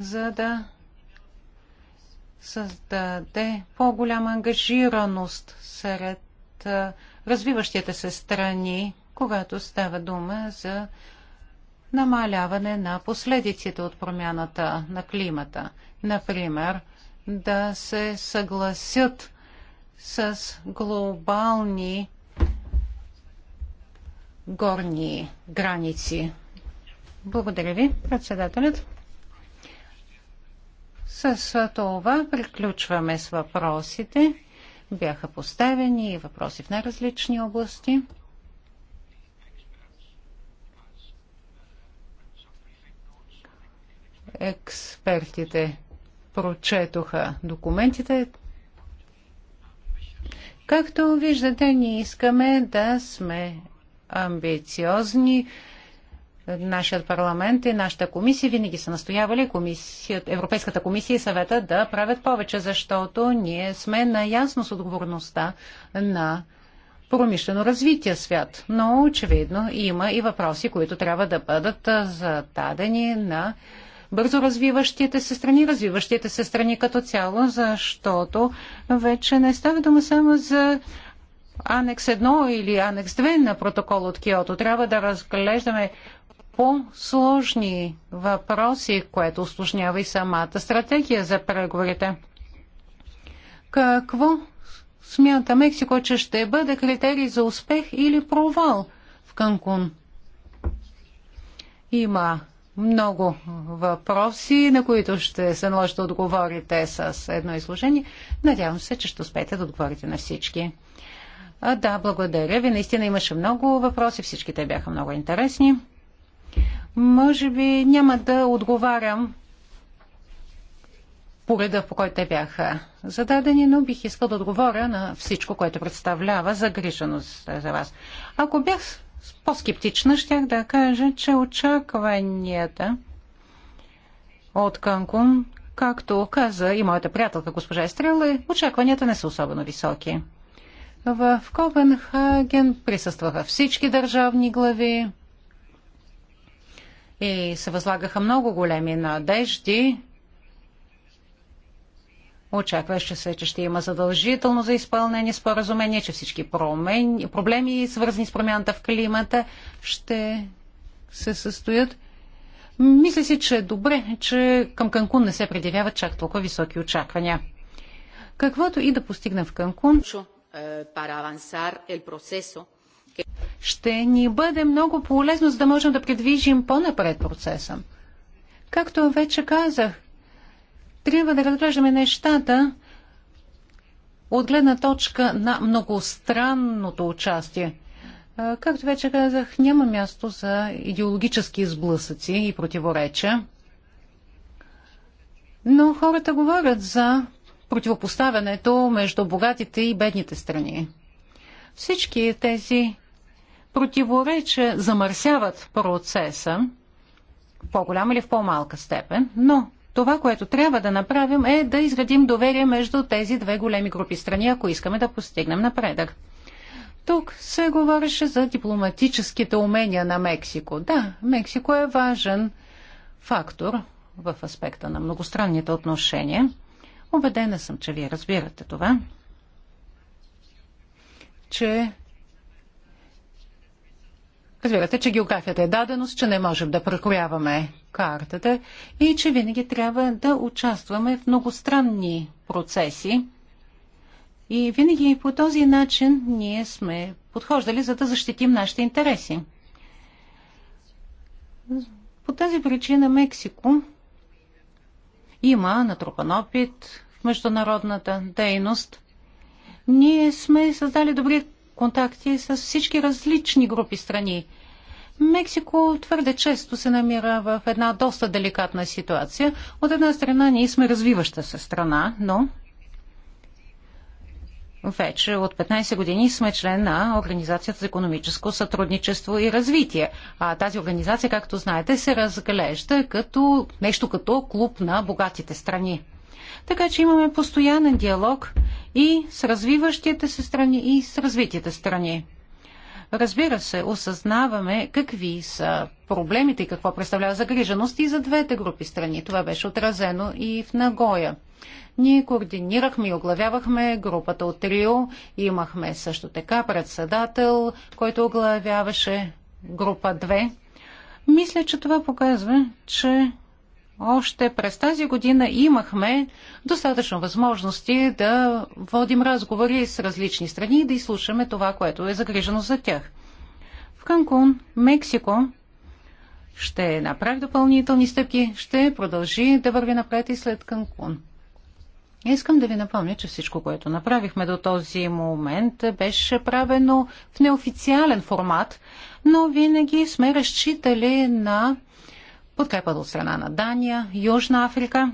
за да създаде по-голяма ангажираност сред развиващите се страни, когато става дума за намаляване на последиците от промяната на климата. Например, да се съгласят с глобални горни граници. Благодаря ви, председателят. С това приключваме с въпросите. Бяха поставени въпроси в най-различни области. експертите прочетоха документите. Както виждате, ние искаме да сме амбициозни. Нашият парламент и нашата комисия винаги са настоявали Европейската комисия и съвета да правят повече, защото ние сме наясно с отговорността на промишлено развитие свят. Но очевидно има и въпроси, които трябва да бъдат зададени на бързо развиващите се страни, развиващите се страни като цяло, защото вече не става дума само за анекс 1 или анекс 2 на протокол от Киото. Трябва да разглеждаме по-сложни въпроси, което осложнява и самата стратегия за преговорите. Какво смята Мексико, че ще бъде критерий за успех или провал в Канкун? Има много въпроси, на които ще се наложи да отговорите с едно изложение. Надявам се, че ще успеете да отговорите на всички. А, да, благодаря ви. Наистина имаше много въпроси. Всички те бяха много интересни. Може би няма да отговарям по реда, по който те бяха зададени, но бих искал да отговоря на всичко, което представлява загриженост за вас. Ако бях по-скептична, щях да кажа, че очакванията от Канкун, както каза и моята приятелка госпожа Естрела, е, очакванията не са особено високи. В Копенхаген присъстваха всички държавни глави и се възлагаха много големи надежди Очакваше се, че ще има задължително за изпълнение споразумение, че всички промени, проблеми, свързани с промяната в климата, ще се състоят. Мисля си, че е добре, че към Канкун не се предявяват чак толкова високи очаквания. Каквото и да постигнем в Канкун, eh, ще ни бъде много полезно, за да можем да предвижим по-напред процеса. Както вече казах, трябва да разглеждаме нещата от гледна точка на многостранното участие. Както вече казах, няма място за идеологически сблъсъци и противоречия. Но хората говорят за противопоставянето между богатите и бедните страни. Всички тези противоречия замърсяват процеса в по-голяма или в по-малка степен, но това, което трябва да направим е да изградим доверие между тези две големи групи страни, ако искаме да постигнем напредък. Тук се говореше за дипломатическите умения на Мексико. Да, Мексико е важен фактор в аспекта на многостранните отношения. Обедена съм, че вие разбирате това, че разбирате, че географията е даденост, че не можем да прекрояваме картата и че винаги трябва да участваме в многостранни процеси. И винаги по този начин ние сме подхождали, за да защитим нашите интереси. По тази причина Мексико има натрупан опит в международната дейност. Ние сме създали добри контакти с всички различни групи страни. Мексико твърде често се намира в една доста деликатна ситуация. От една страна ние сме развиваща се страна, но вече от 15 години сме член на Организацията за економическо сътрудничество и развитие. А тази организация, както знаете, се разглежда като нещо като клуб на богатите страни. Така че имаме постоянен диалог и с развиващите се страни, и с развитите страни. Разбира се, осъзнаваме какви са проблемите и какво представлява загриженост и за двете групи страни. Това беше отразено и в Нагоя. Ние координирахме и оглавявахме групата от Рио. Имахме също така председател, който оглавяваше група 2. Мисля, че това показва, че още през тази година имахме достатъчно възможности да водим разговори с различни страни и да изслушаме това, което е загрижено за тях. В Канкун, Мексико, ще направи допълнителни стъпки, ще продължи да върви напред и след Канкун. Искам да ви напомня, че всичко, което направихме до този момент, беше правено в неофициален формат, но винаги сме разчитали на подкрепа от страна на Дания, Южна Африка.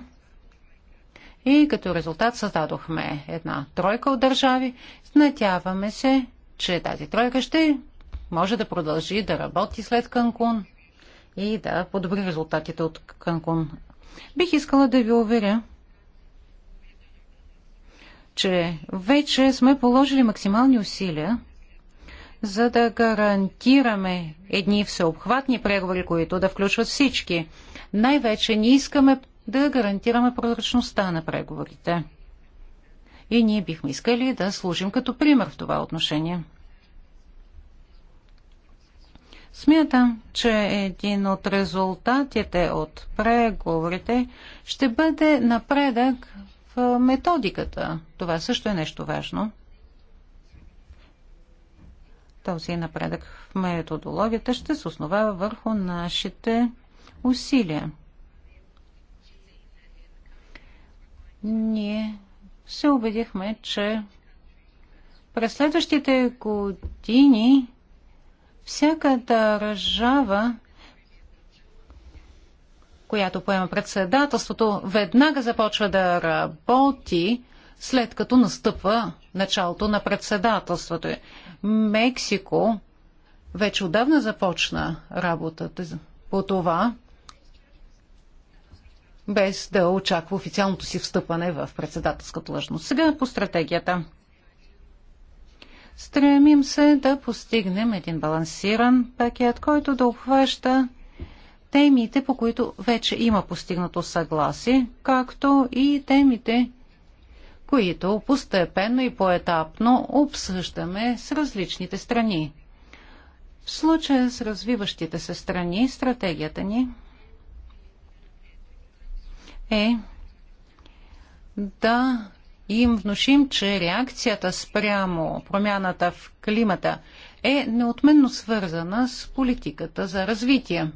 И като резултат създадохме една тройка от държави. Надяваме се, че тази тройка ще може да продължи да работи след Канкун и да подобри резултатите от Канкун. Бих искала да ви уверя, че вече сме положили максимални усилия за да гарантираме едни всеобхватни преговори, които да включват всички. Най-вече ние искаме да гарантираме прозрачността на преговорите. И ние бихме искали да служим като пример в това отношение. Смятам, че един от резултатите от преговорите ще бъде напредък в методиката. Това също е нещо важно. Този напредък в методологията ще се основава върху нашите усилия. Ние се убедихме, че през следващите години всяка държава, която поема председателството, веднага започва да работи след като настъпва началото на председателството. Мексико вече отдавна започна работата по това, без да очаква официалното си встъпане в председателска длъжност. Сега по стратегията. Стремим се да постигнем един балансиран пакет, който да обхваща темите, по които вече има постигнато съгласие, както и темите, които постепенно и поетапно обсъждаме с различните страни. В случая с развиващите се страни, стратегията ни е да им внушим, че реакцията спрямо промяната в климата е неотменно свързана с политиката за развитие.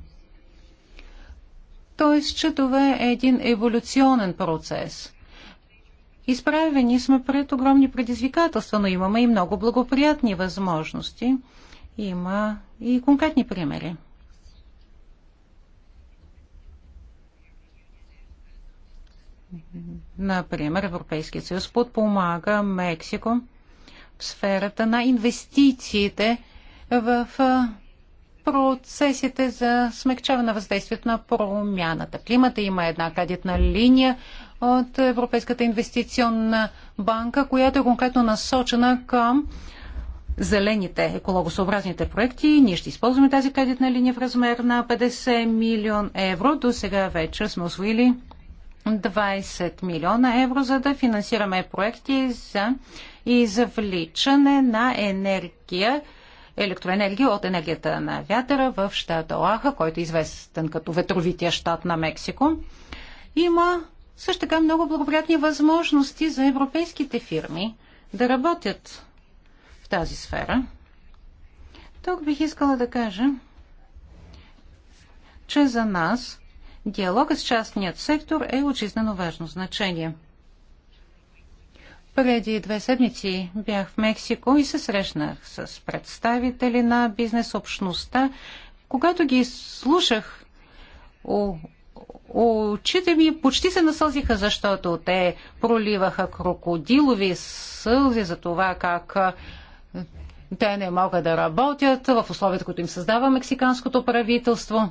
Тоест, че това е един еволюционен процес – Изправени сме пред огромни предизвикателства, но имаме и много благоприятни възможности. Има и конкретни примери. Например, Европейският съюз подпомага Мексико в сферата на инвестициите в процесите за смягчаване на въздействието на промяната. Климата има една кредитна линия, от Европейската инвестиционна банка, която е конкретно насочена към зелените екологосъобразните проекти. Ние ще използваме тази кредитна линия в размер на 50 милион евро. До сега вече сме освоили 20 милиона евро, за да финансираме проекти за извличане на енергия, електроенергия от енергията на вятъра в щата Оаха, който е известен като ветровития щат на Мексико. Има също така много благоприятни възможности за европейските фирми да работят в тази сфера. Тук бих искала да кажа, че за нас диалогът с частният сектор е от жизнено важно значение. Преди две седмици бях в Мексико и се срещнах с представители на бизнес общността. Когато ги слушах очите ми почти се насълзиха, защото те проливаха крокодилови сълзи за това как те не могат да работят в условията, които им създава мексиканското правителство.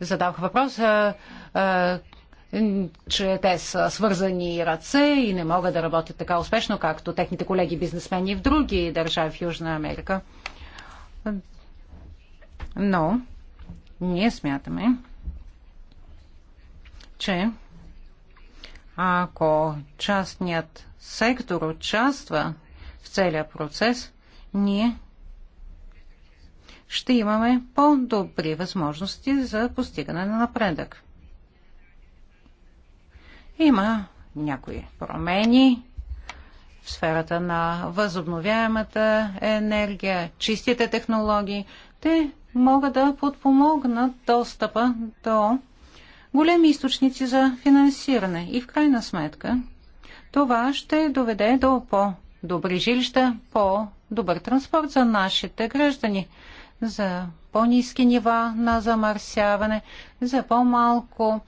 Задавах въпрос, а, а, че те са свързани ръце и не могат да работят така успешно, както техните колеги бизнесмени в други държави в Южна Америка. Но ние смятаме, че ако частният сектор участва в целия процес, ние ще имаме по-добри възможности за постигане на напредък. Има някои промени в сферата на възобновяемата енергия, чистите технологии. Те могат да подпомогнат достъпа до големи източници за финансиране. И в крайна сметка това ще доведе до по-добри жилища, по-добър транспорт за нашите граждани, за по-низки нива на замърсяване, за по-малко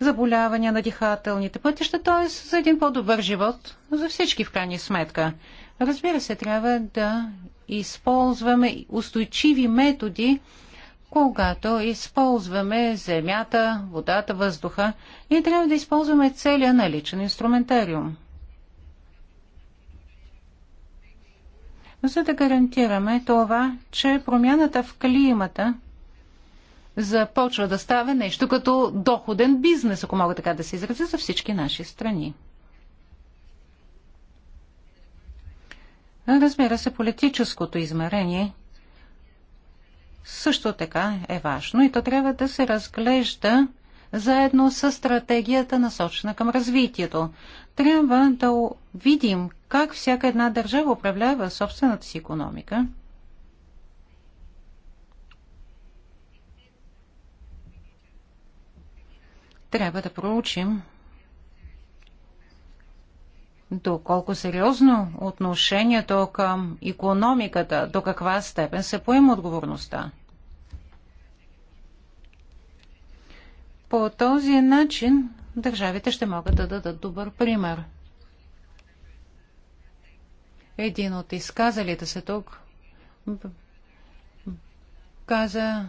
заболявания на дихателните пътища, т.е. за един по-добър живот за всички в крайна сметка. Разбира се, трябва да използваме устойчиви методи когато използваме земята, водата, въздуха, ние трябва да използваме целият наличен инструментариум. За да гарантираме това, че промяната в климата започва да става нещо като доходен бизнес, ако мога така да се изразя, за всички наши страни. Разбира се, политическото измерение също така е важно и то трябва да се разглежда заедно с стратегията насочена към развитието. Трябва да видим как всяка една държава управлява собствената си економика. Трябва да проучим доколко сериозно отношението към економиката, до каква степен се поема отговорността. По този начин държавите ще могат да дадат добър пример. Един от изказалите се тук каза,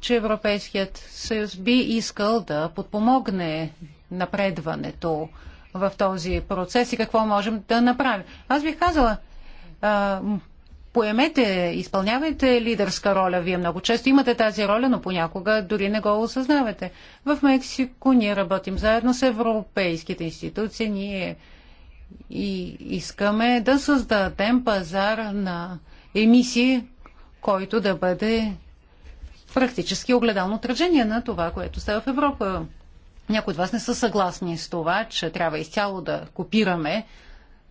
че Европейският съюз би искал да подпомогне напредването в този процес и какво можем да направим. Аз бих казала, поемете, изпълнявайте лидерска роля. Вие много често имате тази роля, но понякога дори не го осъзнавате. В Мексико ние работим заедно с европейските институции. Ние и искаме да създадем пазар на емисии, който да бъде практически огледално отражение на това, което става в Европа. Някои от вас не са съгласни с това, че трябва изцяло да копираме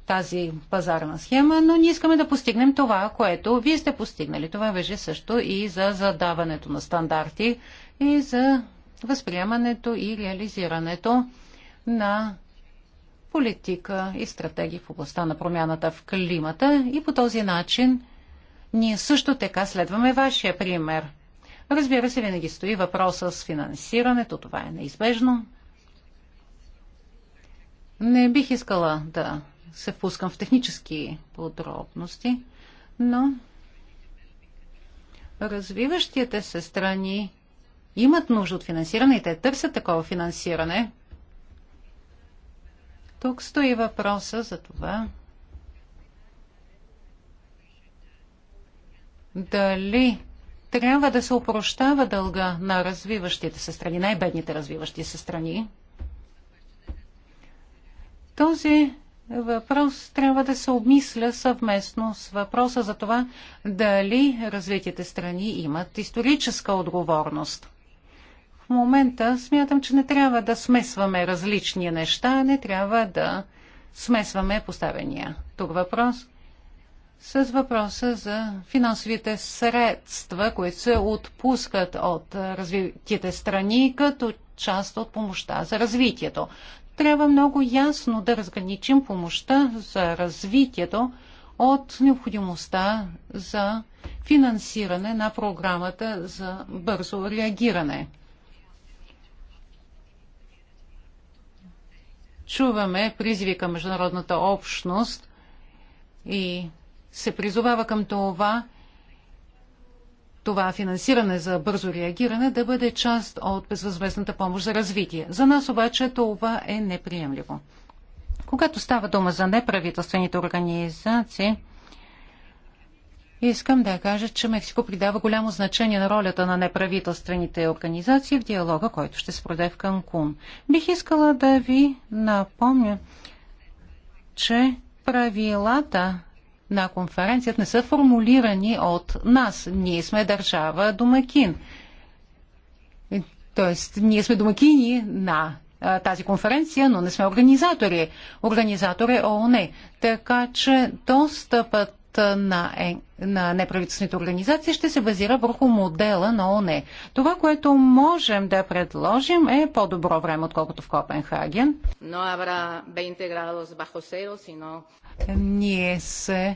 тази пазарна схема, но ние искаме да постигнем това, което вие сте постигнали. Това въжи също и за задаването на стандарти и за възприемането и реализирането на политика и стратегии в областта на промяната в климата и по този начин ние също така следваме вашия пример – Разбира се, винаги стои въпроса с финансирането, това е неизбежно. Не бих искала да се впускам в технически подробности, но развиващите се страни имат нужда от финансиране и те търсят такова финансиране. Тук стои въпроса за това дали трябва да се упрощава дълга на развиващите се страни, най-бедните развиващи се страни. Този въпрос трябва да се обмисля съвместно с въпроса за това дали развитите страни имат историческа отговорност. В момента смятам, че не трябва да смесваме различни неща, не трябва да смесваме поставения тук въпрос – с въпроса за финансовите средства, които се отпускат от развитите страни като част от помощта за развитието. Трябва много ясно да разграничим помощта за развитието от необходимостта за финансиране на програмата за бързо реагиране. Чуваме призвика към международната общност и се призовава към това, това финансиране за бързо реагиране да бъде част от безвъзвестната помощ за развитие. За нас обаче това е неприемливо. Когато става дума за неправителствените организации, искам да кажа, че Мексико придава голямо значение на ролята на неправителствените организации в диалога, който ще се проде в Канкун. Бих искала да ви напомня, че правилата на конференцията не са формулирани от нас. Ние сме държава домакин. Тоест, ние сме домакини на тази конференция, но не сме организатори. Организатор е ООН. Така че достъпът на, е, на неправителствените организации ще се базира върху модела на ОНЕ. Това, което можем да предложим е по-добро време, отколкото в Копенхаген. No ние се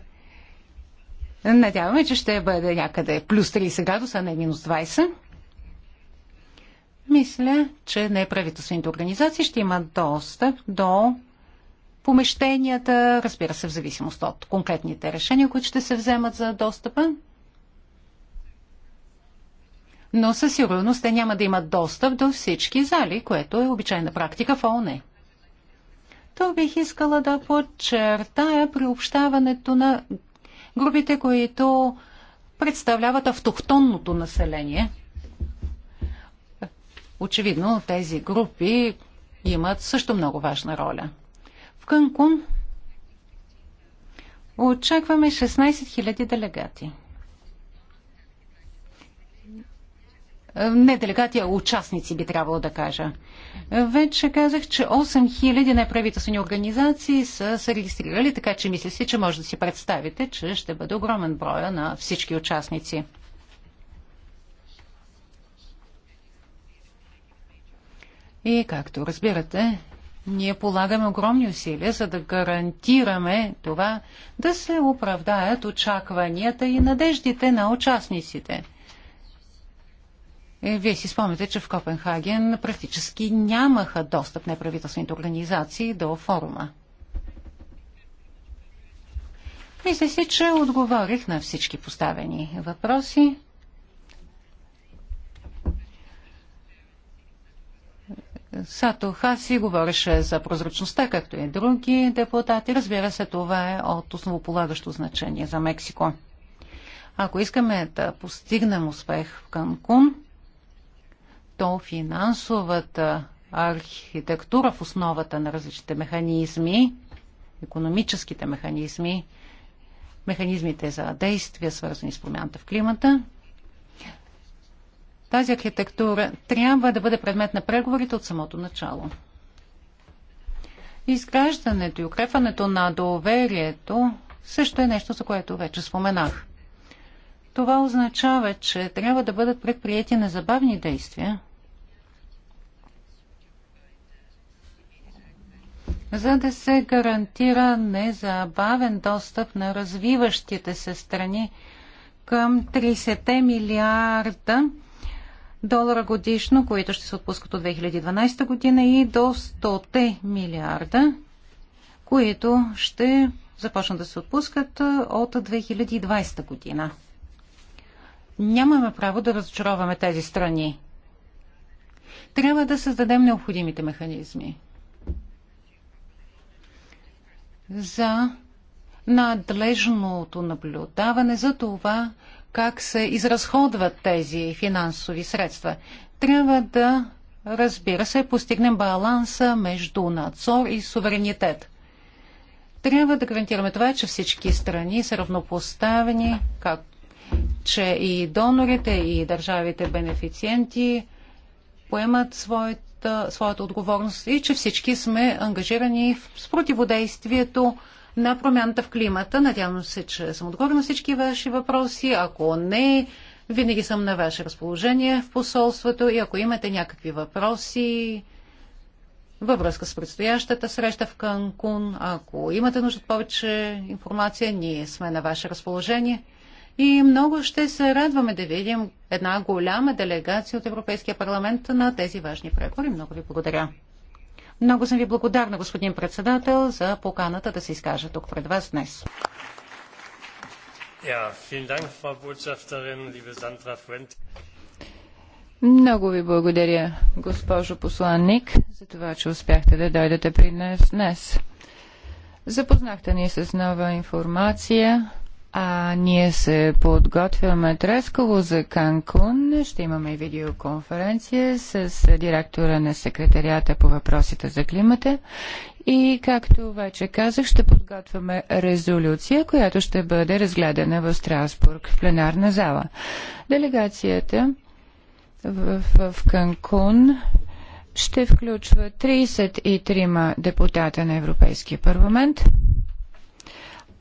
надяваме, че ще бъде някъде плюс 30 градуса, а не минус 20. Мисля, че неправителствените организации ще имат достъп до помещенията, разбира се, в зависимост от конкретните решения, които ще се вземат за достъпа. Но със сигурност те няма да имат достъп до всички зали, което е обичайна практика в ООН то бих искала да подчертая приобщаването на групите, които представляват автохтонното население. Очевидно, тези групи имат също много важна роля. В Канкун очакваме 16 000 делегати. не делегати, а участници би трябвало да кажа. Вече казах, че 8000 неправителствени организации са се регистрирали, така че мисля си, че може да си представите, че ще бъде огромен броя на всички участници. И както разбирате, ние полагаме огромни усилия, за да гарантираме това да се оправдаят очакванията и надеждите на участниците – е, вие си спомняте, че в Копенхаген практически нямаха достъп на правителствените организации до форума. Мисля си, че отговорих на всички поставени въпроси. Сато Хаси говореше за прозрачността, както и други депутати. Разбира се, това е от основополагащо значение за Мексико. Ако искаме да постигнем успех в Канкун, то финансовата архитектура в основата на различните механизми, економическите механизми, механизмите за действия, свързани с промяната в климата, тази архитектура трябва да бъде предмет на преговорите от самото начало. Изграждането и укрепването на доверието също е нещо, за което вече споменах. Това означава, че трябва да бъдат предприяти незабавни действия, за да се гарантира незабавен достъп на развиващите се страни към 30 милиарда долара годишно, които ще се отпускат от 2012 година и до 100 милиарда, които ще започнат да се отпускат от 2020 година. Нямаме право да разочароваме тези страни. Трябва да създадем необходимите механизми за надлежното наблюдаване за това, как се изразходват тези финансови средства. Трябва да, разбира се, постигнем баланса между надзор и суверенитет. Трябва да гарантираме това, че всички страни са равнопоставени, както че и донорите, и държавите бенефициенти поемат своята, своята отговорност и че всички сме ангажирани с противодействието на промяната в климата. Надявам се, че съм отговорила на всички ваши въпроси. Ако не, винаги съм на ваше разположение в посолството и ако имате някакви въпроси във връзка с предстоящата среща в Канкун, ако имате нужда от повече информация, ние сме на ваше разположение и много ще се радваме да видим една голяма делегация от Европейския парламент на тези важни преговори. Много ви благодаря. Много съм ви благодарна, господин председател, за поканата да се изкажа тук пред вас днес. Много ви благодаря, госпожо посланник, за това, че успяхте да дойдете при нас днес. Запознахте ни с нова информация а ние се подготвяме трескаво за Канкун. Ще имаме и видеоконференция с директора на секретарията по въпросите за климата. И, както вече казах, ще подготвяме резолюция, която ще бъде разгледана в Страсбург в пленарна зала. Делегацията в, в Канкун ще включва 33 депутата на Европейския парламент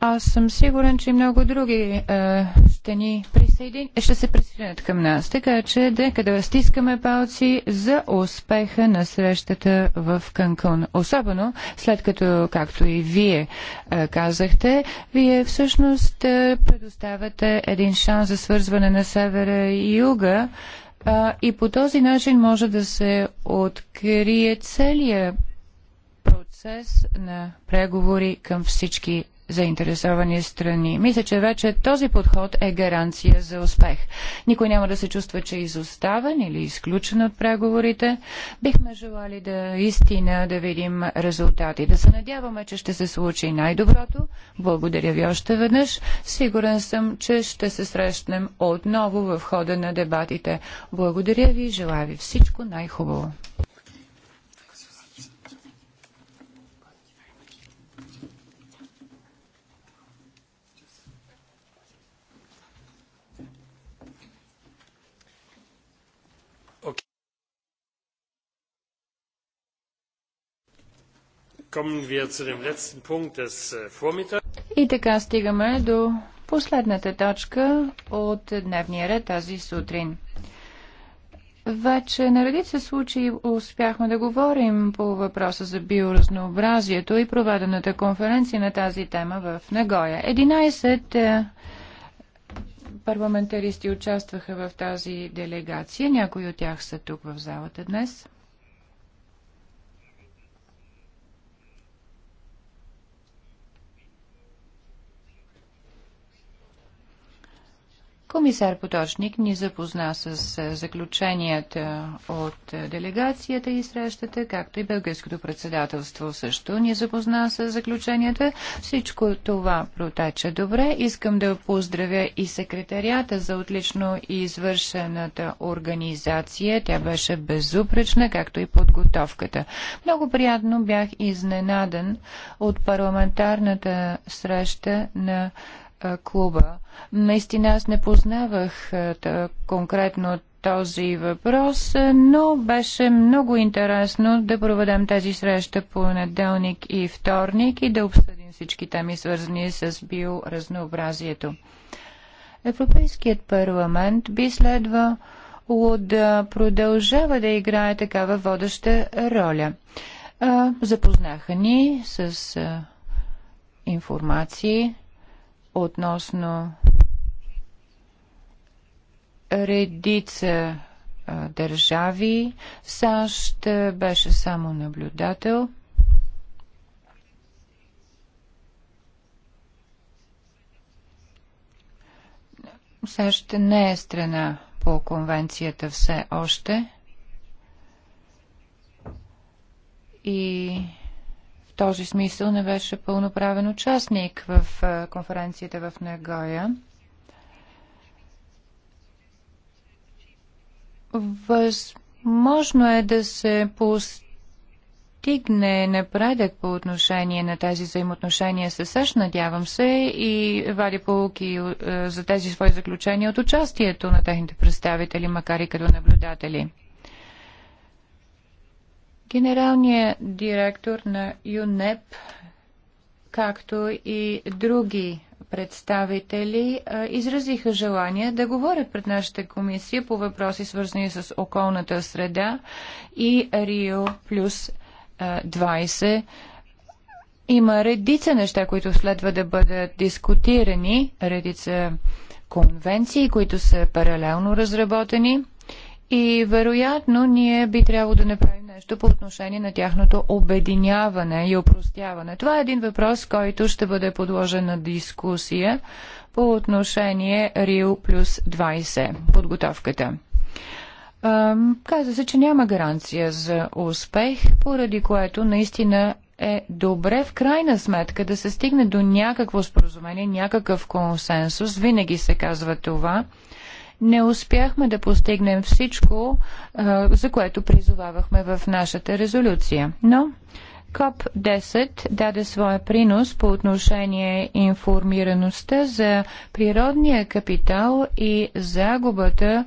аз съм сигурен, че много други а, е, ще, ни присъедин... ще се присъединят към нас. Така че дека да стискаме палци за успеха на срещата в Канкун. Особено след като, както и вие а, е, казахте, вие всъщност а, е, предоставяте един шанс за свързване на севера и юга. А, и по този начин може да се открие целият процес на преговори към всички заинтересовани страни. Мисля, че вече този подход е гаранция за успех. Никой няма да се чувства, че е изоставен или изключен от преговорите. Бихме желали да истина да видим резултати. Да се надяваме, че ще се случи най-доброто. Благодаря ви още веднъж. Сигурен съм, че ще се срещнем отново в хода на дебатите. Благодаря ви и желая ви всичко най-хубаво. Äh, и така стигаме до последната точка от дневния ред тази сутрин. Вече на редица случаи успяхме да говорим по въпроса за биоразнообразието и проведената конференция на тази тема в Нагоя. 11 е, парламентаристи участваха в тази делегация. Някои от тях са тук в залата днес. Комисар Поточник ни запозна с заключенията от делегацията и срещата, както и българското председателство също ни запозна с заключенията. Всичко това протече добре. Искам да поздравя и секретарията за отлично извършената организация. Тя беше безупречна, както и подготовката. Много приятно бях изненадан от парламентарната среща на клуба. Наистина аз не познавах конкретно този въпрос, но беше много интересно да проведем тази среща понеделник и вторник и да обсъдим всички теми, свързани с биоразнообразието. Европейският парламент би следва да продължава да играе такава водеща роля. Запознаха ни с информации относно редица държави. САЩ беше само наблюдател. САЩ не е страна по конвенцията все още. И този смисъл не беше пълноправен участник в конференцията в Нагоя. Възможно е да се постигне напредък по отношение на тези взаимоотношения с САЩ, надявам се, и вади полуки за тези свои заключения от участието на техните представители, макар и като наблюдатели. Генералният директор на ЮНЕП, както и други представители изразиха желание да говорят пред нашата комисия по въпроси свързани с околната среда и Рио плюс 20. Има редица неща, които следва да бъдат дискутирани, редица конвенции, които са паралелно разработени и вероятно ние би трябвало да направим нещо по отношение на тяхното обединяване и опростяване. Това е един въпрос, който ще бъде подложен на дискусия по отношение Рио плюс 20, подготовката. Каза се, че няма гаранция за успех, поради което наистина е добре в крайна сметка да се стигне до някакво споразумение, някакъв консенсус. Винаги се казва това не успяхме да постигнем всичко, за което призовавахме в нашата резолюция. Но КОП-10 даде своя принос по отношение информираността за природния капитал и загубата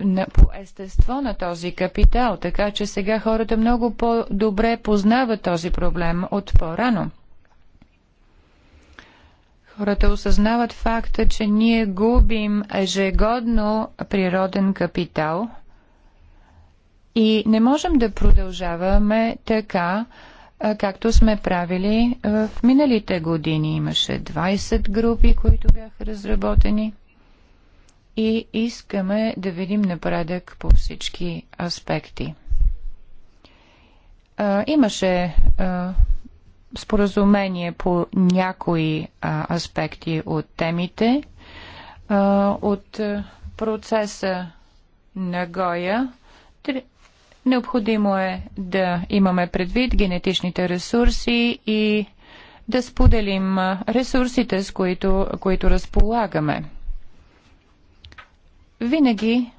на, по естество на този капитал, така че сега хората много по-добре познават този проблем от по-рано хората осъзнават факта, че ние губим ежегодно природен капитал и не можем да продължаваме така, както сме правили в миналите години. Имаше 20 групи, които бяха разработени и искаме да видим напредък по всички аспекти. Имаше споразумение по някои а, аспекти от темите. А, от процеса на Гоя необходимо е да имаме предвид генетичните ресурси и да споделим ресурсите, с които, които разполагаме. Винаги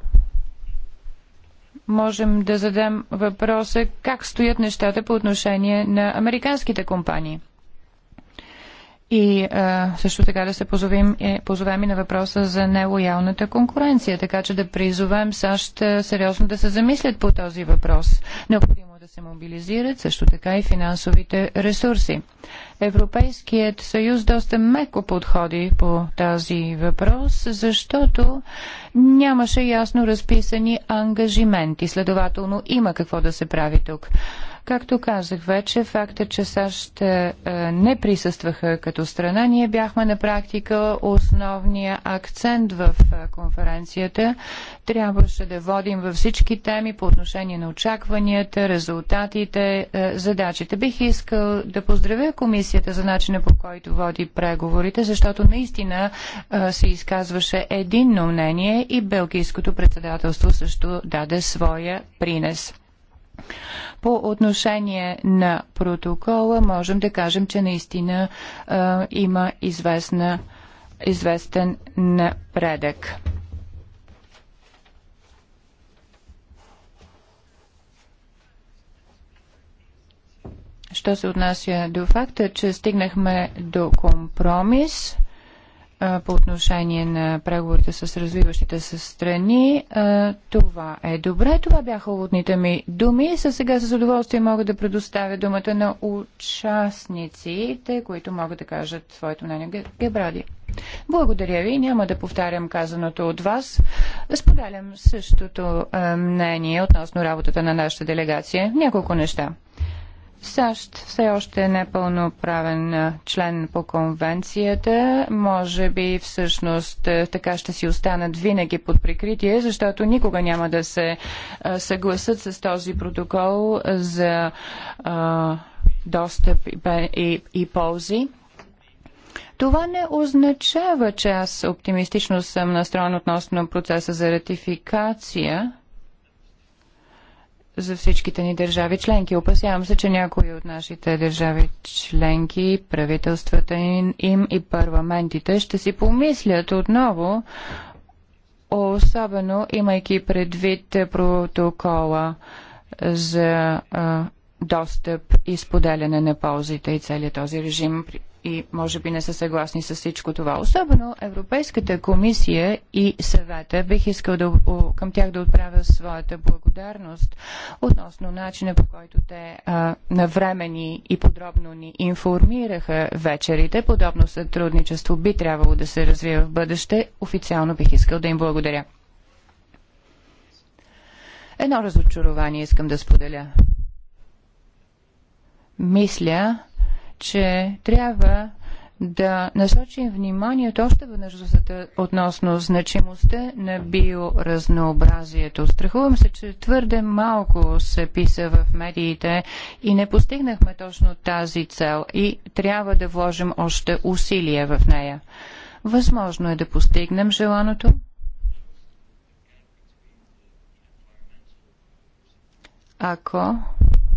можем да задам въпроса как стоят нещата по отношение на американските компании. И а, също така да се позовем, е, позовем и на въпроса за нелоялната конкуренция, така че да призовем САЩ сериозно да се замислят по този въпрос. Необходимо се мобилизират също така и финансовите ресурси. Европейският съюз доста меко подходи по тази въпрос, защото нямаше ясно разписани ангажименти. Следователно има какво да се прави тук. Както казах вече, факта, че САЩ е, е, не присъстваха като страна, ние бяхме на практика основния акцент в е, конференцията. Трябваше да водим във всички теми по отношение на очакванията, резултатите, задачите. Бих искал да поздравя комисията за начина по който води преговорите, защото наистина се изказваше единно мнение и белгийското председателство също даде своя принес. По отношение на протокола можем да кажем, че наистина а, има известна, известен напредък. Що се отнася до факта, че стигнахме до компромис – по отношение на преговорите с развиващите се страни. Това е добре. Това бяха уводните ми думи. Със сега с удоволствие мога да предоставя думата на участниците, които могат да кажат своето мнение. Гебради. Благодаря ви. Няма да повтарям казаното от вас. Споделям същото мнение относно работата на нашата делегация. Няколко неща. САЩ все още е непълноправен член по конвенцията. Може би всъщност така ще си останат винаги под прикритие, защото никога няма да се съгласат с този протокол за а, достъп и, и, и ползи. Това не означава, че аз оптимистично съм настроен относно процеса за ратификация за всичките ни държави членки. Опасявам се, че някои от нашите държави членки, правителствата им и парламентите ще си помислят отново, особено имайки предвид протокола за достъп и споделяне на ползите и целият този режим и може би не са съгласни с всичко това. Особено Европейската комисия и съвета бих искал да, към тях да отправя своята благодарност относно начина по който те а, навремени и подробно ни информираха вечерите. Подобно сътрудничество би трябвало да се развива в бъдеще. Официално бих искал да им благодаря. Едно разочарование искам да споделя. Мисля, че трябва да насочим вниманието още веднъж относно значимостта на биоразнообразието. Страхувам се, че твърде малко се писа в медиите и не постигнахме точно тази цел и трябва да вложим още усилия в нея. Възможно е да постигнем желаното. Ако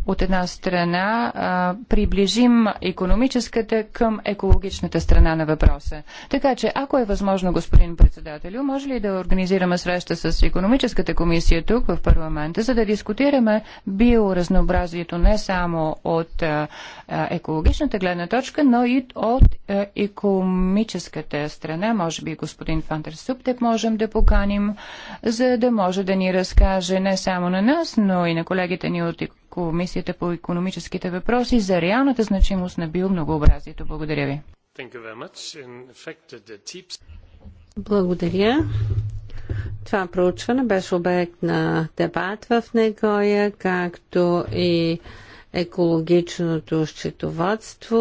от една страна а, приближим економическата към екологичната страна на въпроса. Така че, ако е възможно, господин председателю, може ли да организираме среща с економическата комисия тук в парламента, за да дискутираме биоразнообразието не само от а, екологичната гледна точка, но и от а, економическата страна. Може би господин Суптеп можем да поканим, за да може да ни разкаже не само на нас, но и на колегите ни от економическата Комисията по економическите въпроси за реалната значимост на биомногообразието. Благодаря ви. Благодаря. Това проучване беше обект на дебат в Негоя, както и екологичното счетоводство,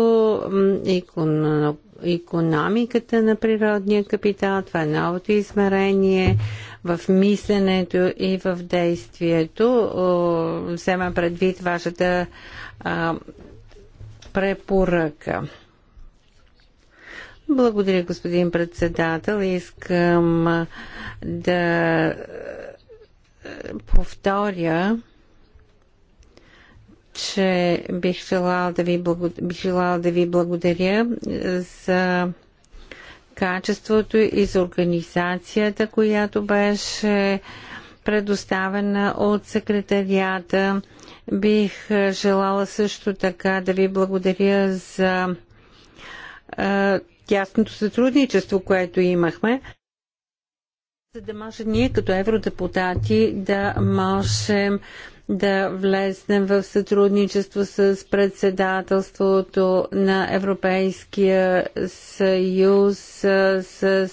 економиката на природния капитал. Това е новото измерение в мисленето и в действието. Взема предвид вашата препоръка. Благодаря, господин председател. Искам да повторя, че бих желал да ви, благо... бих желал да ви благодаря за качеството и за организацията, която беше предоставена от секретарията. Бих е, желала също така да ви благодаря за е, тясното сътрудничество, което имахме, за да може ние като евродепутати да можем да влезнем в сътрудничество с председателството на Европейския съюз, с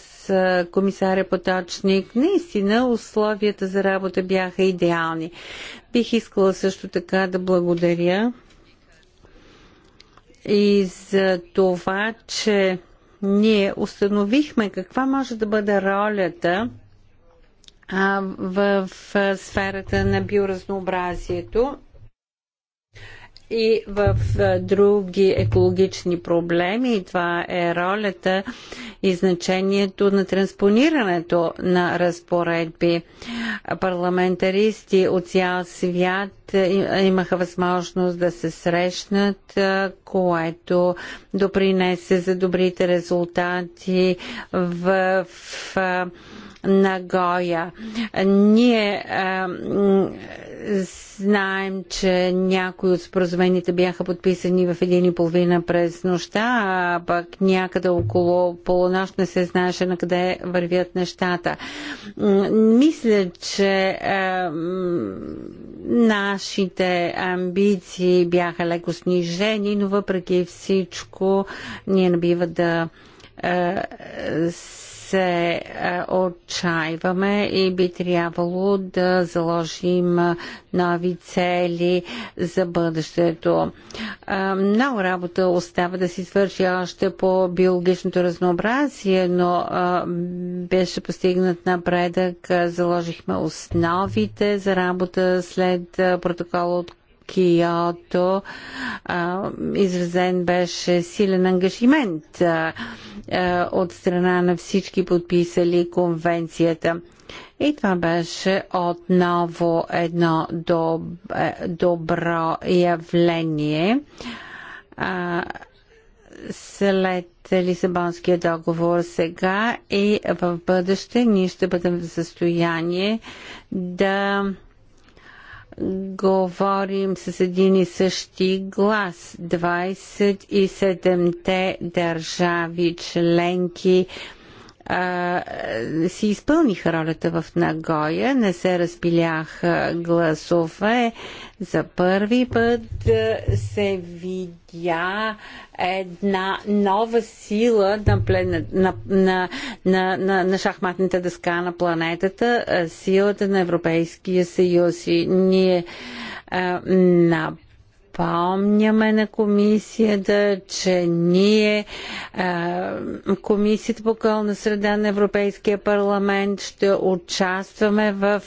комисаря Поточник. Наистина условията за работа бяха идеални. Бих искала също така да благодаря и за това, че ние установихме каква може да бъде ролята в сферата на биоразнообразието и в други екологични проблеми. И това е ролята и значението на транспонирането на разпоредби. Парламентаристи от цял свят имаха възможност да се срещнат, което допринесе за добрите резултати в, в Нагоя. Ние а, знаем, че някои от споразумените бяха подписани в един и половина през нощта, а пък някъде около полунощ не се знаеше на къде вървят нещата. Мисля, че а, нашите амбиции бяха леко снижени, но въпреки всичко ние набива бива да а, се е, отчаиваме и би трябвало да заложим е, нови цели за бъдещето. Е, много работа остава да се свърши още по биологичното разнообразие, но беше постигнат напредък. Заложихме основите за работа след протокола от Киото изразен беше силен ангажимент от страна на всички подписали конвенцията. И това беше отново едно доб... Е, добро явление. След Лисабонския договор сега и в бъдеще ние ще бъдем в състояние да говорим с един и същи глас. 27-те държави членки а, е, си изпълниха ролята в Нагоя, не се разпиляха гласове. За първи път е, се видя една нова сила на, плен, на, на, на, на, на шахматната дъска на планетата, е, силата на Европейския съюз. И ние а, на припомняме на комисията, че ние, Комисията по околна среда на Европейския парламент, ще участваме в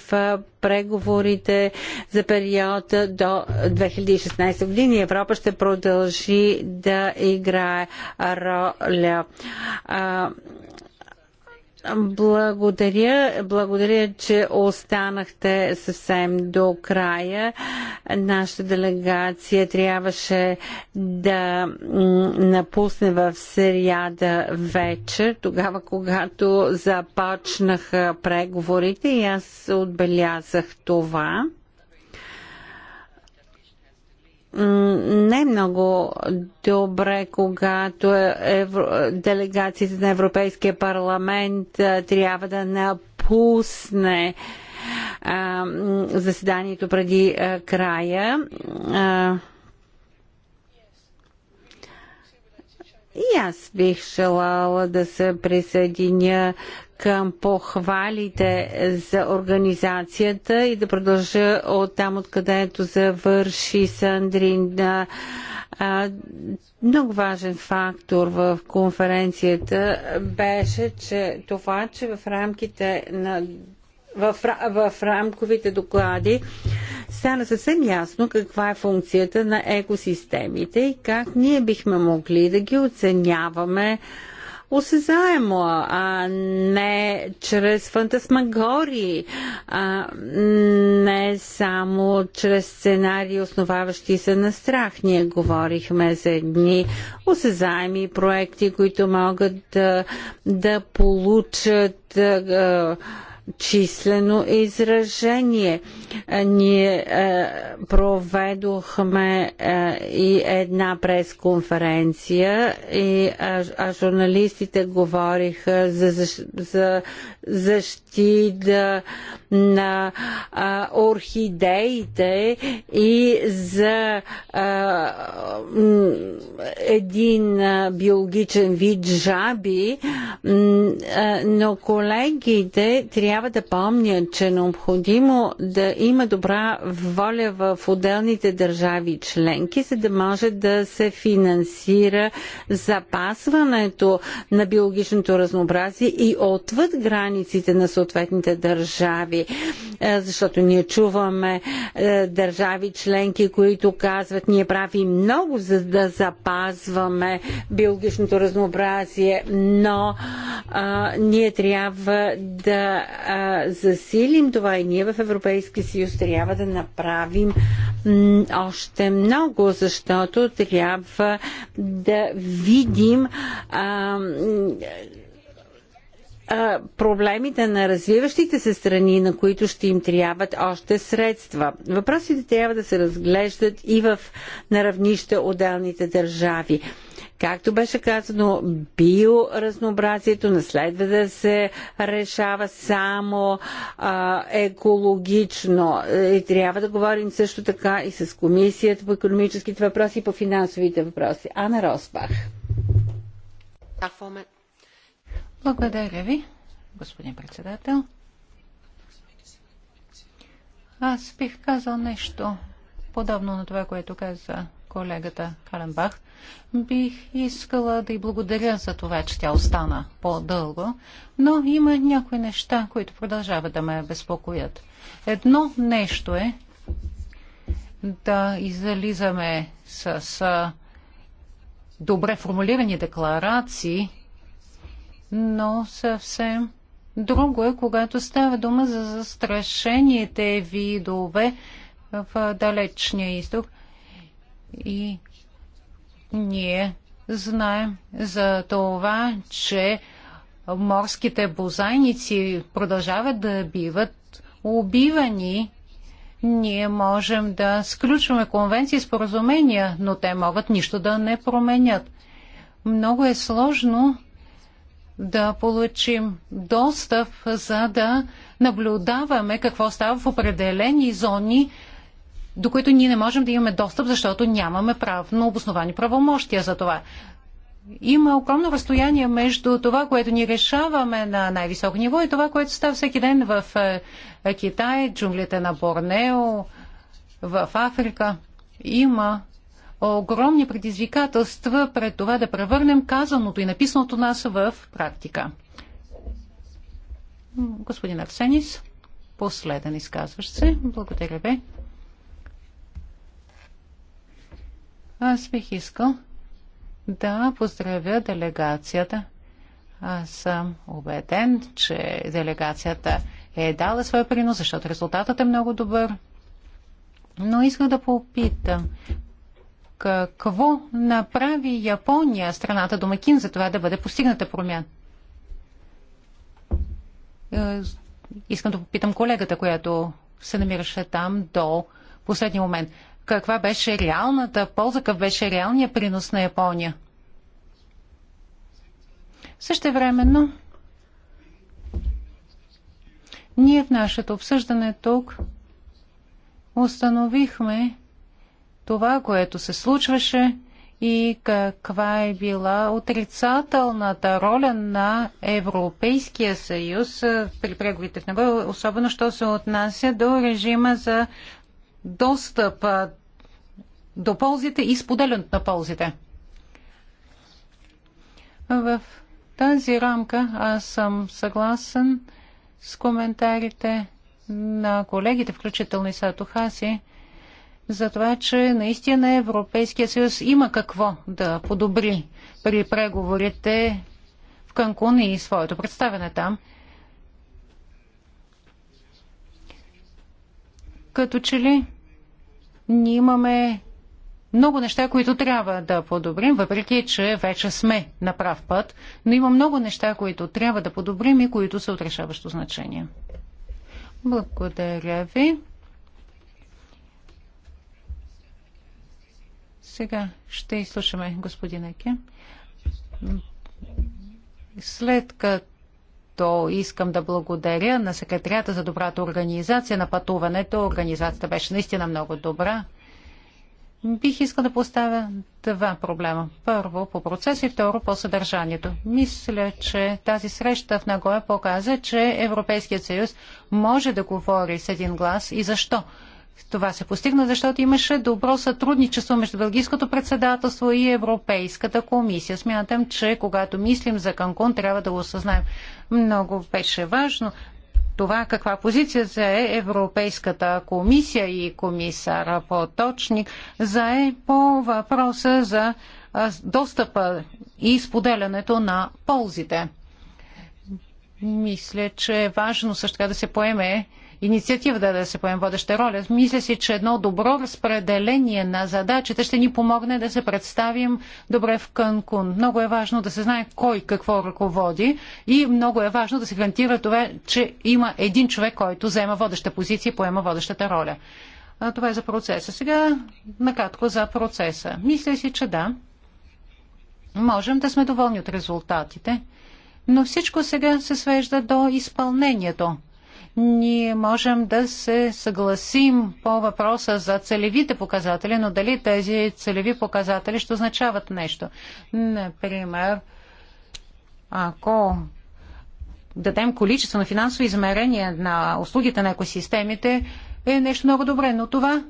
преговорите за периода до 2016 години. Европа ще продължи да играе роля благодаря. Благодаря, че останахте съвсем до края. Нашата делегация трябваше да напусне в сериада вечер, тогава когато започнаха преговорите и аз отбелязах това не много добре, когато е евро... делегацията на Европейския парламент трябва да напусне а, заседанието преди а, края. А, и аз бих желала да се присъединя към похвалите за организацията и да продължа от там, откъдето завърши Сандрин. А, много важен фактор в конференцията беше, че това, че в рамките на в, в рамковите доклади стана съвсем ясно каква е функцията на екосистемите и как ние бихме могли да ги оценяваме осезаемо, а не чрез фантасмагори, а не само чрез сценарии, основаващи се на страх. Ние говорихме за едни осезаеми проекти, които могат да, да получат а, числено изражение. Е, ние е, проведохме е, и една пресконференция, и, а, а журналистите говориха за, за защита на а, орхидеите и за а, един а, биологичен вид жаби, но колегите трябва да помнят, че е необходимо да има добра воля в отделните държави членки, за да може да се финансира запасването на биологичното разнообразие и отвъд границите на съответните държави. Е, защото ние чуваме е, държави членки, които казват, ние правим много, за да запазваме биологичното разнообразие, но а, ние трябва да а, засилим това и ние в Европейския съюз трябва да направим още много, защото трябва да видим а, проблемите на развиващите се страни, на които ще им трябват още средства. Въпросите трябва да се разглеждат и в наравнище отделните държави. Както беше казано, биоразнообразието не следва да се решава само а, екологично. И трябва да говорим също така и с Комисията по економическите въпроси и по финансовите въпроси. Ана Росбах. Благодаря ви, господин председател. Аз бих казал нещо подобно на това, което каза колегата Каренбах. Бих искала да й благодаря за това, че тя остана по-дълго, но има някои неща, които продължават да ме безпокоят. Едно нещо е да излизаме с, добре формулирани декларации, но съвсем друго е, когато става дума за застрашените видове в далечния изток – и ние знаем за това, че морските бозайници продължават да биват убивани. Ние можем да сключваме конвенции и споразумения, но те могат нищо да не променят. Много е сложно да получим достъп, за да наблюдаваме какво става в определени зони до които ние не можем да имаме достъп, защото нямаме правно обосновани правомощия за това. Има огромно разстояние между това, което ни решаваме на най-високо ниво и това, което става всеки ден в е, Китай, джунглите на Борнео, в Африка. Има огромни предизвикателства пред това да превърнем казаното и написаното нас в практика. Господин Арсенис, последен изказващ се. Благодаря ви. Аз бих искал да поздравя делегацията. Аз съм убеден, че делегацията е дала своя принос, защото резултатът е много добър. Но исках да попитам, какво направи Япония, страната домакин, за това да бъде постигната промяна? Е, искам да попитам колегата, която се намираше там до последния момент каква беше реалната полза, какъв беше реалният принос на Япония. времено, ние в нашето обсъждане тук установихме това, което се случваше и каква е била отрицателната роля на Европейския съюз при преговорите в него, особено що се отнася до режима за достъп до ползите и споделянето на ползите. В тази рамка аз съм съгласен с коментарите на колегите, включително и Сато Хаси, за това, че наистина Европейския съюз има какво да подобри при преговорите в Канкун и своето представяне там. Като че ли ние имаме много неща, които трябва да подобрим, въпреки че вече сме на прав път, но има много неща, които трябва да подобрим и които са от решаващо значение. Благодаря ви. Сега ще изслушаме господин Еке. След като то искам да благодаря на секретарията за добрата организация на пътуването. Организацията беше наистина много добра. Бих искал да поставя два проблема. Първо по процес и второ по съдържанието. Мисля, че тази среща в Нагоя показа, че Европейският съюз може да говори с един глас и защо това се постигна, защото имаше добро сътрудничество между Белгийското председателство и Европейската комисия. Смятам, че когато мислим за Канкун, трябва да го осъзнаем. Много беше важно това каква позиция зае Европейската комисия и комисара Поточник зае по въпроса за достъпа и споделянето на ползите. Мисля, че е важно също така да се поеме инициатива да, се поем водеща роля. Мисля си, че едно добро разпределение на задачите ще ни помогне да се представим добре в Канкун. Много е важно да се знае кой какво ръководи и много е важно да се гарантира това, че има един човек, който заема водеща позиция и поема водещата роля. Това е за процеса. Сега накратко за процеса. Мисля си, че да. Можем да сме доволни от резултатите, но всичко сега се свежда до изпълнението ние можем да се съгласим по въпроса за целевите показатели, но дали тези целеви показатели ще означават нещо. Например, ако дадем количество на финансово измерение на услугите на екосистемите, е нещо много добре, но това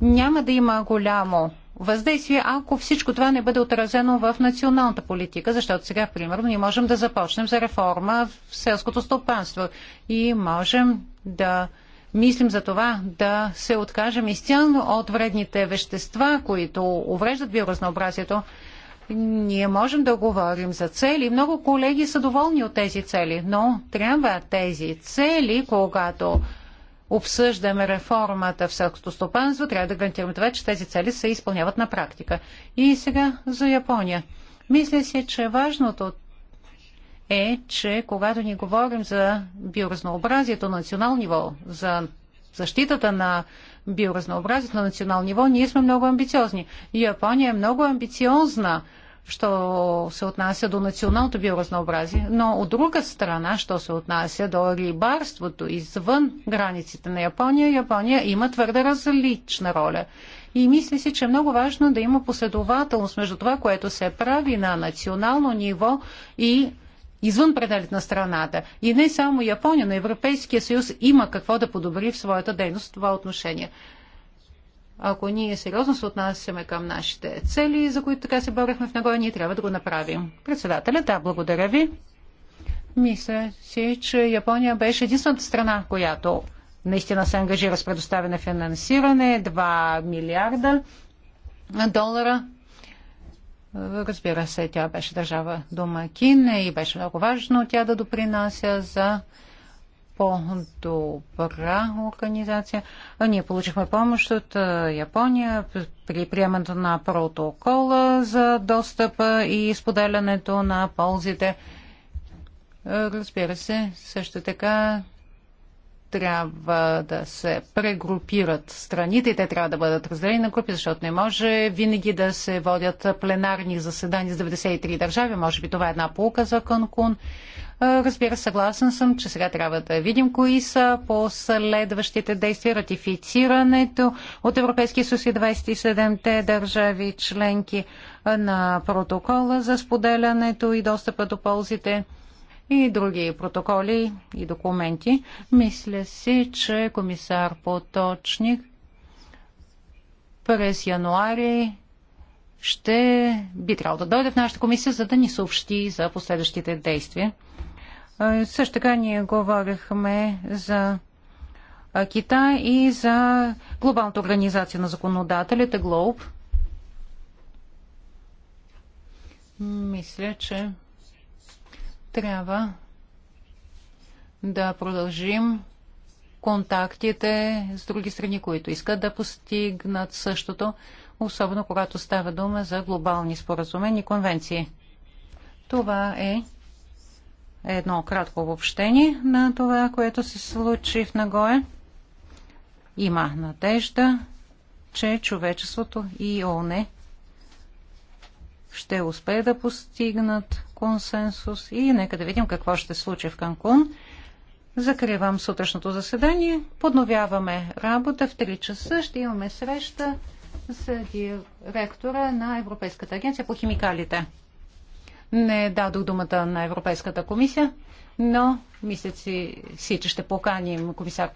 няма да има голямо въздействие, ако всичко това не бъде отразено в националната политика, защото сега, примерно, ние можем да започнем за реформа в селското стопанство и можем да мислим за това да се откажем изцяло от вредните вещества, които увреждат биоразнообразието, ние можем да говорим за цели. Много колеги са доволни от тези цели, но трябва тези цели, когато обсъждаме реформата в селското стопанство, трябва да гарантираме това, че тези цели се изпълняват на практика. И сега за Япония. Мисля си, че важното е, че когато ни говорим за биоразнообразието на национално ниво, за защитата на биоразнообразието на национално ниво, ние сме много амбициозни. Япония е много амбициозна що се отнася до националното биоразнообразие, но от друга страна, що се отнася до рибарството извън границите на Япония, Япония има твърде различна роля. И мисля си, че е много важно да има последователност между това, което се прави на национално ниво и извън пределите на страната. И не само Япония, но Европейския съюз има какво да подобри в своята дейност в това отношение. Ако ние сериозно се отнасяме към нашите цели, за които така се борехме в Нагоя, ние трябва да го направим. Председателя, да, благодаря ви. Мисля си, че Япония беше единствената страна, която наистина се ангажира с предоставяне финансиране 2 милиарда долара. Разбира се, тя беше държава домакин и беше много важно тя да допринася за по-добра организация. Ние получихме помощ от Япония при приемането на протокола за достъпа и споделянето на ползите. Разбира се, също така трябва да се прегрупират страните и те трябва да бъдат разделени на групи, защото не може винаги да се водят пленарни заседания с 93 държави. Може би това е една полука за Канкун. Разбира се, съгласен съм, че сега трябва да видим кои са последващите действия, ратифицирането от Европейския съюз и 27-те държави членки на протокола за споделянето и достъпа до ползите и други протоколи и документи. Мисля си, че комисар Поточник през януари ще би трябвало да дойде в нашата комисия, за да ни съобщи за последващите действия. Също така ние говорихме за Китай и за Глобалната организация на законодателите, ГЛОБ. Мисля, че трябва да продължим контактите с други страни, които искат да постигнат същото, особено когато става дума за глобални споразумени конвенции. Това е едно кратко обобщение на това, което се случи в Нагоя. Има надежда, че човечеството и ОНЕ ще успее да постигнат консенсус и нека да видим какво ще случи в Канкун. Закривам сутрешното заседание, подновяваме работа в 3 часа, ще имаме среща с директора на Европейската агенция по химикалите не дадох думата на Европейската комисия, но мисля си, че ще поканим комисар